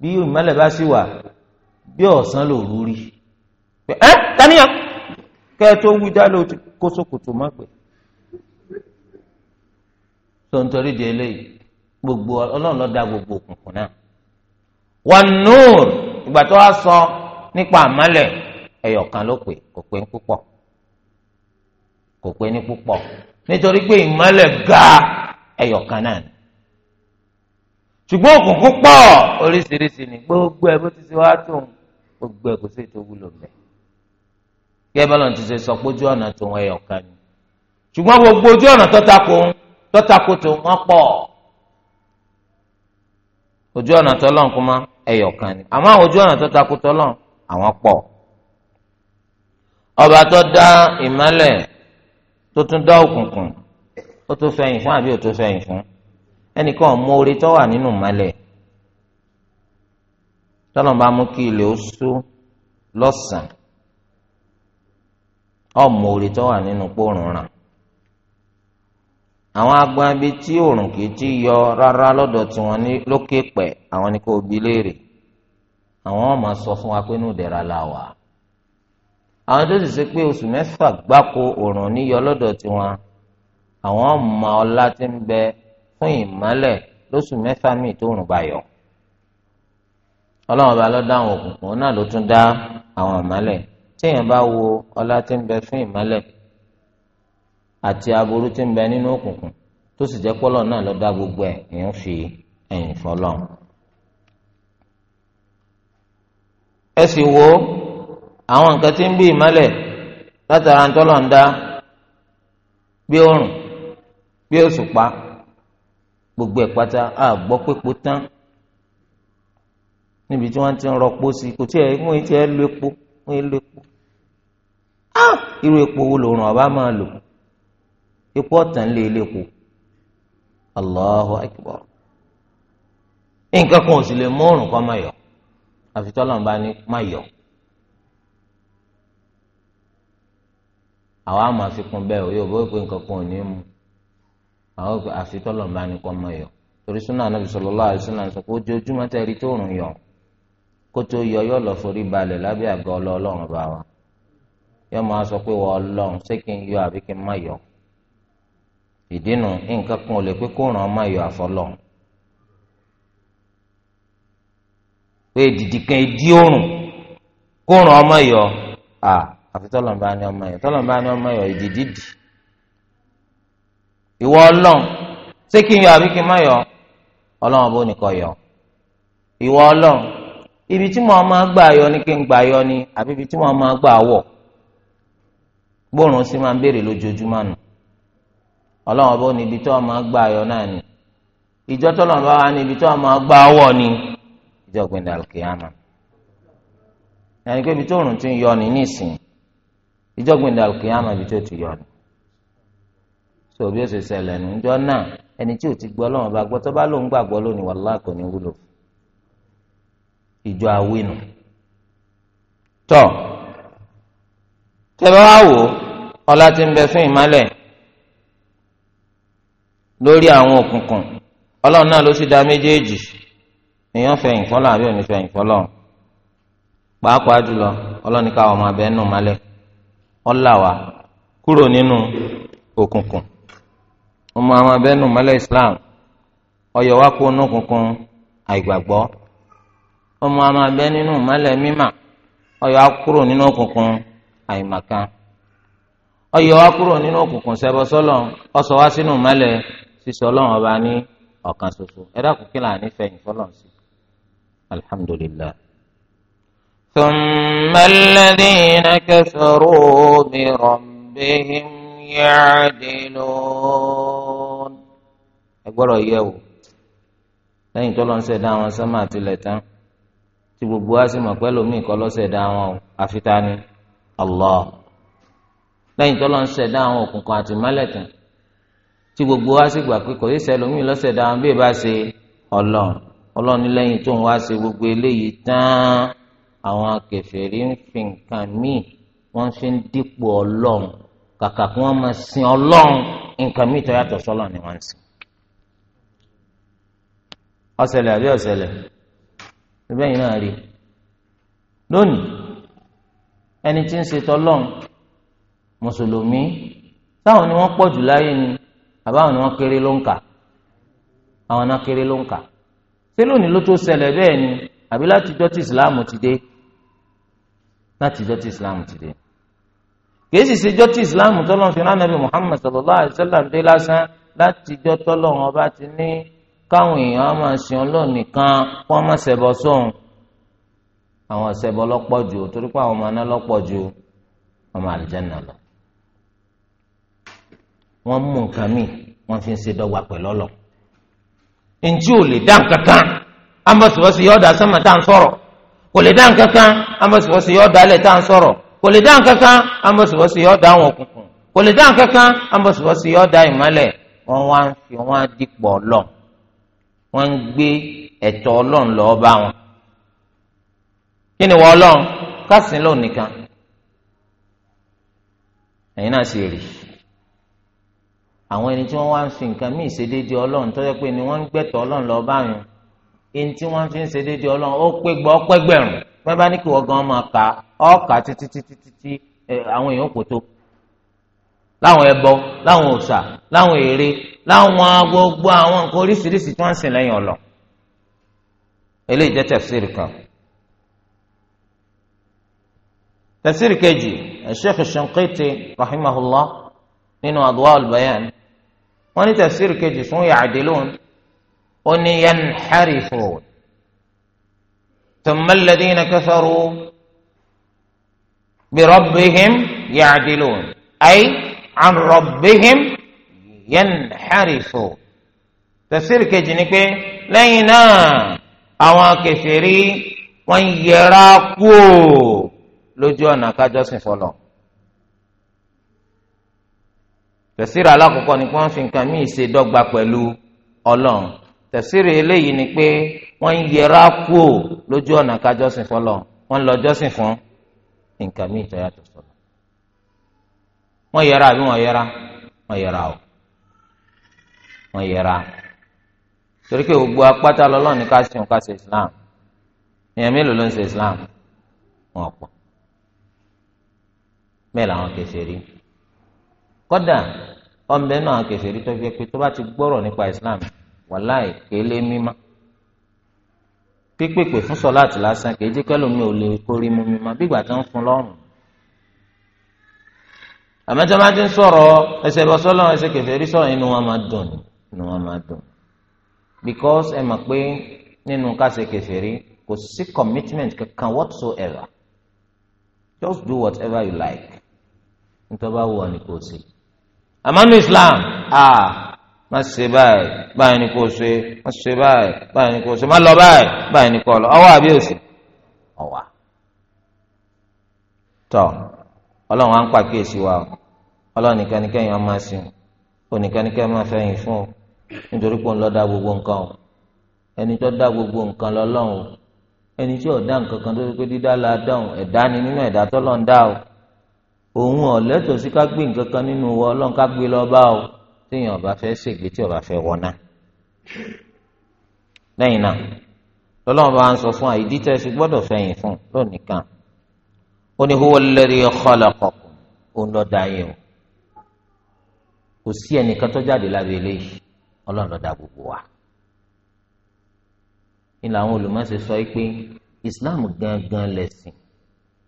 bí ìmọ̀lẹ̀ bá sì wà bí ọ̀sán lòrú rí. ẹ taniya kẹ ẹ tó wí jálè o ti kó sókòtò má pè di eléyìí gbogbo ọlọ́run ló da gbogbo òkùnkùn náà wan nur ìgbà tó wá sọ nípa àmálẹ̀ ẹyọkan ló pè kò pé ní púpọ̀ kò pé ní nítorí pé ga ẹyọkan náà ni ṣùgbọ́n òkùnkùn pọ̀ oríṣiríṣi ni gbogbo ẹ bó ti ṣe gbogbo ẹ kò gẹ́gẹ́ bọ́lá ti ṣe sọ pé ojú ọ̀nà tó wọn ẹ̀yọ̀ kan ni ṣùgbọ́n gbogbo ojú ọ̀nà tọ́tako tọ́tako tó wọ́n pọ̀ ojú ọ̀nà tọ́lọ́n kó má ẹ̀yọ̀ kan ni àmọ́ àwọn ojú ọ̀nà tọ́tako tọ́lọ́n àwọn pọ̀ ọba tó dá ìmọ́lẹ̀ tó tún dá òkùnkùn ó tó fẹ̀yìn fún àbí ó tó fẹ̀yìn fún ẹnìkan mọ tó wà nínú ìmọ́lẹ̀ tọ́lọ́n bá mú kí ilẹ̀ ó sú lọ́sàn-án ọmọ òrì tó wà nínú pòrùn ràn àwọn agbanbi tí òòrùn kì í ti yọ rárá lọ́dọ̀ tí wọ́n ní lókè pẹ̀ àwọn ni kò bi léèrè àwọn ọmọ sọ fún wa pé inú ìdẹ̀ra la wà àwọn tó sì ṣe pé oṣù mẹ́fà gbáko òòrùn níyọ lọ́dọ̀ tí wọ́n àwọn ọmọ ọlá ti ń bẹ fún ìmọ́lẹ̀ lóṣù mẹ́fà míì tó òòrùn bá ọlọ́run ọba ló àwọn òkùnkùn náà ló tún dá àwọn ìmọ́lẹ̀ téèyàn bá wo ọlá tí ń bẹ fún ìmọ́lẹ̀ àti aburú tí ń bẹ nínú òkùnkùn tó sì jẹ́ pọ́lọ̀ náà ló dá gbogbo ẹ̀ ní ń fi ẹ̀yìn fọlọ́ ẹ sì wo àwọn nǹkan tí ń bí ìmọ́lẹ̀ látara ntọ́lọ̀ ń dá bí òrùn bí òṣùpá gbogbo ẹ̀ pátá a gbọ́ tán níbi tí wọ́n ti ń rọpò sí kò tí ẹ̀ mú ẹ ti ẹ epo mú ẹ epo Ah, irú epo wo lòrùn ọba máa lò epo ọ̀tàn lé eléko Allahu Akbar nǹkan kan ò sì lè mú òrùn kan máa yọ àfi tọ́lọ́n bá ní máa yọ àwa máa fi kún bẹ́ẹ̀ òye òbó pé nǹkan kan ò ní mu àwọn òpè àfi tọ́lọ́n bá ní kan máa yọ torí súnà sọ pé ojoojúmọ́ tẹ́ rí yọ kó tó yọ yóò máa sọ pé wọ́n lọ́n ṣé kí n yọ àbí kí n má yọ ìdínú nǹkan kan ò lè pé kó ràn án má yọ àfọlọ́ pé dìdì kan ìdí òrùn kó ràn án má yọ à àfi tọ́lọ̀mbá ni ọmọ yọ tọ́lọ̀mbá ni ọmọ yọ ìdìdì dì ìwọ ọlọ́n ṣé kí n yọ àbí kí n má yọ ọlọ́run bó nìkan yọ ìwọ ọlọ́n ibi tí mo máa gbà yọ ni kí n gbà yọ ni àbí ibi tí mo máa gbà wọ̀ bóòrùn sí máa ń béèrè lójoojúmọ́ nù ọlọ́run bó níbi tó máa gbà ayọ̀ náà ni ìjọ tọ́lọ́run bá wà níbi tó máa gbà ọwọ́ ni ìjọ gbẹ̀dẹ̀ àlùkìyàmà yàní pé ibi tó rùn ti ń yọ ni nísìnyí ìjọ gbẹ̀dẹ̀ àlùkìyàmà ibi tó ti yọ ni so bí ó ṣe ṣẹlẹ̀ nù ìjọ náà ẹni tí ò ti gbọ́ ọlọ́run bá gbọ́ tó bá lóun gbàgbọ́ lónìí wàhálà kò ní wúlò ìjọ àwìn nù tọ́ bá wà wò ó ọlá tí ń bẹ fún ìmálẹ̀ lórí àwọn òkùnkùn ọlọ́run náà ló sì dá méjèèjì èèyàn fẹ̀yìn fọ́lọ́ àbí òní fẹ̀yìn fọ́lọ́ pàápàá jùlọ ọlọ́run ní ọmọ abẹ́ nù málẹ̀ ọlà wa kúrò nínú òkùnkùn ọmọ ọmọ abẹ́ nù málẹ̀ Islam ọyọ wa kó nù òkùnkùn àìgbàgbọ́ ọmọ ọmọ abẹ́ nínú málẹ̀ mímà ọyọ wa kúrò nínú òkùnkùn àìmàkan. ọyọ wa kúrò nínú òkùnkùn ṣẹbọ sọlọ ọsọ wa sínú mọ́lẹ̀ sísọ Ọlọ́run ọba ní ọ̀kan ṣoṣo ẹ dákun kí làá nífẹ̀ẹ́ yìí fọlọ sí alhamdulillah. ثم الذين كفروا بربهم يعدلون ẹgbọ́rọ̀ yẹ wò lẹ́yìn tó lọ ń ṣẹ̀dá àwọn sánmà àtìlẹ̀ tán tí gbogbo wa sì mọ̀ pẹ́ lómi ìkọ́ àwọn àfitáni Allah lẹ́yìn tó lọ ń ṣẹ̀dá àwọn òkùnkùn àti málẹ̀tàn tí gbogbo wa sì gbà pé kò yí sẹlómìn lọ́sẹ̀dá àwọn bí ìbá ṣe ọlọ́run ọlọ́run lẹ́yìn tó ń wá ṣe gbogbo eléyìí tán àwọn kèfèrí ń fi nǹkan míì wọ́n fi ń dípò ọlọ́run kàkà kí wọ́n máa sin ọlọ́run nǹkan míì tó yàtọ̀ sọ́lọ́ ni wọ́n ń sìn. ọ̀sẹ̀lẹ̀ àbí ọ̀sẹ̀lẹ̀ ẹgbẹ́ yìí náà rí lónìí ẹni tí ń ṣe tọ́lọ́run mùsùlùmí sáwọn ni wọ́n pọ̀ jù láyé ni àbáwọn ni wọ́n kéré ló ń kà àwọn náà kéré ló ń kà ṣé lónìí ló tó ṣẹlẹ̀ bẹ́ẹ̀ ni àbí látijọ́ tí ìsìláàmù ti dé látijọ́ tí ìsìláàmù ti dé kìí sì ṣèjọ́ tí ìsìláàmù tọ́lọ́ fi rán nàbì Muhammad sallallahu alayhi wa sallam dé lásán látijọ́ tọ́lọ́ wọn bá ti ní káwọn èèyàn á máa ṣe ọlọ́ọ̀ nìkan kó wọ́n má ṣẹbọ sóhun àwọn ṣẹbọ lọ́pọ̀ jù torí pé àwọn ọmọ aná lọ́pọ̀ jù ọmọ àlùjánnà lọ. wọ́n mú nǹkan mi, wọ́n fi ń ṣe dọ́gba pẹ̀lú ọlọ ntí ò lè dá nǹkan kan amọ̀sowọ́sì yọ̀ọ́dà sánmà tá à ń sọ̀rọ̀ kò lè dá nǹkan kan amọ̀sowọ́sì yọ̀ọ́dà alẹ̀ tá à ń sọ̀rọ̀ kò lè dá nǹkan kan amọ̀sowọ́sì yọ̀ọ́dà àwọn òkùnkùn kò lè dá nǹkan kan amọ̀sowọ́sì yọ̀ọ́dà ìmọ̀lẹ̀ wọ́n wá ń fi wọn àwọn ẹni tí wọ́n wá ń fi nǹkan míì ṣe déédéé ọlọ́run tó yẹ pé ni wọ́n ń gbẹ̀tọ̀ ọlọ́run lọ báyìí ẹni tí wọ́n fi ń ṣe déédéé ọlọ́run ó pé gbọ́ pẹ́gbẹ̀rún pẹ́ bá ní kí wọ́n gan máa kà ọ́ kà títí títí títí àwọn èèyàn kò tó láwọn ẹbọ láwọn òòṣà láwọn ère láwọn gbogbo àwọn nǹkan oríṣiríṣi tí wọ́n ń sìn lẹ́yìn ọlọ́run eléyìí jẹ́ tẹ̀síìrì kan tẹ̀síìrì kejì Sheikh Shinqiti rahimahullah nínú Adwa al wọ́n ní tafsir kejì sún ya'dilun ó ní yanharifun thumma alladhina kafaru bi rabbihim ya'dilun ay an rabbihim yanharifun tafsir kejì ni pé lẹ́yìn náà àwọn kèfèrí wọ́n yẹra kúò lójú ọ̀nà kájọ́sìn fọlọ́ tẹ̀síìrì alákọ̀ọ́kọ́ ni pé wọ́n fi nǹkan míì ṣe dọ́gba pẹ̀lú ọlọ́run tẹ̀síìrì eléyìí ni pé wọ́n ń yẹra kúò lójú ọ̀nà kájọ́sìn fọlọ́ wọ́n ń lọ jọ́sìn fún nǹkan míì tó yàtọ̀ sọ̀rọ̀ wọ́n yẹra àbí wọ́n yẹra wọ́n yẹra o wọ́n yẹra torí pé gbogbo apáta lọ́lọ́run ní ká sìn ká ṣe Islam èèyàn mélòó ló ń ṣe Islam wọn pọ̀ bẹ́ẹ̀ làwọn kẹsẹ̀ rí kódà ọmọbẹ náà kẹsẹ̀ rí tọ́jú pé tó bá ti gbọ́rọ̀ nípa islam wàláì kéèlé mímá pípèpè fún sọláàtì lásán kèé jẹ́ kẹ́lòmí ò lè kórí mu mímá bí ìgbà tó ń fún lọ́rùn àmọ́tí wọ́n ti ń sọ̀rọ̀ ẹsẹ̀ bọ́ sọ́lọ́ ẹsẹ̀ kẹsẹ̀ rí sọ̀rọ̀ inú wọn máa dùn inú wọn máa dùn because ẹ mọ̀ pé nínú kásẹ̀ kẹsẹ̀ rí kò sí commitment kankan whatsoever just do whatever you like nítorí wọ́n ni kò sí àmánú islam a má ṣe báyìí báyìí ni kò ṣe má ṣe báyìí báyìí ni kò ṣe má lọ báyìí báyìí ni kò lọ ọwọ́ àbí òsì ọwà tọ Ọlọ́run à ń pàkíyèsí wa o Ọlọ́run nìkanìkẹyìn ọmọ sí o onìkanìkẹyìn máa fẹyìn fún o nítorí pé òun ló dá gbogbo nǹkan o ẹni tó dá gbogbo nǹkan lọ́lọ́run o ẹni tí ò dá nǹkan kan tó dé pé dídá la dáhùn ẹ̀dá ni nínú ẹ̀dá tó lọ ń dá o òun ọ̀lẹ́tọ̀ sí ká gbé nǹkan kan nínú wọ ọlọ́run ká gbé lọ́ọ́ bá o téèyàn ọba fẹ́ ṣègbè tí ọba fẹ́ wọ́ná. lẹ́yìn náà lọ́lọ́run bá ń sọ fún àìdí tẹ́ ẹ sì gbọ́dọ̀ fẹ̀yìn fún lónìí kan ó ní huwa alladhi khalaqakum òun ló dá yín o kò sí ẹnìkan tó jáde lábẹ́ eléyìí ọlọ́run ló dá gbogbo wa. ni làwọn olùmọ̀ọ́sẹ̀ sọ pé Islam gangan lẹ̀sìn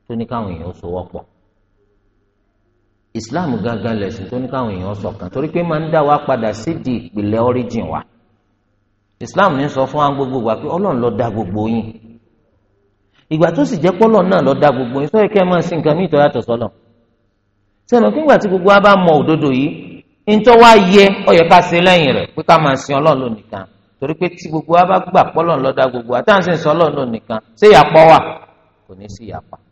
tó ní káwọn èèyàn sọ wọ́pọ̀ islam gangan lẹ̀sìn tó ní káwọn èèyàn ṣọ̀kan torí pé máa ń dá wa padà sídìí ìpìlẹ̀ origin wa islam ní sọ fún wa gbogbo wa pé ọlọ́run ló dá gbogbo yín ìgbà tó sì jẹ́ pọ́lọ̀ náà ló dá gbogbo yín sọ́yẹ́ kẹ́ ẹ máa sin nǹkan mìíràn yàtọ̀ sọ́lọ̀ sẹ́nu kígbà tí gbogbo wa bá mọ òdodo yìí ntọ́ wa yẹ ó yẹ ká ṣe lẹ́yìn rẹ̀ pé ká máa sin ọlọ́run lónìkan torí pé tí gbogbo wa bá gbà pọ́lọ̀ ló dá gbogbo wa táwọn sì ń sọ ọlọ́run lónìkan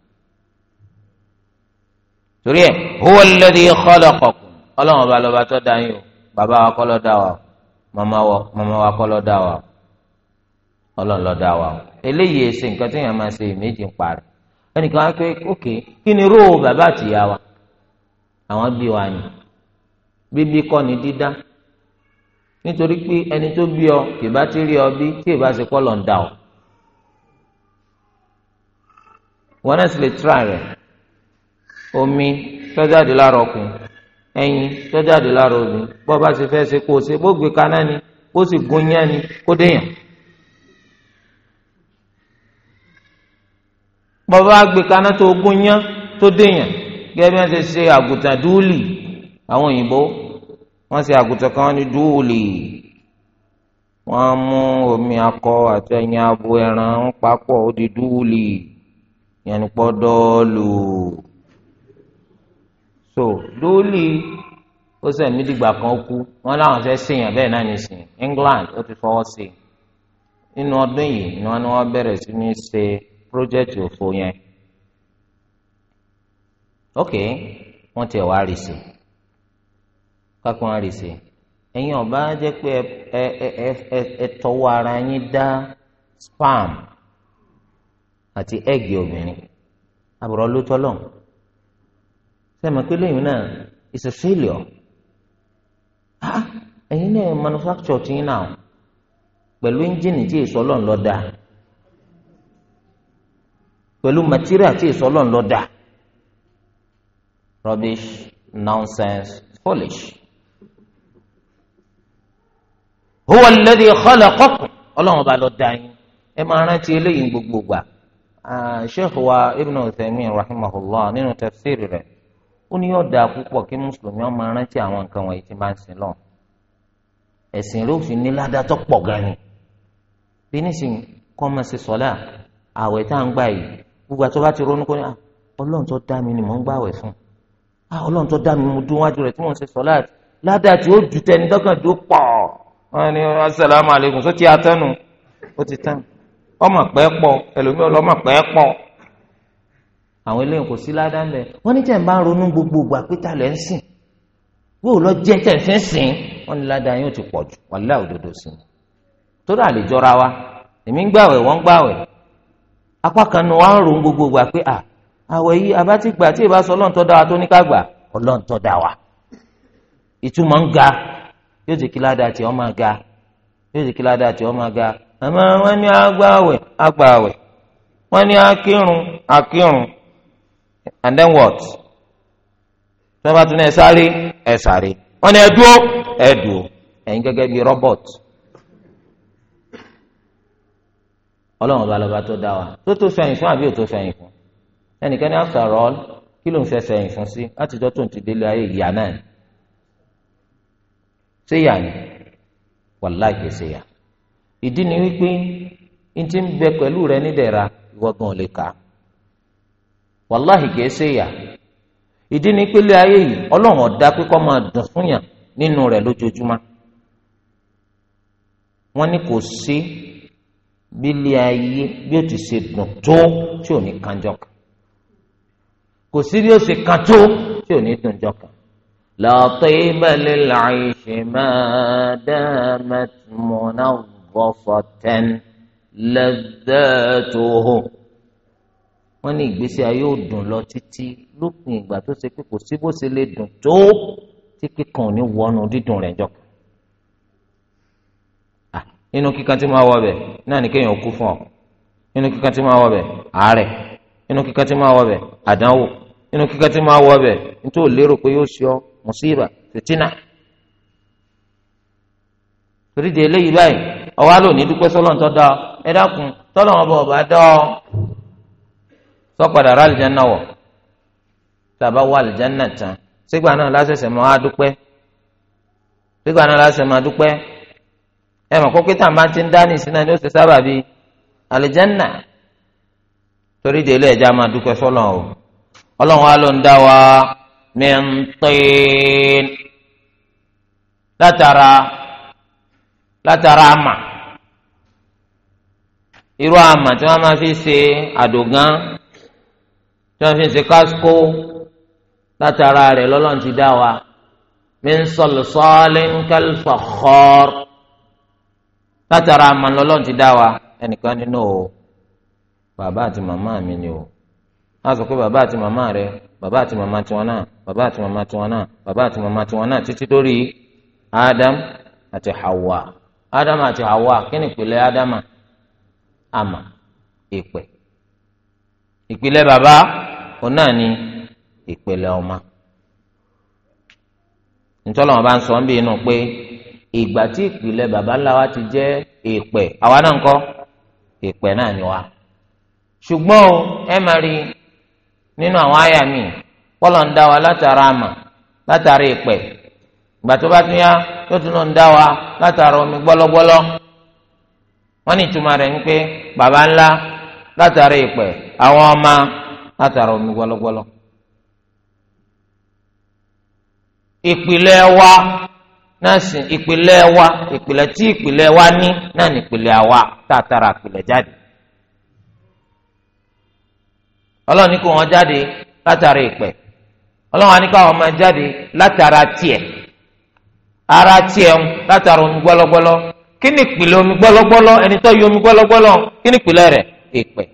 torí ẹ huwa alladhi khalaqakum ọlọ́run ọba lọ́ba tó dá yín o bàbá wa kọ́ ló dá wa o màmá wa kọ́ ló dá wa o ọlọ́run ló dá wa o eléyìí ẹsẹ̀ nǹkan tí èèyàn máa ṣe méjì ń parí ẹnìkan á pé ókè kí ni róò bàbá àtìyá wa àwọn bí wa ni bíbí kọ́ ni dídá nítorí pé ẹni tó bí ọ kì bá ti rí ọ bí tí bá ṣe kọ́ ń dá ọ wọn náà sì lè tíra rẹ̀ omi tọ́jáde lára ọkùnrin ẹyin tọ́jáde lára obìnrin bọ́ bá ṣe fẹ́ ṣe kó o ṣe bó gbé kaná ni bó sì gún yán ni kó déyàn. bọ́ bá gbé kaná tó gún yán tó déyàn gẹ́gẹ́ bí wọ́n ṣe ṣe àgùntàn dúùlì àwọn òyìnbó wọ́n ṣe àgùntàn kan ní dúùlì wọ́n mú omi akọ àti ẹyin abo ẹran ń papọ̀ ó di dúùlì yẹn ní pọ́ dọ́ọ̀lù so dóòlì ó sẹ̀mí dìgbà kan kú wọn láwọn fẹ́ sèyàn bẹ́ẹ̀ náà ní sìn England ó ti fọwọ́ sí i nínú ọdún yìí ni wọn ni wọn bẹ̀rẹ̀ sí ní ṣe project òfo yẹn ok wọn tiẹ̀ wá rí sí kákó wọn rí sí ẹ̀yin ọba jẹ́ pé ẹ ẹ ẹ ẹ tọwọ́ ara yín dá spam àti egg obìnrin àbúrò ló tọ́ lọ́hùn sẹ́mi pé lẹ́yìn náà it's a failure ah ẹ̀yin náà manufacture ti yín náà pẹ̀lú ẹ́ńjìnì tí èso ọlọ́run lọ dáa pẹ̀lú material tí èso ọlọ́run lọ dáa rubbish nonsense foolish. huwa alladhi khalaqakum ọlọ́run bá lọ dáa yín ẹ máa rántí eléyìí gbogbo gbà ah, sheikh wa ibn Uthaymin rahimahullah nínú tafsir rẹ̀ ó ní yóò dáa púpọ̀ kí mùsùlùmí ó máa rántí àwọn nǹkan wọ̀nyí tí máa ń sin lọ ẹ̀sìn ló fi ní ládàá tó pọ̀ gan ni bí nísìnyí kọ́ máa ṣe sọ́lá àwẹ̀ tá à ń gbà yìí gbogbo àti ọba ti ronú kó ní ọlọ́run tó dá mi ni mò ń gbàwẹ̀ fún ọlọ́run tó dá mi mo dún wájú rẹ̀ tí mò ń ṣe sọ́lá ládàá tí ó ju tẹni dọ́kàn tó pọ̀ wọn ni asalaamualeykum sọ ti atẹ́nu ó ti tán ọmọ pẹ́ pọ̀ ẹlòmíràn ọlọ́mọ pẹ́ pọ̀ àwọn eléyìí kò sí ládàá lẹ wọn ní tẹ̀ ń bá ronú gbogbo ìgbà pété alẹ́ ń sìn wọ́n ò lọ jẹ́ sìn wọn ní ládàá yóò ti pọ̀ jù òdodo èmi ń wọ́n ń gbàwẹ̀ apá kan pé à yìí abátí gbà tí ìbá sọ tó ní ká gbà ọlọ́ọ̀tọ́ yóò ládàá tí máa ga yóò and then what sábà tún ẹ sáré ẹ sáré wọn ni ẹ dúró ẹ dúró ẹ̀yin gẹ́gẹ́ bíi robot Ọlọ́run ọba lọba tó dá wa tó tó sẹyìn fún àbí ò tó sẹyìn fún ẹnìkan ní after all kí ló ń fẹ́ sẹyìn fún sí látijọ́ tó ń ti délé ayé ìyá náà ṣé ìyá ni wàláì kì í ṣe ìyá ìdí ni wípé n ti ń bẹ pẹ̀lú rẹ nídẹ̀ra ìwọ ò lè kà á wàláhì kìí ṣe ìyà ìdí ni pélé ayé yìí ọlọ́run ọ̀dá pé kọ́ máa dùn fún yàn nínú rẹ̀ lójoojúmọ́ wọ́n ní kò sí bílé ayé bí ó ti ṣe dùn tó tí ò ní kanjọ́ kò sí bí ó ṣe kan tó tí ò ní dùn jọ lọ́tọ́ ìbẹ̀lẹ̀ láì máa dáa náà gbọ́fọ̀ tẹ́ni lẹ́dẹ́ẹ́ tó hù. wọ́n ní ìgbésí ayé ò dùn lọ títí lópin ìgbà tó ṣe pé kò sí bó ṣe lè dùn tó tí kíkan ò ní wọnú dídùn jọ. nínú kíkan tí máa wọ bẹ̀ náà ní kéèyàn kú fún ọ nínú kíkan tí máa wọ bẹ̀ àárẹ̀ nínú kíkan tí máa wọ bẹ̀ àdánwò nínú kíkan tí máa wọ bẹ̀ nítorí lérò pé yóò ṣe ọ mùsíbà fìtínà. torí de báyìí ọwọ́ àlò ní dúpẹ́ dá ẹ sọ́padà rà àlìjáná wọ̀ tá a bá wà àlìjáná tán sígbà náà lásẹ̀sẹ̀ máa dúpẹ́ sígbà náà lásẹ̀sẹ̀ máa dúpẹ́ ẹ mọ̀ kókè tá a máa ti ń dání sí náà ni ó ṣe sábà bíi àlìjáná torí délé ẹ̀já máa dúpẹ́ sọ́lọ́ o ọlọ́run wa ló ń dá wa min tin látara látara àmà irú àmà tí wọ́n máa fi ṣe àdògán tí wọ́n fi ń ṣe kásíkó látara rẹ̀ lọ́lọ́run ti dá wa min salsalin kal fakhar látara àmà lọ́lọ́run ti dá wa ẹnìkan nínú o bàbá àti màmá mi ni o wọ́n sọ pé bàbá àti màmá rẹ̀ bàbá àti màmá tiwọn náà bàbá àti màmá tiwọn náà bàbá àti màmá tiwọn náà títí dórí Adam àti Hawa Adam àti Hawa kí ni ìpìlẹ̀ Adam àmà ìpè ìpìlẹ̀ bàbá. òun náà ni ìpele ọmọ nítorí wọn bá ń sọ ń bí inú pé ìgbà tí ìpìlẹ̀ baba wa ti jẹ́ ìpẹ́ àwa náà ń kọ́ ìpẹ́ náà ni wa ṣùgbọ́n o ẹ máa rí nínú àwọn àyà mi pọ́lọ̀ ń dá wa látara àmà látara ìpẹ́ ìgbà tó bá tún yá tó tún lọ ń dá wa látara omi gbọ́lọ́gbọ́lọ́ wọ́n ní ìtumọ̀ rẹ̀ ń pé baba ńlá látara ìpẹ́ àwọn ọmọ. látara omi gbọlọgbọlọ. ìpìlẹ̀ wa náà sì ìpìlẹ̀ wa ìpìlẹ̀ tí ìpìlẹ̀ wa ní náà ní ìpìlẹ̀ àwa tààtàrà ìpìlẹ̀ jáde. ọlọ́run ní kó wọn jáde látara ìpẹ́ ọlọ́run á ní kó àwọn máa jáde látara tiẹ̀ ara tiẹ̀ ń látara omi gbọlọgbọlọ kí ni ìpìlẹ̀ omi gbọlọgbọlọ ẹni tó yọ omi gbọlọgbọlọ kí ni ìpìlẹ̀ rẹ̀ ìpẹ́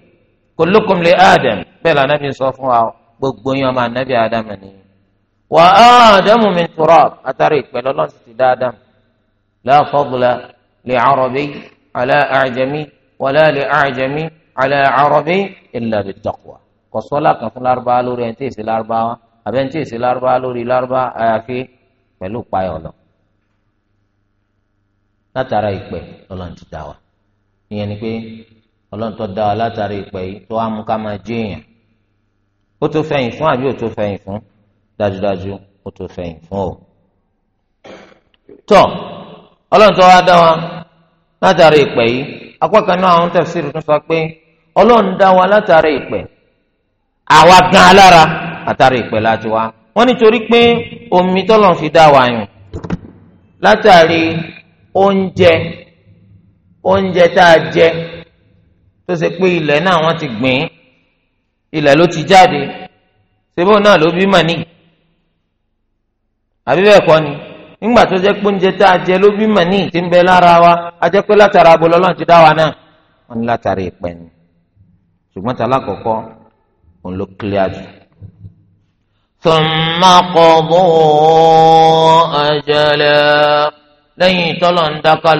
kullukum li Adam. bẹ́ẹ̀ lọ anábì sọ fún wa gbogbo yín ọmọ anábì ádámù ni wà á ádámù min turab atari ìpẹlẹ Ọlọ́run ti dá ádámù la fadla li arabi ala ajami wala li ajami ala arabi illa bi taqwa kọsọlá kan fún lárúbáwá lórí ẹni tí èsì lárúbáwá àbẹ ẹni tí èsì lárúbáwá lórí lárúbáwá àyàfi pẹ̀lú payọ lọ látara ìpè Ọlọ́run ti dá wa ìyẹn ni pé Ọlọ́run tó dá wa látara ìpè yìí tó wá mú ká máa jẹ èèyàn o tó fẹ̀yìn fún àbí o tó fẹ̀yìn fún dájúdájú o tó fẹ̀yìn fún o. tọ́ ọlọ́run tó wá dá wa látàrí ìpè yìí apá kan náà àwọn tẹ̀síìrì tún sọ pé ọlọ́run dá wa látàrí ìpè àwa gan alára àtàrí ìpè láti wá wọ́n nítorí pé omi tọ́lọ̀ fi dá wa yùn látàrí oúnjẹ oúnjẹ tá a jẹ tó ṣe pé ilẹ̀ náà wọ́n ti gbìn ín ilẹ̀ ló ti jáde ṣebó náà ló bí mà níyì àbí bẹ́ẹ̀ kọ́ ni nígbà tó jẹ́ pé oúnjẹ tá a jẹ ló bí mà níyì ti ń bẹ lára wa a jẹ́ pé látara abo lọ́lọ́run ti dá wa náà wọ́n ní látara ìpẹ́ ni ṣùgbọ́n tá lákọ̀ọ́kọ́ òun ló clear jù. ثم قضوا أجلا lẹ́yìn tọ́lọ̀ ń dá tán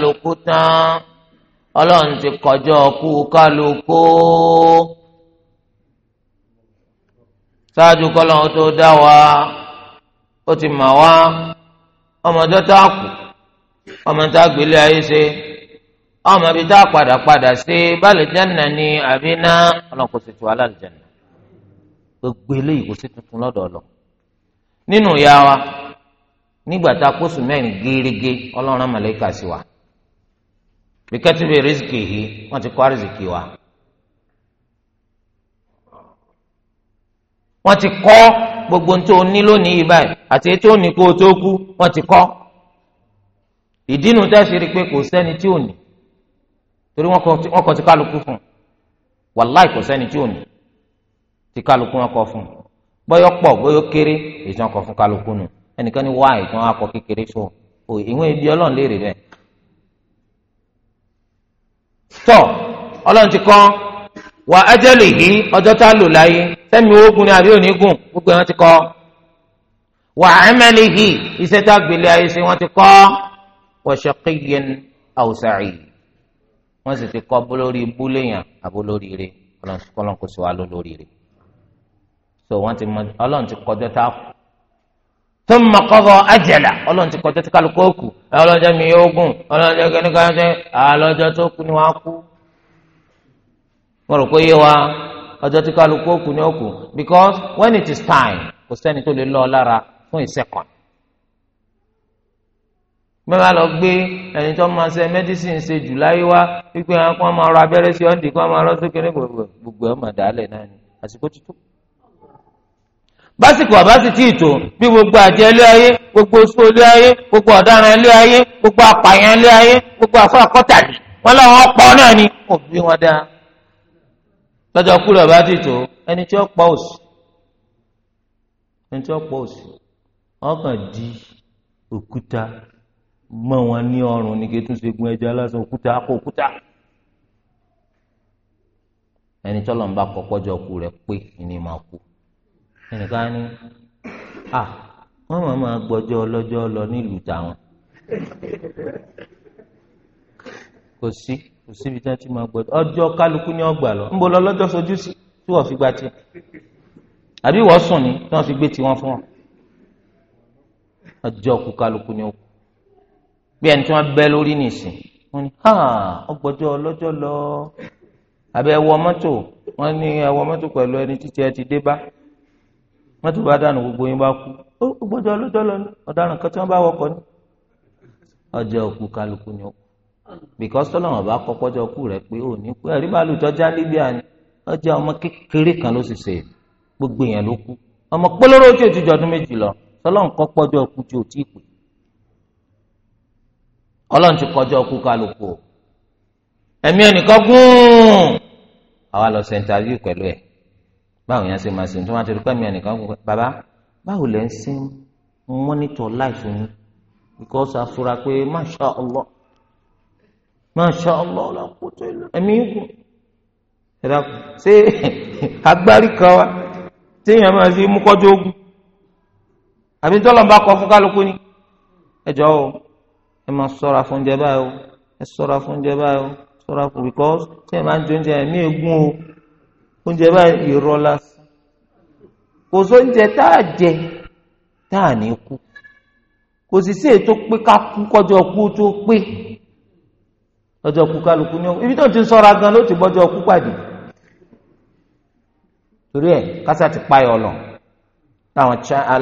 ọlọ́run ti kọjọ́ kú kálukú. ṣáájú tó dá wa ó ti mà wá ọmọdé tá a ọmọ tá ayé ṣe ọmọ ibi tá padà ṣe báàlì jẹ́nà ni àbí ná ọlọ́run sì tù jẹ́nà gbogbo eléyìí kò sí tuntun lọ́dọ̀ nínú ìyá wa nígbà tá a mẹ́rin wa bí rìsíkì yìí wọ́n ti kọ́ wa wọ́n ti kọ́ gbogbo ohun tó ní lónìí yìí báyìí àti ètò òní kó o tó kú wọ́n ti kọ́ ìdínú tẹ́sí rí i pé kò sẹ́ni tí ò ní torí wọ́n kọ́ ti kálukú fún un wàláì kò sẹ́ni tí ò ní ti kálukú wọn kọ́ fún un bọ́yọ̀ pọ̀ bọ́yọ̀ kéré ètò wọn kọ́ fún kálukú nù ẹnìkan ní wáyé tí wọ́n á kọ́ kékeré so ìwé ibi ọlọ́run léèrè bẹ́ẹ̀ tọ́ ọlọ́run ti kọ́ wà ájẹ́lì yìí ọjọ́ tá a lò láyé sẹ́mi ogun ni àbí onígun gbogbo wọn ti kọ́ wà amalihi iṣẹ́ tá a gbélé ayé ṣe wọ́n ti kọ́ wa shaqiyyan aw sa'id wọ́n sì ti kọ́ bólórí búléyàn àbólórí rẹ̀ kọ́lọ́n kò sí wa lólórí so wọ́n ti mọ ọlọ́run ti kọjọ́ tá a kù thumma qada ajala ọlọ́run ti kọjọ́ tí kálukú kù ọlọ́jọ́ mi yóò ọlọ́jọ́ kẹ́ni kan ṣe àlọ́jọ́ tó kù ni wọ́n á kú. mo rò pé yé wa ọjọ́ tí kálukú òkú ni òkú because when it is time kò sẹ́ni tó lè lọ lára fún ìsẹ́kọ̀n. mẹ́wàá lọ gbé ẹni tó máa ṣe medicine ṣe jù láyé wá wípé àwọn kan máa rọ abẹ́rẹ́ sí ọ́ndì kan máa rọ́ sókè ní gbogbo gbogbo ẹ̀ mà dálẹ̀ náà ni àsìkò tuntun. básìkò àbásì tí ìtò bí gbogbo àjẹ́ ilé ayé gbogbo oṣù ilé ayé gbogbo ọ̀daràn ilé ayé gbogbo apààyàn ilé ayé gbogbo àfọ àkọ́tàlì wọn làwọn ọ̀pọ̀ náà ni òbí wọn dáa lọ́jọ́ kúrò bá ti tó ẹni tí ó pọ̀ òsì ẹni tí ó pọ̀ òsì ọkàn di òkúta mọ́ wọn ní ọrùn ní kí túnṣe gun ẹja lásán òkúta akọ òkúta ẹni tí ọlọ́mùbá kọ pọ́jọ́ ku rẹ̀ pé ìní máa kú ẹnìkan ní à wọ́n máa máa gbọ́jọ́ ọlọ́jọ́ lọ nílùú táwọn kò sí kò síbi tí wọ́n ti máa gbọ́dọ̀ ọjọ́ kálukú ni wọ́n gbà lọ ńbọ lọ lọ́jọ́ sojú sí tí wọ́n fi gba tiẹ̀ àbí wọ́n sùn ni tí wọ́n fi gbé tiwọn fún wọn ọjọ́ kú kálukú ni ó kú bí ẹni tí wọ́n bẹ́ lórí nìsín wọ́n ní ha ọgbọ́jọ́ lọ àbẹ ẹwọ mọ́tò wọ́n ní ẹwọ mọ́tò pẹ̀lú ẹni títí ẹ ti dé bá mọ́tò bá dànù gbogbo yín bá kú ó ọgbọ́jọ́ lọ ọ̀daràn kan tí wọ́n bá wọkọ̀ ní ọjọ́ kú kálukú ni ó because tọ́lọ́mọ̀ bá kọ́ pọ́jọ́ kú rẹ̀ pé ò ní pẹ́ rí bàálù tọ́já Libya ni ọjà ọmọ kékeré kan ló sì ṣe gbogbo èèyàn ló kú ọmọ pólóró tí ò ti jọdún méjì lọ tọ́lọ́mọ̀ kọ́ pọ́jọ́ kú tí ò tí ì pè ọlọ́run ti kọjọ́ kú kálukú o ẹ̀mí ẹnìkan gùn àwa lọ sẹ́ńtàrí pẹ̀lú ẹ̀ báwo yẹn ṣe máa ṣe tó máa ti rí pẹ̀mí ẹnìkan gùn bàbá báwo lẹ́ ń ṣe mọ́nítọ̀ láìfún yín because afura pé masha Allah masha allah la quwwata illa ẹ̀mí gùn ẹ̀dá kù ṣé agbárí kan wa téèyàn máa fi mú kọjú ogun àbí tọ́lọ́mbà kọ fún kálukú ni ẹ o ẹ máa ṣọ́ra fún oúnjẹ báyìí o ẹ ṣọ́ra fún oúnjẹ báyìí o ṣọ́ra fún because téèyàn máa ń jẹ oúnjẹ ẹ̀mí ègún o oúnjẹ báyìí ìrọ̀ lásán kò sóúnjẹ tá a jẹ tá a ní kú kò sì sí ètò pé ká kú kọjọ kú tó pé ọjọ́ kú kálukú ní ibi tó ti ń sọ́ra gan ló ti bọ́jọ́ kú pàdé torí ẹ̀ kásá ti páyọ̀ lọ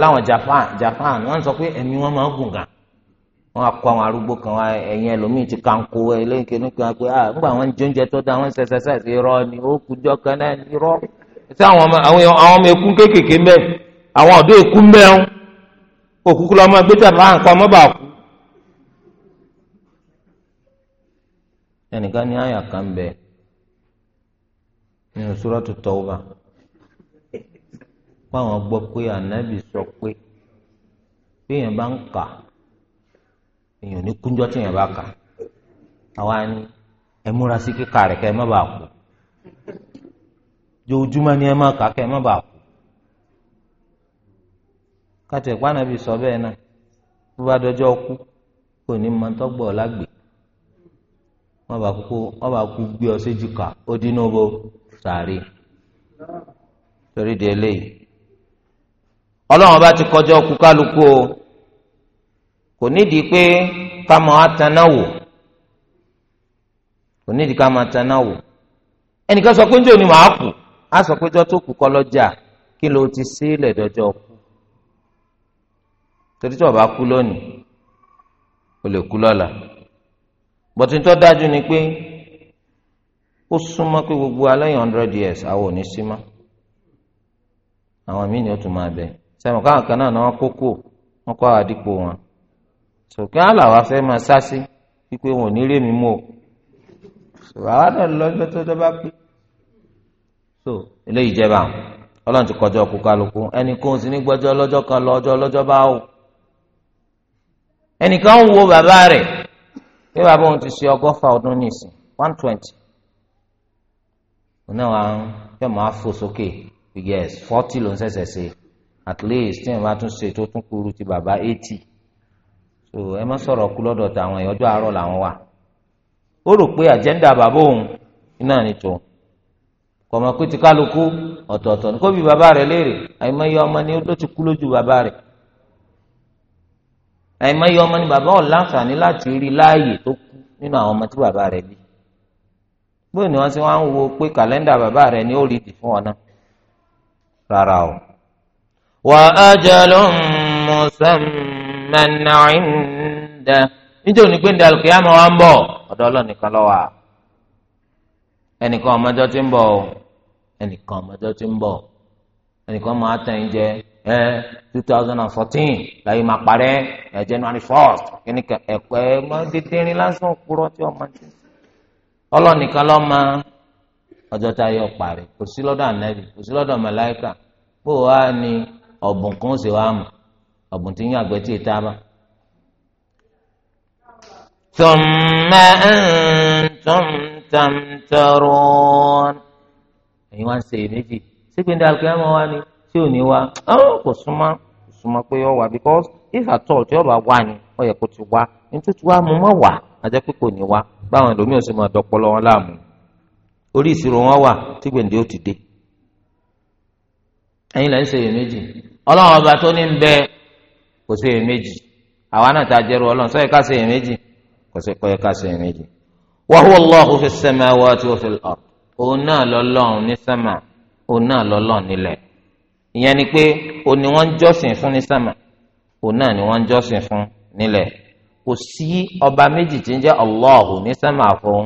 láwọn Japan Japan wọ́n sọ pé ẹ̀mí wọn máa ń gùn gan wọ́n á kó àwọn arúgbó kan wá ẹ̀yìn ẹlòmíì ti kàn kó ẹlẹ́yìnkè ní kan pé ah nígbà wọn jóúnjẹ tó da wọn ṣẹṣẹṣẹ irọ́ ni ó kújọ kan náà irọ́ ṣé àwọn ọmọ àwọn ọmọ ekú kéékèèké mbẹ àwọn ọ̀dọ́ ekú mbẹ ń òkúkú lọ́mọ gbé Japan kọ́ ọmọ bàá kú ẹnìkan ní àyà kan bẹ nínú Suratu Tawbah fáwọn gbọ́ pé ànábì sọ pé béèyàn bá ń kà èèyàn ní kúnjọ́ téèyàn bá kà àwa ni ẹ múra sí kíkà rẹ̀ kẹ́ ẹ má bàa kú jòjúmọ́ ni ẹ má kà kẹ́ ẹ má bàa kú sọ bẹ́ẹ̀ náà dọjọ́ kú kò ní lágbèé. wọn bá kúkú wọn bá kú gbé ọ séjú ká ó dínú bó sàárè torí di eléyìí ọlọ́run bá ti kọjá ọkú kálukú o kò nídìí pé ká máa taná wò kò nídìí ká máa taná wò ẹnìkan sọ pé njẹ́ òní màá kù á sọ pé jọ́ tó kù kọ́ lọ́jà kí ló ti sílẹ̀ dọ́jọ́ kú torí tí wọ́n bá kú lónìí o lè kú lọ́la bọ̀tún tó dájú ni pé ó súnmọ́ pé gbogbo aláìyàn hundred years àwọn ò ní sí mọ́ àwọn míì ni ó tún máa bẹ sẹ́wọ̀n káwọn kan náà ni wọ́n kó kù wọ́n kọ́ àdìpọ̀ wọn sòkè àlàwà fẹ́ máa sásí wípé wọn ò ní rémi mú o sòkè àwa náà lọ́jọ́ tó dábàá pé so eléyìí jẹba ọlọ́run ti kọjọ́ kú kálukú ẹnì kan ò sí ní gbọ́jọ́ lọ́jọ́ kan lọ́jọ́ lọ́jọ́ bá wò ẹnì kan ń wo bàbá rẹ̀ bí bàbá òun ti ṣe ọgọ́fà ọdún nìsín one twenty òun náà wà ń fẹ́ máa fò sókè yes forty ló ń ṣẹ̀ṣẹ̀ ṣe at least tí èèyàn bá tún ṣe tó tún kúrú ti bàbá eighty so ẹ má sọ̀rọ̀ kú lọ́dọ̀ tàwọn èèyàn ọjọ́ àárọ̀ làwọn wà ó rò pé àjẹ́ńdà bàbá òun iná ni tòun kọ̀mọ̀ pé ti kálukú ọ̀tọ̀ọ̀tọ̀ ní kó bí bàbá rẹ̀ léèrè àìmọye ọmọ ni ó ti kú lójú bàbá rẹ̀ àìmọye ọmọ ni bàbá ọ̀la àǹfààní láti rí láàyè tó kú nínú àwọn ọmọ tí bàbá rẹ̀ bí bóyá ni wọn ti wá ń wo pé kàlẹ́ndà bàbá rẹ̀ ni ó rí ìdì fún ọ náà rárá o. wà á jẹ́ ló ń mú sẹ́mẹ́nà ìndẹ́ nítorí ní pé ní alùpùpù yá máa ń bọ̀ ọ̀dọ̀ ọlọ́nìkan lọ́wọ́ à ẹnìkan ọmọdé ti ń bọ̀ ẹnìkan ọmọdé ti ń bọ̀ ẹnìkan máa tẹ̀ ń jẹ́ 2014 two thousand and fourteen máa parẹ́ ẹ january first kíní kan ẹ̀kọ́ ẹ máa dédé lásán kúrọ́ tí ọmọ ti ọlọ́nìkan lọ́ máa ọjọ́ tá a yọ parí kò sí lọ́dọ̀ ànábì kò sí lọ́dọ̀ bó o wá ní ọ̀bùn tí ò ní wá kò súnmọ́ kò súnmọ́ pé ó wà because if at all tí ó bá wà ní ó yẹ ti wá ní tó ti wá mo mọ̀ wá ajẹ́ pé kò ní wá báwọn ẹlòmíràn ṣe máa wọn láàmú orí ìṣirò wọn wà tí gbèǹde ó ti dé ẹ̀yin lẹ́yìn ṣe èméjì ọlọ́run ọba tó ní ń bẹ kò ṣe èméjì àwa náà ta ọlọ́run sọ́yẹ́ ká ṣe èméjì kò ṣe kọ́yẹ́ ìyẹn ni pé òun ni wọ́n ń jọ́sìn fún ní sàmà òun náà ni wọ́n ń jọ́sìn fún nílẹ̀ kò sí ọba méjì tí ń jẹ́ Allah ní sàmà fún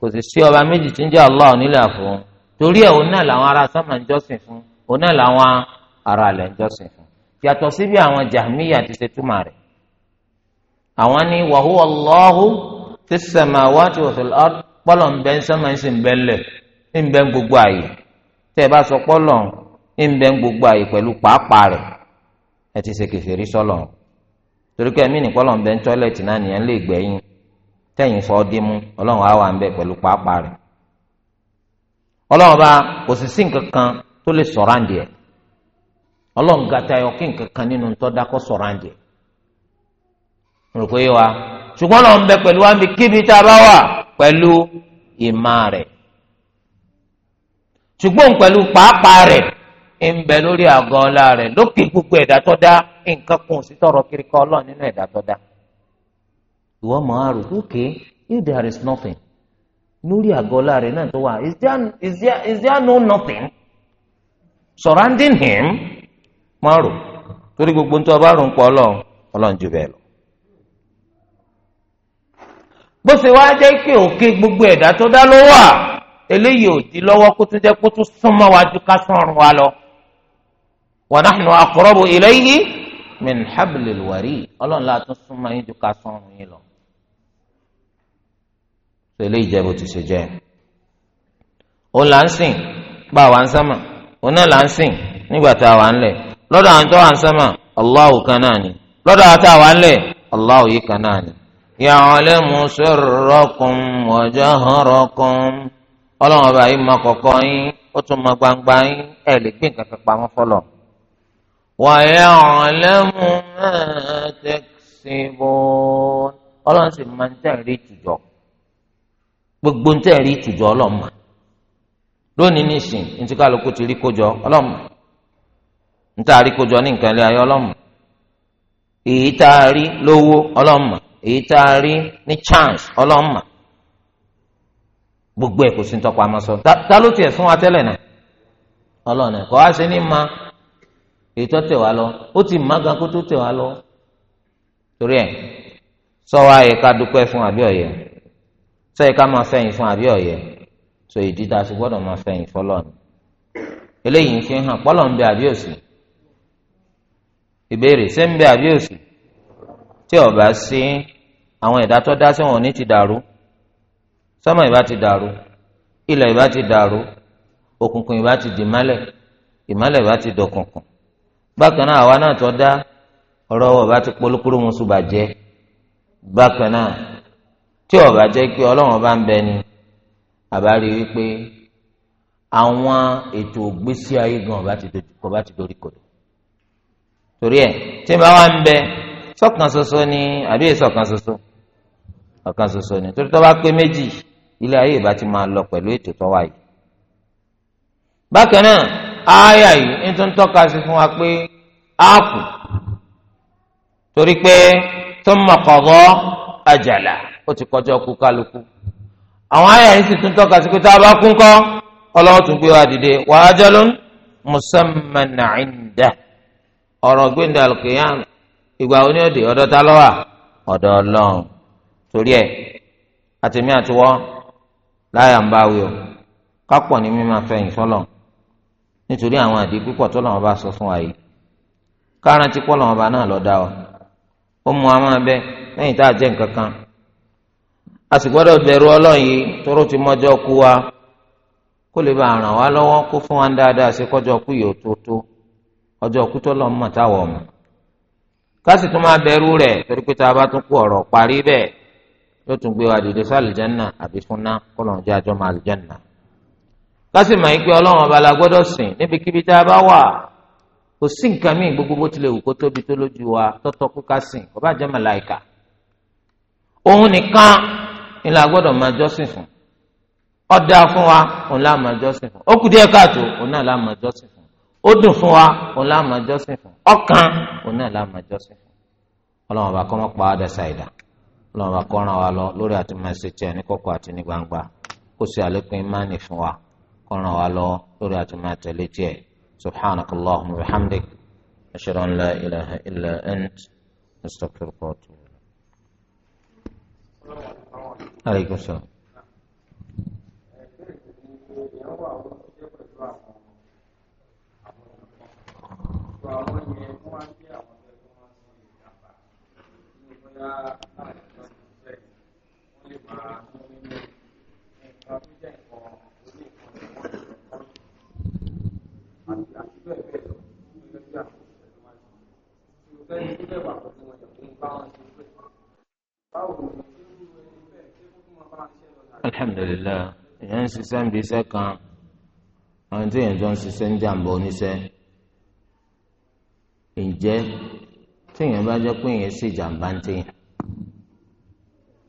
kò sì sí ọba méjì tí ń jẹ́ Allah nílẹ̀ fún torí ẹ̀ òun náà làwọn ará sàmà ń jọ́sìn fún òun náà làwọn ará ilẹ̀ ń jọ́sìn fún yàtọ̀ sí bí àwọn jahmiya ti ṣe túmọ̀ rẹ̀ àwọn ni wa huwa Allahu fis samawati wa fil ard pọ́lọ̀ ń bẹ́ ń sàmà ń sì ń bẹ́ ń lẹ̀ ń bẹ́ ń gbogbo ń bẹ gbogbo àyè pẹ̀lú pàápàá rẹ̀ ẹ ti ṣe kẹfìrí torí pé ẹ̀mí nìkan lọ́n bẹ ń tọ́lẹ̀tì náà nìyẹn lè gbẹ̀yìn tẹ̀yìn fọ́ dímú ọlọ́run á wà ń bẹ pẹ̀lú pàápàá rẹ̀ ọlọ́run bá kò sì sí nǹkan kan tó lè sọ̀rọ̀ àǹdí ẹ̀ ọlọ́run gata ẹ̀ nínú tó sọ̀rọ̀ ń bẹ lórí àgọ́ ọlá lókè gbogbo ẹ̀dá tó dá nǹkan kùn sí tọrọ kiri kọ nínú ẹ̀dá tó dá. ìwọ lókè if there is nothing lórí àgọ́ ọlá rẹ̀ náà tó wà is there nothing surrounding him torí gbogbo ń tọ́ bá rò ń pọ̀ Ọlọ́run Ọlọ́run jù bẹ́ẹ̀ lọ gbogbo ẹ̀dá tó dá ló wà di lọ́wọ́ wa nahnu aqrabu ilayhi min hablil warid ọlọ́run la tún súnmọ́ yín ju ká sọ́run yín lọ. tẹ̀lé ìjẹ́bù ti ṣe jẹ́ òun là ń sìn bá wa ń sámà òun náà là ń sìn nígbà tá a wà ń lẹ̀ lọ́dọ̀ àwọn tó wà ń sámà Allahu kan náà ni lọ́dọ̀ àwọn tá a wà ń lẹ̀ Allahu yìí kan náà ni. ya'lamu sirrakum wa jahrakum ọlọ́run ọba yìí mọ kọ̀kọ́ yín ó tún mọ gbangba yín ẹ̀ lè gbé nǹkan kan pamọ́ fọlọ́ ويعلم ما تكسبون ọlọ́run sì máa ń tẹ̀rí ìtùjọ́ gbogbo ń tẹ̀rí ìtùjọ́ ọlọ́run mọ̀ lónìí nìsín kálukú ti rí kójọ ọlọ́run rí kójọ ní gbogbo ẹ̀ kò sí ní tọ́pọ̀ amọ́sọ ta ló tiẹ̀ fún wa tẹ́lẹ̀ náà ọlọ́run ẹ̀ kọ́ wá ma èyí tó tẹ̀ wá lọ ó ti má gan kó tó tẹ̀ wá lọ torí ẹ̀ sọ wá yẹ ká dúpẹ́ fún àbí ọ̀yẹ́ sọ yẹ ká máa fẹ̀yìn fún àbí ọ̀yẹ́ sọ ìdí tá a sì gbọ́dọ̀ máa fẹ̀yìn fọlọ́ ni eléyìí ń fi hàn pọ́lọ̀ ń bẹ àbí òsì ìbéèrè ṣé ń bẹ àbí tí ọba sí àwọn ẹ̀dá tó dá sí wọn ní ti dàrú sọ́mọ ìbá ti dàrú ilẹ̀ ìbá ti dàrú òkùnkùn ìbá ti dìmálẹ̀ ìmálẹ̀ ìbá ti dọ̀kùnkùn bákan náà àwa náà tó dá ọ̀rọ̀ ọba ti polúkúrú musu bàjẹ́ bákan náà tí ọba jẹ́ kí ọlọ́run ọba ń bẹ ni àbá rí wípé àwọn ètò ògbésí ayé gan ọba ti dojúkọ ọba ti dorí kodò torí ẹ tí bá wà ń bẹ sọkàn ṣoṣo ni àbí ìsọkàn ṣoṣo ọ̀kan ṣoṣo ni torí tó bá pé méjì ilé ayé ìbá ti máa lọ pẹ̀lú ètò tó wáyé bákan náà. ááyà yìí ń tún tọ́ka sí fún wa pé torí pé thumma ajala ó ti kọjá kú kálukú àwọn ááyà yìí sì tún tọ́ka sí pé tá a bá musamman 'inda ọ̀rọ̀ gbẹ̀ndẹ̀ alùkìyàn ìgbà wo ni ó di ọ̀dọ̀ ta lọ́wọ́ ọ̀dọ̀ ọlọ́run torí ẹ̀ àtẹ̀mí àtiwọ́ láyà ń bá wí o nítorí àwọn àdé púpọ̀ tó lọ́wọ́ bá sọ fún wa yìí pọ̀ bá náà lọ dá wa ó àwọn abẹ a jẹ́ nǹkan kan a sì gbọ́dọ̀ bẹ̀rù ọlọ́run yìí tóró ti mọ́jọ́ kú wa kó lè bá ràn wá lọ́wọ́ kó fún wa dáadáa ṣe kọ́jọ́ kú yìí ó ọjọ́ kú tó lọ́ọ́ mọ̀ táwọ̀ mọ̀ ká sì tún máa bẹ̀rù rẹ̀ torí pé tá a bá tún kú ọ̀rọ̀ parí bẹ́ẹ̀ yóò tún wa dìde sí àbí fúnná kó lọ́n lásì máa ń pé ọlọ́run ọba la gbọ́dọ̀ sìn níbikíbi tá a bá wà kò sí nǹkan míì gbogbo bó tilẹ̀ wù kó tóbi tó lójú wa tọ́tọ́ kó ká sìn kó bá jẹ́ màláìkà òun nìkan ni la gbọ́dọ̀ máa jọ́sìn fún ọ̀dà fún wa òun la máa jọ́sìn fún ó kù díẹ̀ káàtó òun náà la máa jọ́sìn fún ó dùn fún wa òun la máa jọ́sìn fún ọkàn òun náà la máa jọ́sìn fún ọlọ́run ọba kọ́ pa á dẹ́sà ọlọ́run ọba kọ́ ràn lọ lórí àti máa ṣe tiẹ̀ ní kọ̀kọ̀ àti ní gbangba kó ṣe àlékún ìmánì fún wa. kọ́ran wa lọ lórí àtúmọ̀ àtẹ̀lé tiẹ̀ subhanaka allahumma wa hamdik ashhadu an la ilaha illa ant astaghfiruka wa atubu ilayk. aleykum salaam. Thank you. fẹ́ni tó bẹ̀ wà pẹ̀lú wọn yẹn bá wọn ṣe pé báwo ni irú ẹni bẹ́ẹ̀ ṣé kó tún máa bá ṣe lọ́la. alhamdulilayi èèyàn ń ṣiṣẹ́ ń bí iṣẹ́ kan àwọn tí èèyàn jọ ń ṣiṣẹ́ ń jàǹbá oníṣẹ́ ǹjẹ́ téèyàn bá jẹ́ pé èèyàn ṣe jàǹbá ń téèyàn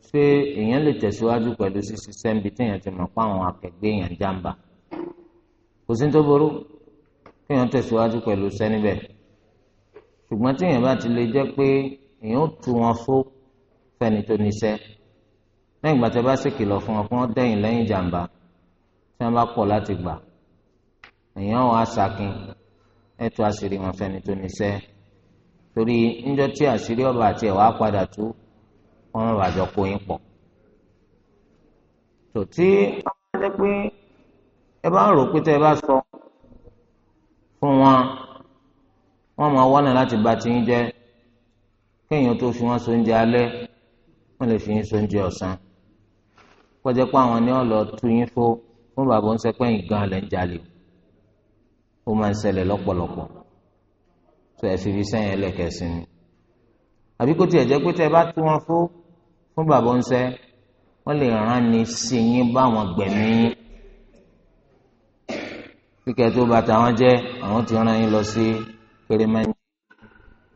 ṣé èèyàn lè tẹ̀síwájú pẹ̀lú ṣiṣẹ́ ń bí téèyàn ti mọ̀ pé àwọn akẹgbẹ́ èèyàn jàǹbá kò sí ní tó burú kéèyàn tẹ̀síwájú pẹ̀lú iṣẹ́ níbẹ̀ ṣùgbọ́n tí èèyàn bá ti lè jẹ́ pé èèyàn ó tu wọn fó fẹ́ni tó níṣẹ́ lẹ́yìn ìgbà tí wọ́n bá ṣèkìlọ̀ fún wọn kí wọ́n dẹ̀yìn lẹ́yìn ìjàmbá tí wọ́n bá pọ̀ láti gbà èèyàn wọn á ṣàkin ẹ̀tù àṣírí wọn fẹ́ni tó níṣẹ́ torí níjọ́ tí àṣírí ọba àti ẹ̀wà padà tú wọ́n má bàjọ́ kó yín pọ̀ tò tí wọ́n bá jẹ́ pé ẹ bá ń rò pé tẹ́ ẹ bá sọ fún wọn wọ́n máa wọ́nà láti bà tí ń jẹ́ kéèyàn tó fi wọ́n sóúnjẹ alẹ́ wọ́n lè fi yín sóúnjẹ ọ̀sán kọjá pé àwọn ní ọ̀lọ́ tú yín fó fún bàbá ń sẹ́pẹ́ yín gan alẹ́ ń jalè ó máa ń ṣẹlẹ̀ lọ́pọ̀lọpọ̀ tó ẹ̀ fi fi sẹ́yìn ẹlẹ́kẹ̀sìn ni àbí kó tiẹ̀ jẹ́ pé tẹ́ ẹ bá tú wọn fó fún bàbá ń sẹ́ wọ́n lè rán ni sí yín báwọn gbẹ̀mí yín kíkẹ́ tó bàtà wọn jẹ́ àwọn ti rán yín lọ sí pérémẹ́ǹtì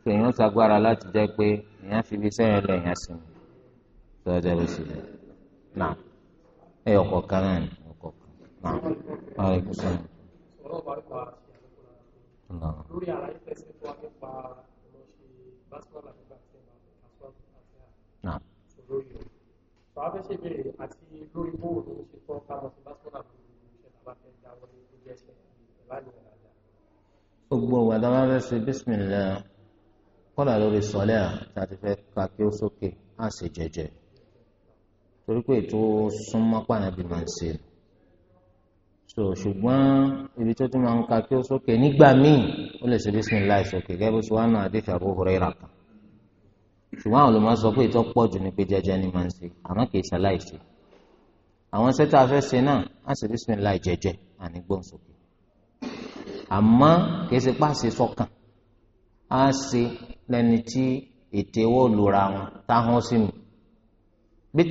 tó èèyàn sagbára láti jẹ́ pé èèyàn fi ibi sẹ́yìn lọ èèyàn sí mi tó ọjà ló sì lẹ̀ náà ẹ̀ ọkọ̀ kan náà ni ọkọ̀ kan náà wọ́n rẹ̀ kó sọ́yìn. lórí ara yìí fẹsẹ̀ tó wá nípa lọ ṣe báskọ́ làbí bá ti gbogbo ìgbà tá a bá fẹ́ ṣe bísímìlá kọ́là lórí sọ́lẹ́ à tá a ti fẹ́ ka kí ó sókè á sì jẹjẹ torí pé ètò súnmọ́ pànàbí máa ń ṣe so ṣùgbọ́n ibi tó tún máa ń ka kí ó sókè nígbà míì ó lè ṣe bísímìlá ìsókè gẹ́gẹ́ bó ṣe wá náà àdéhùn Abu Hurairah kan ṣùgbọ́n àwọn olùmọ̀ sọ pé ìtọ́ pọ̀ ní pé jẹjẹ ni máa ń ṣe àmọ́ kì í ṣaláìṣe àwọn sẹ́tà afẹ́ ṣe náà á sì bísímìlá ìjẹjẹ àní gbóǹsókè. àmọ́ kìí ṣe páàsì sọ́kàn á ṣe lẹ́ni tí ètè lura wọn táwọn sí bí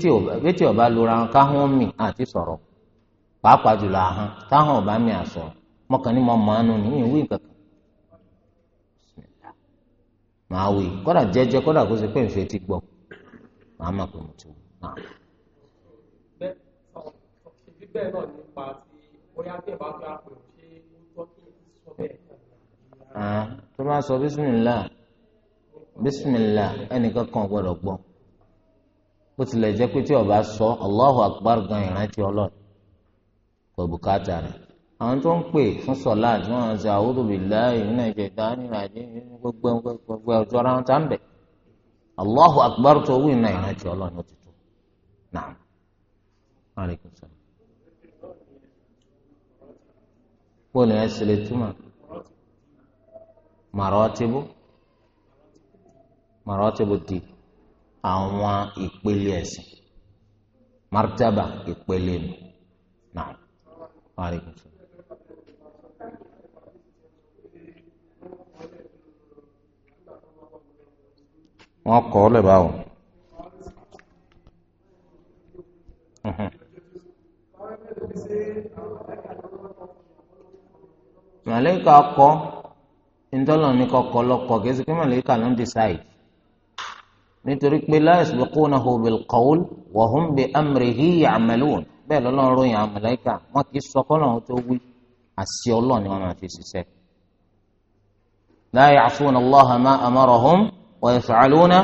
tí ọba lura wọn káwọn mi àti sọ̀rọ̀ pàápàá jùlọ ahọ́n táwọn ọba mi àsọ̀rọ̀ mọ̀kàn ní mọ̀ mọ́nú ní ìwé kankan màá wí kọ́dà jẹ́jẹ́ kọ́dà kó ṣe pé ń ti bóyá bá fẹ́ Ah, tó bá sọ bísímìlá bísímìlá ẹnìkan kan gbọ́dọ̀ gbọ́ bó tilẹ̀ jẹ́ pé tí bá sọ Allahu akbar gan ìrántí ọlọ́run kò bùkátà rẹ̀ àwọn tó ń pè fún sọlá tí wọn ṣe a'udhu billahi minash gbogbo gbogbo ara wọn Allahu akbar tó ìrántí ọlọ́run ó ti màrọ́tìbù màrọ́tìbù di àwọn ìpele ẹ̀sìn martaba ìpele nù náà wàhálà ìkùnsùn. wọ́n kọ́ ọ lẹ́bàá o. màlẹ́kà uhm. kọ́. ntọ́lọ̀ ní kọkọ lọ́kọ̀ kìí pé màlẹ́kà ló ń decide nítorí pé la yasbiqunahu bil qawl wa hum bi amrihi ya'malun bẹ́ẹ̀ lọ́lọ́run ròyìn àmàlẹ́kà wọn kìí sọ kọ́lọ́run tó wí àṣì ọlọ́run ni wọ́n máa fi ṣiṣẹ́. la ya'suna Allaha ma amarahum wa yaf'aluna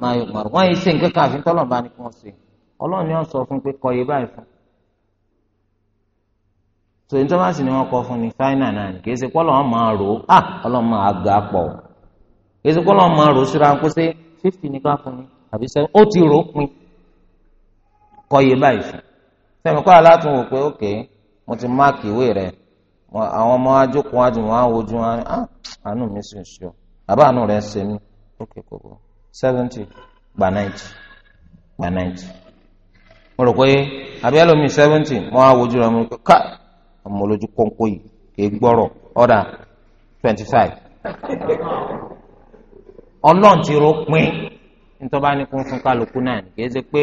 ma yu'marun wọ́n yìí ṣe nǹkan káàfin bá ní kí wọ́n ṣe ọlọ́run ni sọ fún pé kọ́ yé báyìí fún un so ní tọ́másì ah, ni wọn kọ fún ni fáínà náà ni kì í ṣe pọ́ lọ́wọ́ máa rò ó à ọlọ́mọ àga pọ̀ kì í ṣe pọ́ lọ́wọ́ máa rò ó síra kó ṣe ká fún ni àbí sẹ́wọ́n ó ti rò ó pin kọ́ yé báyìí fún sẹ́mi kọ́ alátùn wò pé ókè mo ti máàkì ìwé rẹ àwọn ọmọ ajókòó wọn ọmọ olójú pọ́npọ́ yìí kì gbọ́rọ̀ ọ̀dà twenty five ọlọ́run ti ro pin nítorí ní kún fún kálukú náà kì í ṣe pé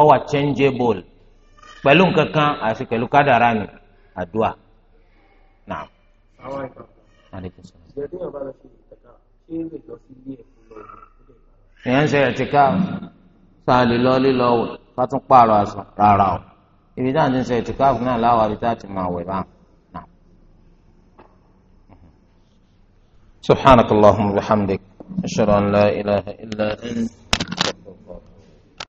ó wà changeable pẹ̀lú nǹkan kan àti pẹ̀lú kádàrá ni àdúrà náà. ìyẹn ń ṣe ẹ̀tìká sáà lè lọ lílọ wò ká tún pààrọ̀ àṣà rárá o. ibi táwọn ti ń ṣe ìtìkáàfù náà láwọn àbí tá a ti máa wẹ̀ báwọn. سبحانك اللهم وبحمدك أشهد أن لا إله إلا أنت